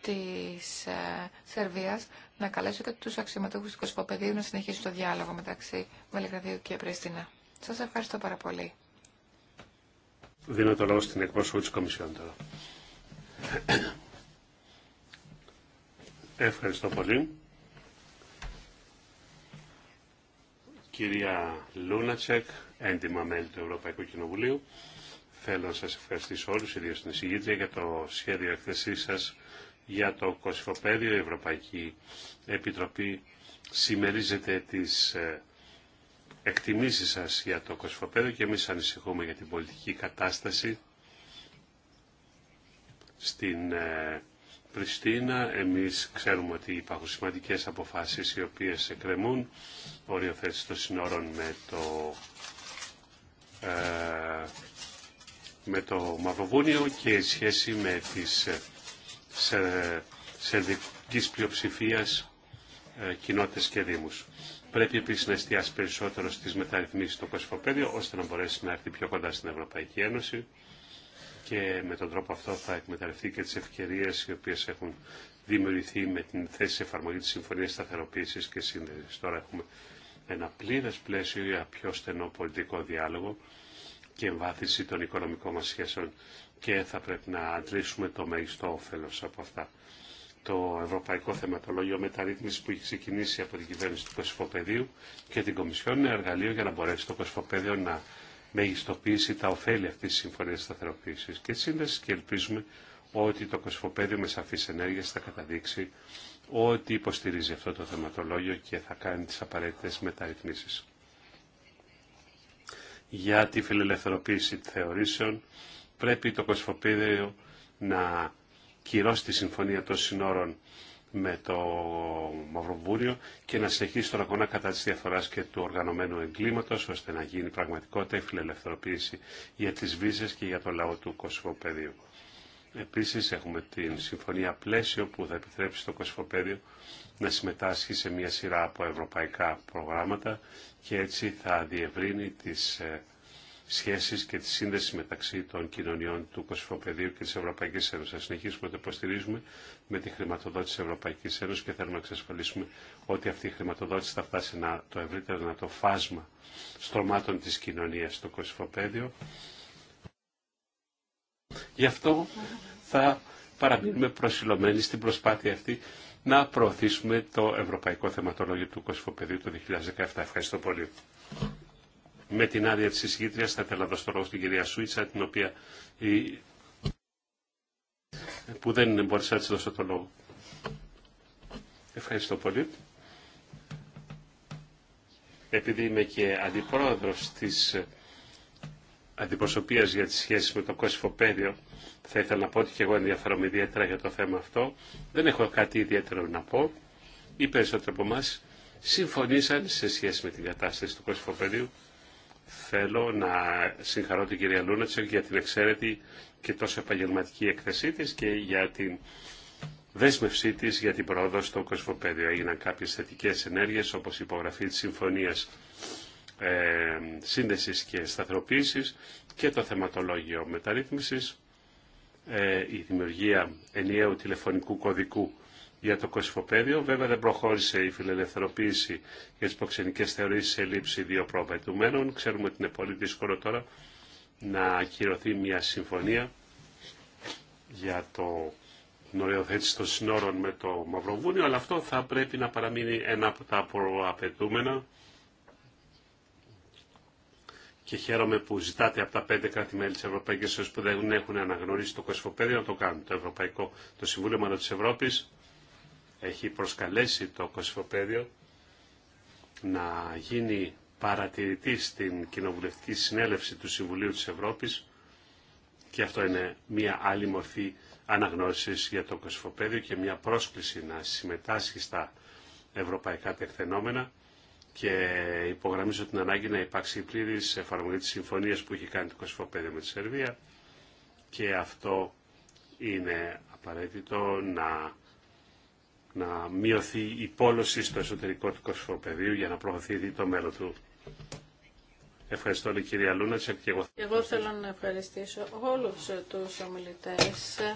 της Σερβίας να καλέσω και τους αξιωματούχους του οικοσκοπεδίου να συνεχίσουν το διάλογο μεταξύ Βελεγραδίου και Πρίστινα. Σας ευχαριστώ πάρα πολύ. Δίνω το λόγο στην εκπρόσωπο της Ευχαριστώ πολύ. Κυρία Λούνατσεκ, έντιμα μέλη του Ευρωπαϊκού Κοινοβουλίου, θέλω να σας ευχαριστήσω όλους, ιδιαίτερα την εισηγήτρια, για το σχέδιο εκθεσή σας για το κοσφοπέδιο. Η Ευρωπαϊκή Επιτροπή συμμερίζεται τις ε, εκτιμήσεις σας για το Κωσυφοπαίδιο και εμείς ανησυχούμε για την πολιτική κατάσταση στην ε, Πριστίνα. Εμείς ξέρουμε ότι υπάρχουν σημαντικές αποφάσεις οι οποίες εκκρεμούν οριοθέτηση των συνόρων με το, ε, με το Μαυροβούνιο και η σχέση με τις ε, σε, πλειοψηφίας ε, κοινότητες και δήμους. Πρέπει επίσης να εστιάσει περισσότερο στις μεταρρυθμίσεις στο Κοσμοπέδιο ώστε να μπορέσει να έρθει πιο κοντά στην Ευρωπαϊκή Ένωση και με τον τρόπο αυτό θα εκμεταλλευτεί και τις ευκαιρίες οι οποίες έχουν δημιουργηθεί με την θέση εφαρμογή της Συμφωνίας Σταθεροποίησης και Σύνδεσης. Τώρα έχουμε ένα πλήρες πλαίσιο για πιο στενό πολιτικό διάλογο και εμβάθυνση των οικονομικών μας σχέσεων και θα πρέπει να αντλήσουμε το μέγιστο όφελος από αυτά. Το Ευρωπαϊκό Θεματολόγιο Μεταρρύθμιση που έχει ξεκινήσει από την κυβέρνηση του Κωσυφοπεδίου και την Κομισιόν είναι εργαλείο για να μπορέσει το Κωσυφοπέδιο να μεγιστοποίηση τα ωφέλη αυτής της συμφωνίας σταθεροποίησης και σύνδεσης και ελπίζουμε ότι το Κοσμοπέδιο με σαφής ενέργειας θα καταδείξει ότι υποστηρίζει αυτό το θεματολόγιο και θα κάνει τις απαραίτητες μεταρρυθμίσεις. Για τη φιλελευθεροποίηση θεωρήσεων πρέπει το Κοσμοπέδιο να κυρώσει τη συμφωνία των συνόρων με το Μαυροβούριο και να συνεχίσει τον αγώνα κατά της διαφοράς και του οργανωμένου εγκλήματος ώστε να γίνει πραγματικότητα η φιλελευθερωποίηση για τις βίζες και για το λαό του Κωσυφοπέδιου. Επίσης έχουμε την συμφωνία πλαίσιο που θα επιτρέψει το Κωσυφοπέδιο να συμμετάσχει σε μια σειρά από ευρωπαϊκά προγράμματα και έτσι θα διευρύνει τις ε, σχέσεις και τη σύνδεση μεταξύ των κοινωνιών του Κωσυφοπεδίου και της Ευρωπαϊκής Ένωσης. Θα συνεχίσουμε να το υποστηρίζουμε με τη χρηματοδότηση της Ευρωπαϊκής Ένωσης και θέλουμε να εξασφαλίσουμε ότι αυτή η χρηματοδότηση θα φτάσει να, το ευρύτερο να το φάσμα στρωμάτων της κοινωνίας στο Κωσυφοπέδιο. Γι' αυτό θα παραμείνουμε προσιλωμένοι στην προσπάθεια αυτή να προωθήσουμε το Ευρωπαϊκό Θεματολόγιο του Κωσυφοπεδίου το 2017. Ευχαριστώ πολύ με την άδεια της εισηγήτριας θα ήθελα να δώσω το λόγο στην κυρία Σουίτσα, την οποία η... που δεν μπορούσα να της δώσω το λόγο. Ευχαριστώ πολύ. Επειδή είμαι και αντιπρόεδρος της αντιπροσωπείας για τις σχέσεις με το Κωσυφοπαίδιο, θα ήθελα να πω ότι και εγώ ενδιαφέρομαι ιδιαίτερα για το θέμα αυτό. Δεν έχω κάτι ιδιαίτερο να πω. Οι περισσότεροι από εμά συμφωνήσαν σε σχέση με την κατάσταση του Κωσυφοπαίδιου Θέλω να συγχαρώ την κυρία Λούνατσερ για την εξαίρετη και τόσο επαγγελματική έκθεσή της και για την δέσμευσή της για την πρόοδο στο κοσμοπέδιο. Έγιναν κάποιες θετικές ενέργειες όπως η υπογραφή της συμφωνίας ε, σύνδεσης και σταθεροποίησης και το θεματολόγιο μεταρρύθμισης, ε, η δημιουργία ενιαίου τηλεφωνικού κωδικού για το κοσυφοπαίδιο. Βέβαια δεν προχώρησε η φιλελευθερωποίηση για τι προξενικές θεωρήσεις σε λήψη δύο προαπαιτουμένων. Ξέρουμε ότι είναι πολύ δύσκολο τώρα να ακυρωθεί μια συμφωνία για το νοριοθέτηση των συνόρων με το Μαυροβούνιο, αλλά αυτό θα πρέπει να παραμείνει ένα από τα προαπαιτούμενα και χαίρομαι που ζητάτε από τα πέντε κράτη-μέλη τη Ευρωπαϊκή Ένωση που δεν έχουν αναγνωρίσει το κοσμοπέδιο να το κάνουν. Το Ευρωπαϊκό, το Συμβούλιο Μάνα τη Ευρώπη έχει προσκαλέσει το Κωσυφοπαίδιο να γίνει παρατηρητή στην κοινοβουλευτική συνέλευση του Συμβουλίου της Ευρώπης και αυτό είναι μια άλλη μορφή αναγνώρισης για το Κωσυφοπαίδιο και μια πρόσκληση να συμμετάσχει στα ευρωπαϊκά τεχθενόμενα και υπογραμμίζω την ανάγκη να υπάρξει πλήρης εφαρμογή της συμφωνίας που έχει κάνει το Κωσυφοπαίδιο με τη Σερβία και αυτό είναι απαραίτητο να να μειωθεί η πόλωση στο εσωτερικό του κοσφοπεδίου για να προωθεί το μέλλον του. Ευχαριστώ η κυρία Λούνατσεκ και εγώ. Εγώ θέλω να ευχαριστήσω όλους τους ομιλητές ε,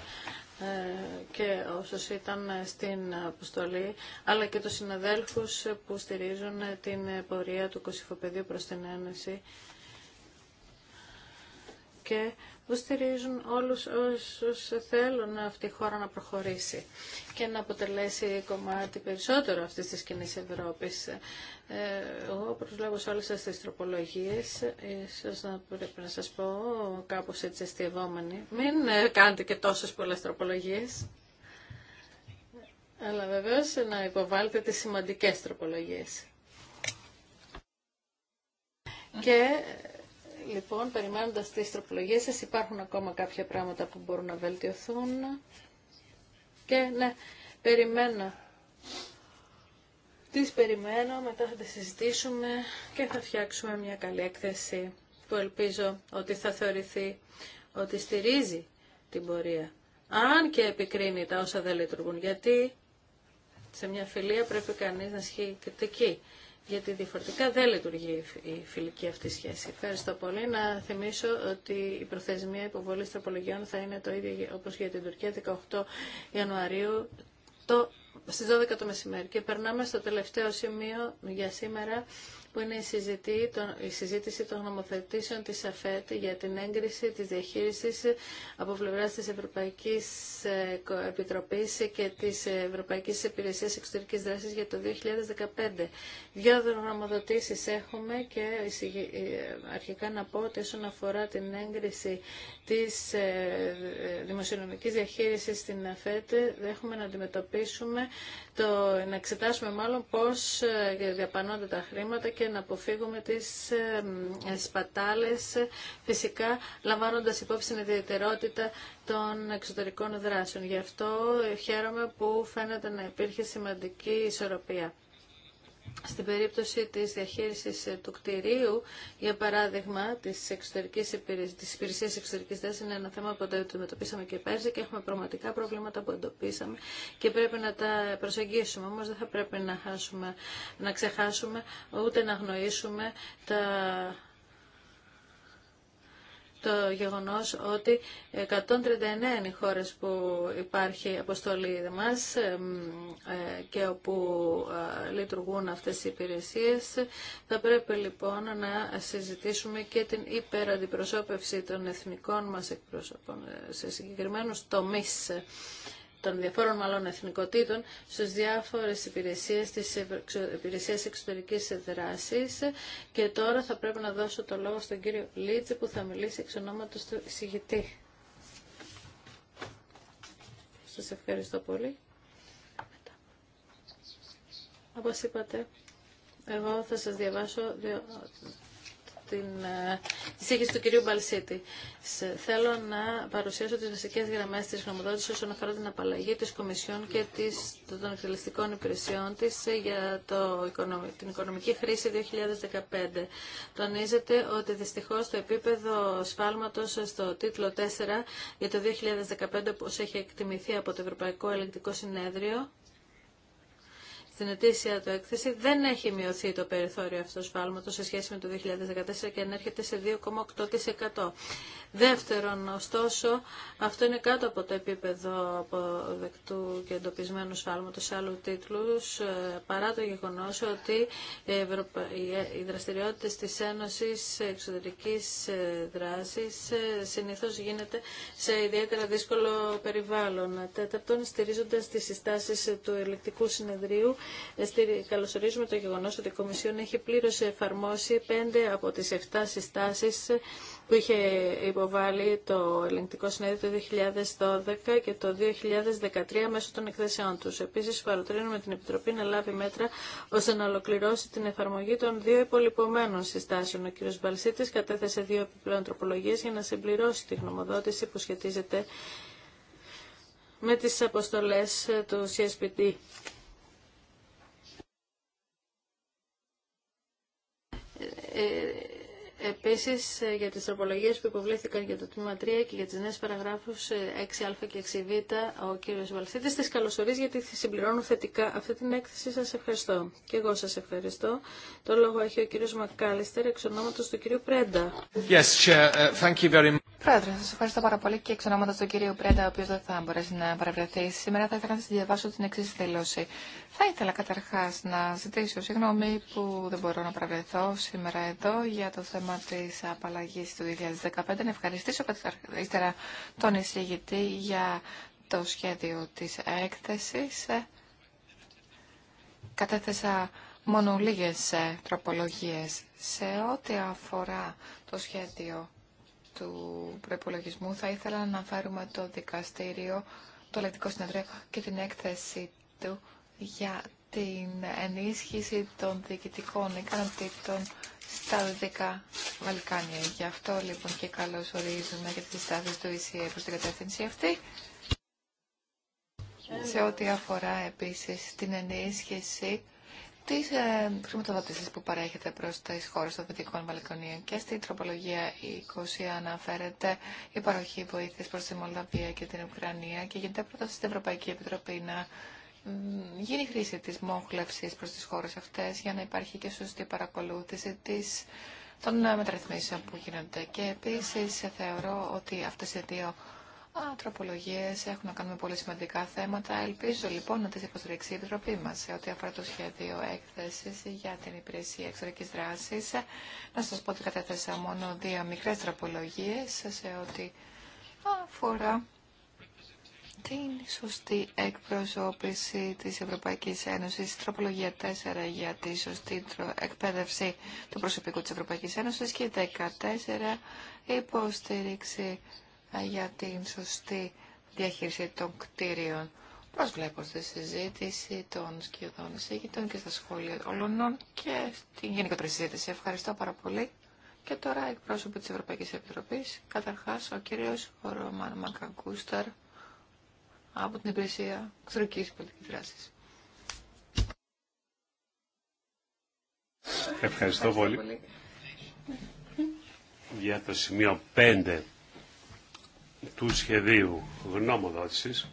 και όσους ήταν στην αποστολή, αλλά και τους συναδέλφους που στηρίζουν την πορεία του Κωσυφοπεδίου προς την Ένωση και που στηρίζουν όλους όσους θέλουν αυτή η χώρα να προχωρήσει και να αποτελέσει κομμάτι περισσότερο αυτής της κοινή Ευρώπης. Ε, εγώ προσλάβω σε όλες αυτές τις τροπολογίες, ίσως να πρέπει να σας πω κάπως έτσι Μην ε, κάνετε και τόσες πολλές τροπολογίες. Αλλά βεβαίως να υποβάλλετε τις σημαντικές τροπολογίες. Και λοιπόν, περιμένοντας τις τροπολογίες σας, υπάρχουν ακόμα κάποια πράγματα που μπορούν να βελτιωθούν. Και ναι, περιμένω. Τις περιμένω, μετά θα τις συζητήσουμε και θα φτιάξουμε μια καλή έκθεση που ελπίζω ότι θα θεωρηθεί ότι στηρίζει την πορεία. Αν και επικρίνει τα όσα δεν λειτουργούν, γιατί σε μια φιλία πρέπει κανείς να ισχύει κριτική γιατί διαφορετικά δεν λειτουργεί η φιλική αυτή σχέση. Ευχαριστώ πολύ. Να θυμίσω ότι η προθεσμία υποβολή τροπολογιών θα είναι το ίδιο όπως για την Τουρκία 18 Ιανουαρίου το στις 12 το μεσημέρι. Και περνάμε στο τελευταίο σημείο για σήμερα που είναι η, συζήτηση των νομοθετήσεων της ΑΦΕΤ για την έγκριση της διαχείρισης από πλευρά της Ευρωπαϊκής ε, Επιτροπής και της Ευρωπαϊκής Υπηρεσίας Εξωτερικής Δράσης για το 2015. Δύο νομοθετήσεις έχουμε και ε, αρχικά να πω ότι όσον αφορά την έγκριση της ε, δημοσιονομικής διαχείρισης στην ΑΦΕΤ έχουμε να αντιμετωπίσουμε το, να εξετάσουμε μάλλον πώς ε, διαπανώνται τα χρήματα και να αποφύγουμε τις ε, σπατάλες ε, φυσικά λαμβάνοντας υπόψη την ιδιαιτερότητα των εξωτερικών δράσεων. Γι' αυτό χαίρομαι που φαίνεται να υπήρχε σημαντική ισορροπία. Στην περίπτωση της διαχείρισης ε, του κτηρίου, για παράδειγμα, της, εξωτερικής εξωτερική της υπηρεσίας εξωτερικής είναι ένα θέμα που αντιμετωπίσαμε και πέρσι και έχουμε πραγματικά προβλήματα που εντοπίσαμε και πρέπει να τα προσεγγίσουμε. Όμως δεν θα πρέπει να, χάσουμε, να ξεχάσουμε ούτε να γνωρίσουμε τα το γεγονός ότι 139 είναι οι χώρες που υπάρχει αποστολή μας ε, και όπου ε, λειτουργούν αυτές οι υπηρεσίες. Θα πρέπει λοιπόν να συζητήσουμε και την υπεραντιπροσώπευση των εθνικών μας εκπρόσωπων ε, σε συγκεκριμένους τομείς των διαφόρων μάλλον εθνικοτήτων στις διάφορες υπηρεσίες της υπηρεσίας εξωτερικής δράσης και τώρα θα πρέπει να δώσω το λόγο στον κύριο Λίτζη που θα μιλήσει εξ ονόματος του εισηγητή. Σας ευχαριστώ πολύ. Όπως είπατε, εγώ θα σας διαβάσω δύο την εισήγηση του κυρίου Μπαλσίτη. Θέλω να παρουσιάσω τις βασικές γραμμές της γνωμοδότησης όσον αφορά την απαλλαγή της Κομισιόν και της, των εκτελεστικών υπηρεσιών της για το, την οικονομική χρήση 2015. Τονίζεται ότι δυστυχώς το επίπεδο σφάλματος στο τίτλο 4 για το 2015 όπως έχει εκτιμηθεί από το Ευρωπαϊκό Ελεγκτικό Συνέδριο στην ετήσια του έκθεση δεν έχει μειωθεί το περιθώριο αυτό σφάλματο σε σχέση με το 2014 και ανέρχεται σε 2,8%. Δεύτερον, ωστόσο, αυτό είναι κάτω από το επίπεδο αποδεκτού και εντοπισμένου σφάλματος σε άλλου τίτλους, ε, παρά το γεγονός ότι ε, οι δραστηριότητες της Ένωσης Εξωτερικής ε, Δράσης συνήθως γίνεται σε ιδιαίτερα δύσκολο περιβάλλον. Τέταρτον, στηρίζοντας τις συστάσεις του ελεκτικού συνεδρίου, ε, καλωσορίζουμε το γεγονό ότι η Κομισιόν έχει πλήρω εφαρμόσει πέντε από τι εφτά συστάσει που είχε υποβάλει το Ελεγκτικό Συνέδριο το 2012 και το 2013 μέσω των εκθέσεών του. Επίση, παροτρύνουμε την Επιτροπή να λάβει μέτρα ώστε να ολοκληρώσει την εφαρμογή των δύο υπολοιπωμένων συστάσεων. Ο κ. Μπαλσίτη κατέθεσε δύο επιπλέον τροπολογίε για να συμπληρώσει τη γνωμοδότηση που σχετίζεται με τις αποστολές του CSPD. Ε, Επίση, ε, για τις τροπολογίες που υποβλήθηκαν για το τμήμα 3 και για τις νέες παραγράφους 6α ε, και 6β, ο κύριος Βαλθίτης τι καλωσορίζει γιατί συμπληρώνω θετικά αυτή την έκθεση. Σας ευχαριστώ. Και εγώ σας ευχαριστώ. Το λόγο έχει ο κύριος Μακάλιστερ, εξ ονόματος του κύριου Πρέντα. Yes, Chair. Thank you very much. Πρόεδρε, σα ευχαριστώ πάρα πολύ και εξ ονόματο του κυρίου Πρέντα, ο οποίο δεν θα μπορέσει να παρευρεθεί σήμερα, θα ήθελα να σα διαβάσω την εξή δήλωση. Θα ήθελα καταρχά να ζητήσω συγγνώμη που δεν μπορώ να παρευρεθώ σήμερα εδώ για το θέμα τη απαλλαγή του 2015. Να ευχαριστήσω ύστερα τον εισηγητή για το σχέδιο τη έκθεση. Κατέθεσα μόνο λίγες τροπολογίες σε ό,τι αφορά το σχέδιο του προπολογισμού, θα ήθελα να αναφέρουμε το δικαστήριο, το ελεκτικό συνεδρίο και την έκθεση του για την ενίσχυση των διοικητικών ικανοτήτων στα Δυτικά Βαλκάνια. Γι' αυτό λοιπόν και καλώς ορίζουμε για τις στάσεις του ΙΣΥΕ προς την κατεύθυνση αυτή. Σε ό,τι αφορά επίσης την ενίσχυση ε, τις ε, που παρέχεται προ τι χώρε των Δυτικών Βαλκανίων και στην τροπολογία 20 αναφέρεται η παροχή βοήθεια προ τη Μολδαβία και την Ουκρανία και γίνεται πρόταση στην Ευρωπαϊκή Επιτροπή να γίνει χρήση τη μόχλευση προ τι χώρε αυτέ για να υπάρχει και σωστή παρακολούθηση τη των ε, μεταρρυθμίσεων που γίνονται. Και επίσης ε, θεωρώ ότι αυτές οι δύο τροπολογίες έχουν να κάνουν πολύ σημαντικά θέματα. Ελπίζω λοιπόν να τις υποστηρίξει η Επιτροπή μας σε ό,τι αφορά το σχέδιο έκθεσης για την υπηρεσία εξωτερικής δράσης. Να σας πω ότι κατέθεσα μόνο δύο μικρές τροπολογίες σε ό,τι αφορά την σωστή εκπροσώπηση της Ευρωπαϊκής Ένωσης, τροπολογία 4 για τη σωστή εκπαίδευση του προσωπικού της Ευρωπαϊκής Ένωσης και 14 υποστήριξη για την σωστή διαχείριση των κτίριων. Προσβλέπω στη συζήτηση των σκιωδών εισηγητών και στα σχόλια όλων και στην γενικότερη συζήτηση. Ευχαριστώ πάρα πολύ. Και τώρα εκπρόσωποι της Ευρωπαϊκής Επιτροπής, καταρχάς ο κύριος Ρωμαν Μακαγκούσταρ από την Υπηρεσία Εξωτερικής Πολιτικής Δράσης. Ευχαριστώ, πολύ. πολύ. Για το σημείο 5 του σχεδίου γνώμοδότησης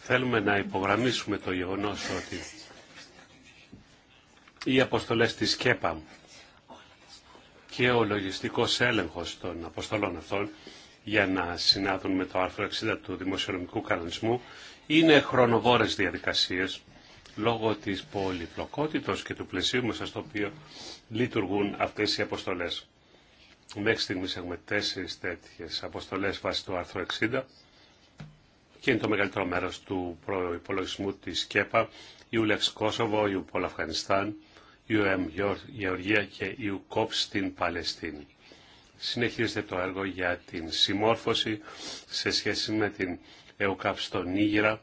θέλουμε να υπογραμμίσουμε το γεγονός ότι οι αποστολές της ΚΕΠΑ και ο λογιστικός έλεγχος των αποστολών αυτών για να συνάδουν με το άρθρο 60 του Δημοσιονομικού Κανονισμού είναι χρονοβόρες διαδικασίες λόγω της πολυπλοκότητος και του πλαισίου μέσα στο οποίο λειτουργούν αυτές οι αποστολές. Μέχρι στιγμής έχουμε τέσσερις τέτοιες αποστολές βάσει του άρθρου 60 και είναι το μεγαλύτερο μέρος του προϋπολογισμού της ΚΕΠΑ, η ΟΥΛΕΞ Κόσοβο, η ΟΥΠΟΛ Αφγανιστάν, η ΟΕΜ Γεωργία και η στην Παλαιστίνη. Συνεχίζεται το έργο για την συμμόρφωση σε σχέση με την ΕΟΚΑΠ στο Νίγηρα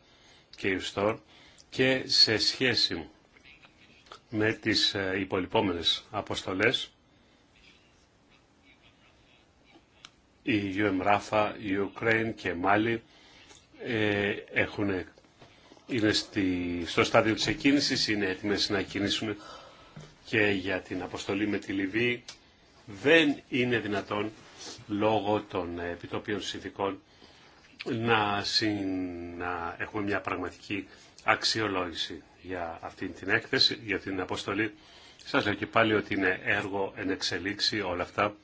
και η και σε σχέση με τις ε, υπολοιπόμενες αποστολές η UMRAFA, η Ukraine και Μάλι ε, έχουν, είναι στο στάδιο της εκκίνησης, είναι έτοιμες να κινήσουν και για την αποστολή με τη Λιβύη δεν είναι δυνατόν λόγω των επιτοπίων συνθηκών να, να έχουμε μια πραγματική αξιολόγηση για αυτή την έκθεση, για την αποστολή. Σας λέω και πάλι ότι είναι έργο εν εξελίξη όλα αυτά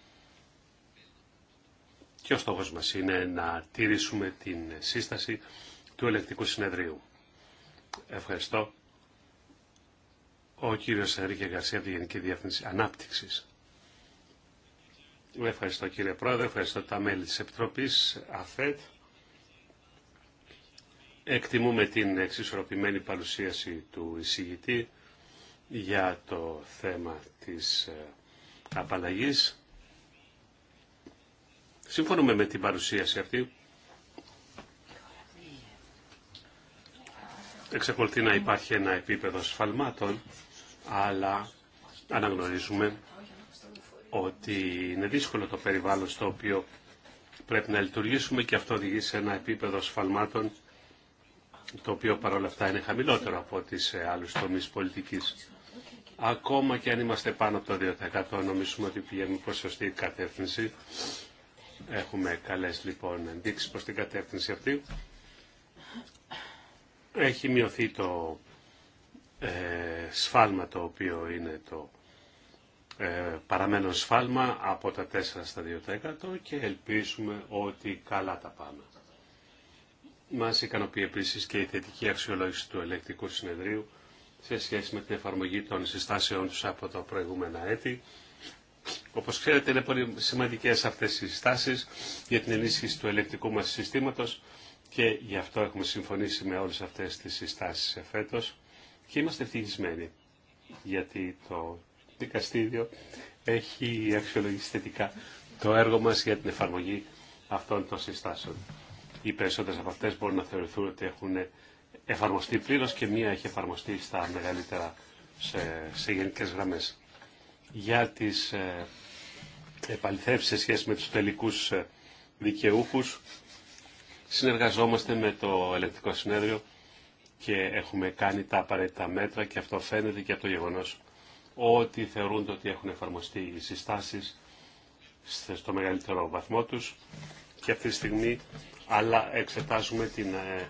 και ο στόχος μας είναι να τηρήσουμε την σύσταση του ελεκτικού συνεδρίου. Ευχαριστώ. Ο κύριος Ενρίκε Γαρσία από τη Γενική Διεύθυνση Ανάπτυξης. Ευχαριστώ κύριε Πρόεδρε, ευχαριστώ τα μέλη της Επιτροπής ΑΦΕΤ. Εκτιμούμε την εξισορροπημένη παρουσίαση του εισηγητή για το θέμα της ε, απαλλαγής. Συμφωνούμε με την παρουσίαση αυτή. Εξακολουθεί να υπάρχει ένα επίπεδο σφαλμάτων, αλλά αναγνωρίζουμε ότι είναι δύσκολο το περιβάλλον στο οποίο πρέπει να λειτουργήσουμε και αυτό οδηγεί σε ένα επίπεδο σφαλμάτων το οποίο παρόλα αυτά είναι χαμηλότερο από ό,τι σε άλλους τομείς πολιτικής. Ακόμα και αν είμαστε πάνω από το 2% νομίζουμε ότι πηγαίνουμε προς σωστή κατεύθυνση Έχουμε καλές λοιπόν ενδείξεις προς την κατεύθυνση αυτή. Έχει μειωθεί το ε, σφάλμα το οποίο είναι το ε, σφάλμα από τα 4 στα 2% και ελπίζουμε ότι καλά τα πάμε. Μας ικανοποιεί επίση και η θετική αξιολόγηση του ελεκτικού συνεδρίου σε σχέση με την εφαρμογή των συστάσεών τους από τα προηγούμενα έτη Όπω ξέρετε είναι πολύ σημαντικέ αυτέ οι συστάσει για την ενίσχυση του ελεκτικού μα συστήματο, και γι' αυτό έχουμε συμφωνήσει με όλε αυτέ τι συστάσει εφέτο και είμαστε ευτυχισμένοι γιατί το δικαστήριο έχει αξιολογήσει θετικά το έργο μας για την εφαρμογή αυτών των συστάσεων. Οι περισσότερες από αυτές μπορούν να θεωρηθούν ότι έχουν εφαρμοστεί πλήρως και μία έχει εφαρμοστεί στα μεγαλύτερα σε, σε γενικές γραμμές για τις ε, επαληθεύσεις σε σχέση με τους τελικούς ε, δικαιούχους. Συνεργαζόμαστε με το ελεκτικό συνέδριο και έχουμε κάνει τα απαραίτητα μέτρα και αυτό φαίνεται και από το γεγονός ότι θεωρούνται ότι έχουν εφαρμοστεί οι συστάσεις στο μεγαλύτερο βαθμό τους και αυτή τη στιγμή αλλά εξετάζουμε την ε,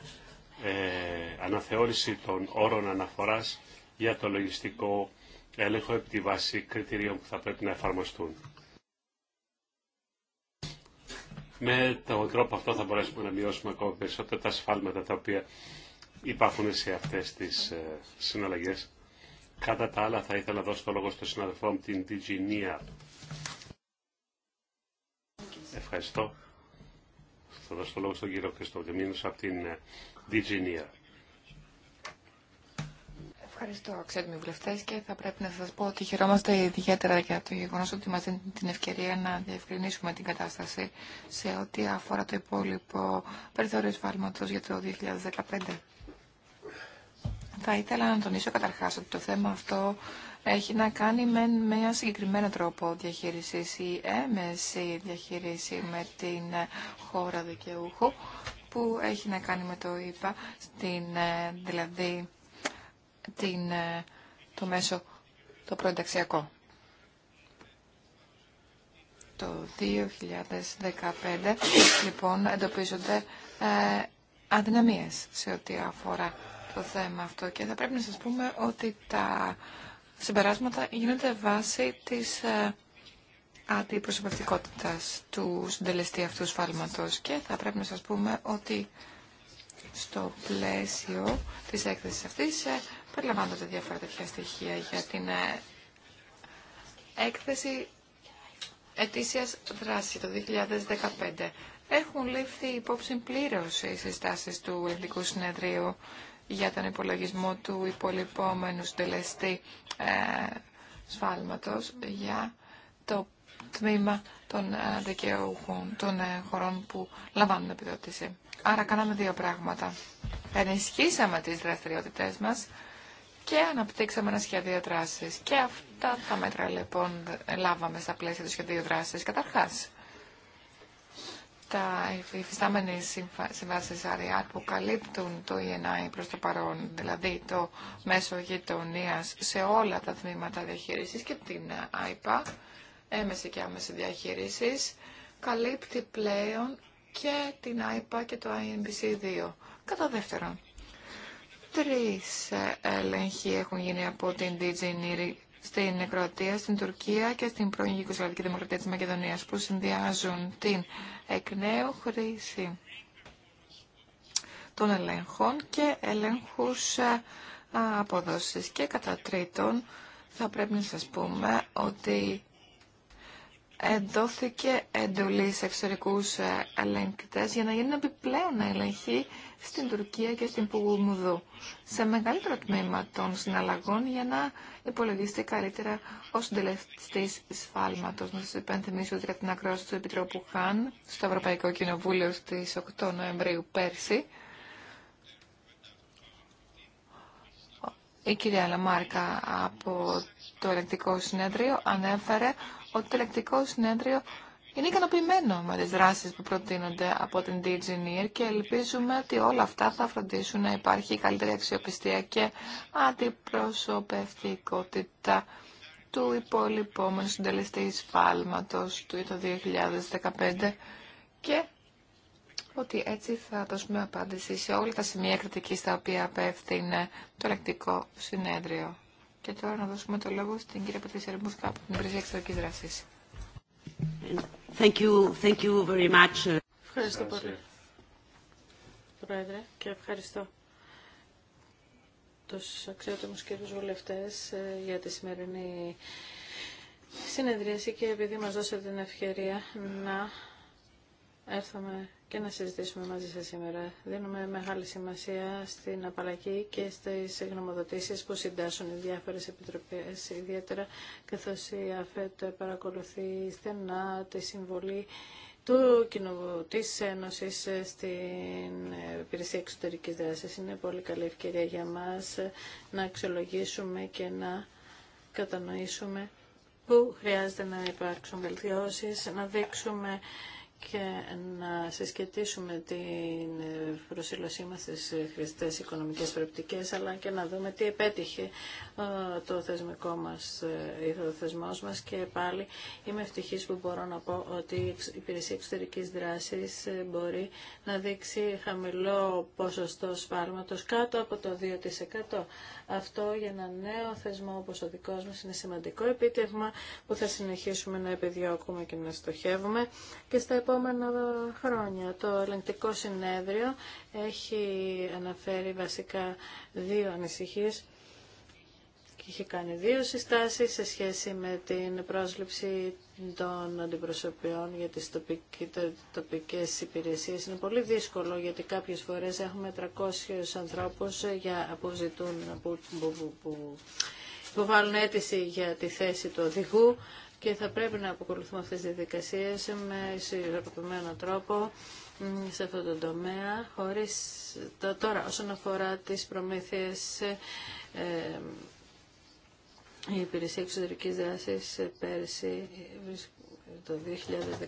αναθεώρηση των όρων αναφοράς για το λογιστικό έλεγχο επί τη βάση κριτηρίων που θα πρέπει να εφαρμοστούν. Με τον τρόπο αυτό θα μπορέσουμε να μειώσουμε ακόμα περισσότερο τα ασφάλματα τα οποία υπάρχουν σε αυτές τις ε, συναλλαγές. Κατά τα άλλα θα ήθελα να δώσω το λόγο στον συναδελφό μου την Digenia. Ευχαριστώ. Θα δώσω το λόγο στον κύριο μήνους από την Digenia. Ε, Ευχαριστώ, αξιότιμοι βουλευτέ, και θα πρέπει να σα πω ότι χαιρόμαστε ιδιαίτερα για το γεγονό ότι μα δίνει την ευκαιρία να διευκρινίσουμε την κατάσταση σε ό,τι αφορά το υπόλοιπο περιθώριο σφάλματο για το 2015. Θα ήθελα να τονίσω καταρχά ότι το θέμα αυτό έχει να κάνει με, ένα συγκεκριμένο τρόπο διαχείριση ή έμεση διαχείριση με την χώρα δικαιούχου που έχει να κάνει με το ΙΠΑ, ε, δηλαδή την, ε, το μέσο το προενταξιακό. Το 2015 λοιπόν εντοπίζονται ε, αδυναμίες σε ό,τι αφορά το θέμα αυτό και θα πρέπει να σας πούμε ότι τα συμπεράσματα γίνονται βάσει της ε, αντιπροσωπευτικότητας του συντελεστή αυτού σφάλματος και θα πρέπει να σας πούμε ότι στο πλαίσιο της έκθεσης αυτής ε, περιλαμβάνονται διάφορα τέτοια στοιχεία για την ε, έκθεση ετήσιας δράση το 2015. Έχουν λήφθει υπόψη πλήρω οι συστάσει του Ελληνικού Συνεδρίου για τον υπολογισμό του υπολοιπόμενου συντελεστή ε, σφάλματος για το τμήμα των ε, δικαιούχων, των ε, χωρών που λαμβάνουν επιδότηση. Άρα κάναμε δύο πράγματα. Ενισχύσαμε τις δραστηριότητές μας και αναπτύξαμε ένα σχέδιο δράση. Και αυτά τα μέτρα λοιπόν λάβαμε στα πλαίσια του σχεδίου δράση. Καταρχά, τα υφιστάμενε συμβάσει άρια που καλύπτουν το ΙΕΝΑΙ e προ το παρόν, δηλαδή το μέσο γειτονία σε όλα τα τμήματα διαχείριση και την ΑΙΠΑ, έμεση και άμεση διαχείριση, καλύπτει πλέον και την ΑΙΠΑ και το INBC2. Κατά δεύτερον, Τρεις έλεγχοι έχουν γίνει από την DJ στην Κροατία, στην Τουρκία και στην πρώην Δημοκρατία της Μακεδονίας που συνδυάζουν την εκ νέου χρήση των ελέγχων και ελέγχους ε, αποδόσεις. Και κατά τρίτον θα πρέπει να σας πούμε ότι δόθηκε εντολή σε εξωτερικούς ε, ελεγκτές για να γίνουν επιπλέον έλεγχοι στην Τουρκία και στην Πουγουμουδού σε μεγαλύτερο τμήμα των συναλλαγών για να υπολογιστεί καλύτερα ο συντελεστή σφάλματο. Να σα υπενθυμίσω ότι για την ακρόαση του Επιτρόπου Χαν στο Ευρωπαϊκό Κοινοβούλιο στι 8 Νοεμβρίου πέρσι, η κυρία Λαμάρκα από το ελεκτικό συνέδριο ανέφερε ότι το ελεκτικό συνέδριο είναι ικανοποιημένο με τις δράσεις που προτείνονται από την DGNIR και ελπίζουμε ότι όλα αυτά θα φροντίσουν να υπάρχει καλύτερη αξιοπιστία και αντιπροσωπευτικότητα του υπολοιπόμενου συντελεστή εισφάλματος του 2015 και ότι έτσι θα δώσουμε απάντηση σε όλα τα σημεία κριτικής τα οποία απεύθυνε το ελεκτικό συνέδριο. Και τώρα να δώσουμε το λόγο στην κυρία Πατρίσια Ρεμπούσκα από την Υπηρεσία Εξωτερικής Δράσης. Ευχαριστώ πολύ, Πρόεδρε, και ευχαριστώ τους αξιότιμους κύριους βουλευτές ε, για τη σημερινή συνεδρίαση και επειδή μας δώσατε την ευκαιρία να έρθαμε και να συζητήσουμε μαζί σας σήμερα. Δίνουμε μεγάλη σημασία στην απαλλαγή και στις γνωμοδοτήσεις που συντάσσουν οι διάφορες επιτροπές, ιδιαίτερα καθώς η ΑΦΕΤ παρακολουθεί στενά τη συμβολή του κοινοβου, της Ένωσης στην υπηρεσία εξωτερικής δράσης. Είναι πολύ καλή ευκαιρία για μας να αξιολογήσουμε και να κατανοήσουμε που χρειάζεται να υπάρξουν βελτιώσεις, να δείξουμε και να συσκετήσουμε την προσήλωσή μας στις χρηστές οικονομικές προεπτικές αλλά και να δούμε τι επέτυχε ε, το θεσμικό μας ή ε, το θεσμός μας και πάλι είμαι ευτυχής που μπορώ να πω ότι η υπηρεσία εξωτερικής δράσης ε, μπορεί να δείξει χαμηλό ποσοστό σπάρματος κάτω από το 2%. Αυτό για ένα νέο θεσμό όπως ο δικός μας είναι σημαντικό επίτευγμα που θα συνεχίσουμε να επιδιώκουμε και να στοχεύουμε και στα επόμενα χρόνια. Το ελεγκτικό συνέδριο έχει αναφέρει βασικά δύο ανησυχίες και έχει κάνει δύο συστάσεις σε σχέση με την πρόσληψη των αντιπροσωπιών για τις τοπικές υπηρεσίες. Είναι πολύ δύσκολο γιατί κάποιες φορές έχουμε 300 ανθρώπους για, που, ζητούν, που, που, που, που αίτηση για τη θέση του οδηγού και θα πρέπει να αποκολουθούμε αυτές τις διαδικασίες με ισορροπημένο τρόπο σε αυτό το τομέα. Χωρίς... Τώρα, όσον αφορά τις προμήθειες, ε, ε, η υπηρεσία εξωτερική δράση ε, πέρσι το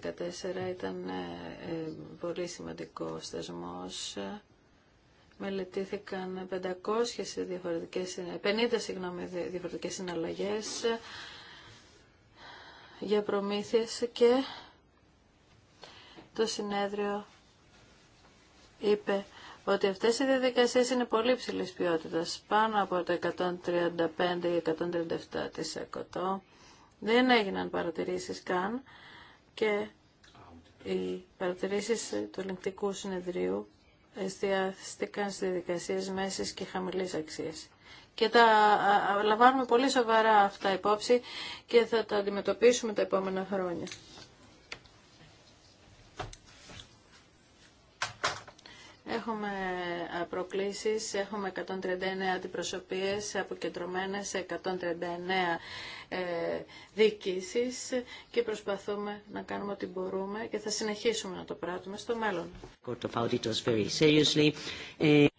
2014 ήταν πολύ σημαντικό στασμός. Μελετήθηκαν 500 διαφορετικές, 50 συγγνώμη, διαφορετικές συναλλαγές για προμήθειες και το συνέδριο είπε ότι αυτές οι διαδικασίες είναι πολύ ψηλής ποιότητας, πάνω από το 135 ή 137%. Δεν έγιναν παρατηρήσεις καν και οι παρατηρήσεις του ελληνικού συνεδρίου εστιαστήκαν στις διαδικασίες μέσης και χαμηλής αξίας και τα λαμβάνουμε πολύ σοβαρά αυτά υπόψη και θα τα αντιμετωπίσουμε τα επόμενα χρόνια. Έχουμε προκλήσεις, έχουμε 139 αντιπροσωπείες αποκεντρωμένες σε 139 ε, διοικήσεις και προσπαθούμε να κάνουμε ό,τι μπορούμε και θα συνεχίσουμε να το πράττουμε στο μέλλον.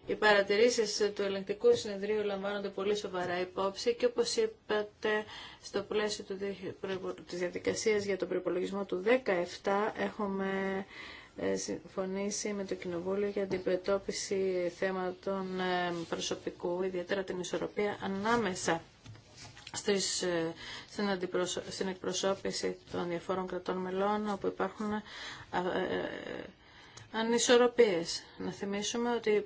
Οι παρατηρήσεις του ελεγκτικού συνεδρίου λαμβάνονται πολύ σοβαρά υπόψη και όπως είπατε στο πλαίσιο του, της διαδικασίας για τον προπολογισμό του 17 έχουμε ε, συμφωνήσει με το Κοινοβούλιο για την πετώπιση θέματων ε, προσωπικού, ιδιαίτερα την ισορροπία ανάμεσα στις, ε, στην, εκπροσώπηση των διαφόρων κρατών μελών όπου υπάρχουν ανισορροπίες. Να θυμίσουμε ότι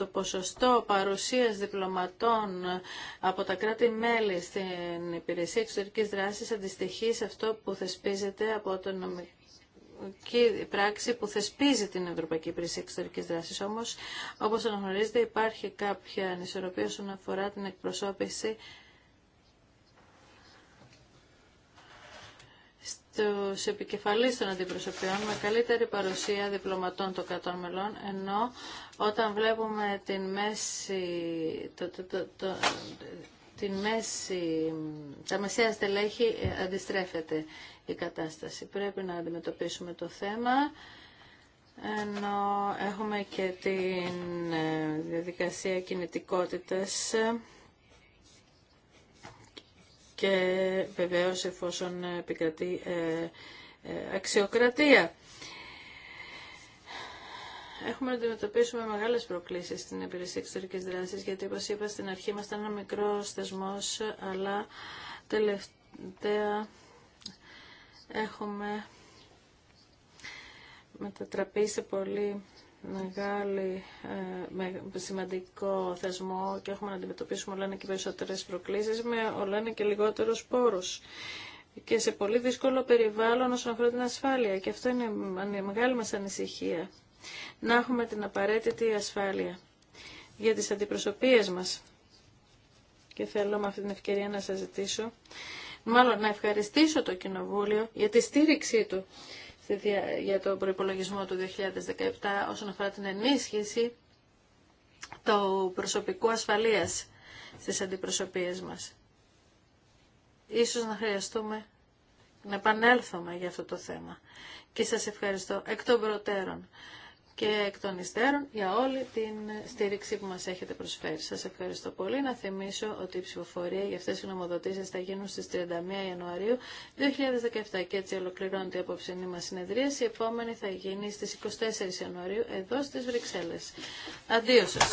το ποσοστό παρουσίας διπλωματών από τα κράτη-μέλη στην υπηρεσία εξωτερικής δράσης αντιστοιχεί σε αυτό που θεσπίζεται από τον νομικό πράξη που θεσπίζει την Ευρωπαϊκή Υπηρεσία Εξωτερικής Δράσης. Όμως, όπως αναγνωρίζετε, υπάρχει κάποια ανισορροπία όσον αφορά την εκπροσώπηση στους επικεφαλείς των αντιπροσωπιών με καλύτερη παρουσία διπλωματών των κρατών μελών, ενώ όταν βλέπουμε την μέση, το, την μέση, τα μεσαία στελέχη ε, αντιστρέφεται η κατάσταση. Πρέπει να αντιμετωπίσουμε το θέμα, ενώ έχουμε και την ε, διαδικασία κινητικότητας και βεβαίως εφόσον επικρατεί ε, ε, αξιοκρατία. Έχουμε να αντιμετωπίσουμε μεγάλε προκλήσει στην υπηρεσία εξωτερική δράση, γιατί όπω είπα στην αρχή, ήμασταν ένα μικρό θεσμό, αλλά τελευταία έχουμε μετατραπεί σε πολύ μεγάλη, ε, με σημαντικό θεσμό και έχουμε να αντιμετωπίσουμε όλα και περισσότερες προκλήσεις με όλα και λιγότερους πόρους και σε πολύ δύσκολο περιβάλλον όσον αφορά την ασφάλεια και αυτό είναι μεγάλη μας ανησυχία να έχουμε την απαραίτητη ασφάλεια για τις αντιπροσωπείες μας και θέλω με αυτή την ευκαιρία να σας ζητήσω μάλλον να ευχαριστήσω το Κοινοβούλιο για τη στήριξή του για το προϋπολογισμό του 2017 όσον αφορά την ενίσχυση του προσωπικού ασφαλείας στις αντιπροσωπείες μας. Ίσως να χρειαστούμε να επανέλθουμε για αυτό το θέμα. Και σας ευχαριστώ εκ των προτέρων και εκ των υστέρων για όλη την στήριξη που μας έχετε προσφέρει. Σας ευχαριστώ πολύ. Να θυμίσω ότι η ψηφοφορία για αυτές τις νομοδοτήσεις θα γίνουν στις 31 Ιανουαρίου 2017 και έτσι ολοκληρώνεται η απόψηνή μας συνεδρίαση. Η επόμενη θα γίνει στις 24 Ιανουαρίου εδώ στις Βρυξέλλες. Αντίο σας.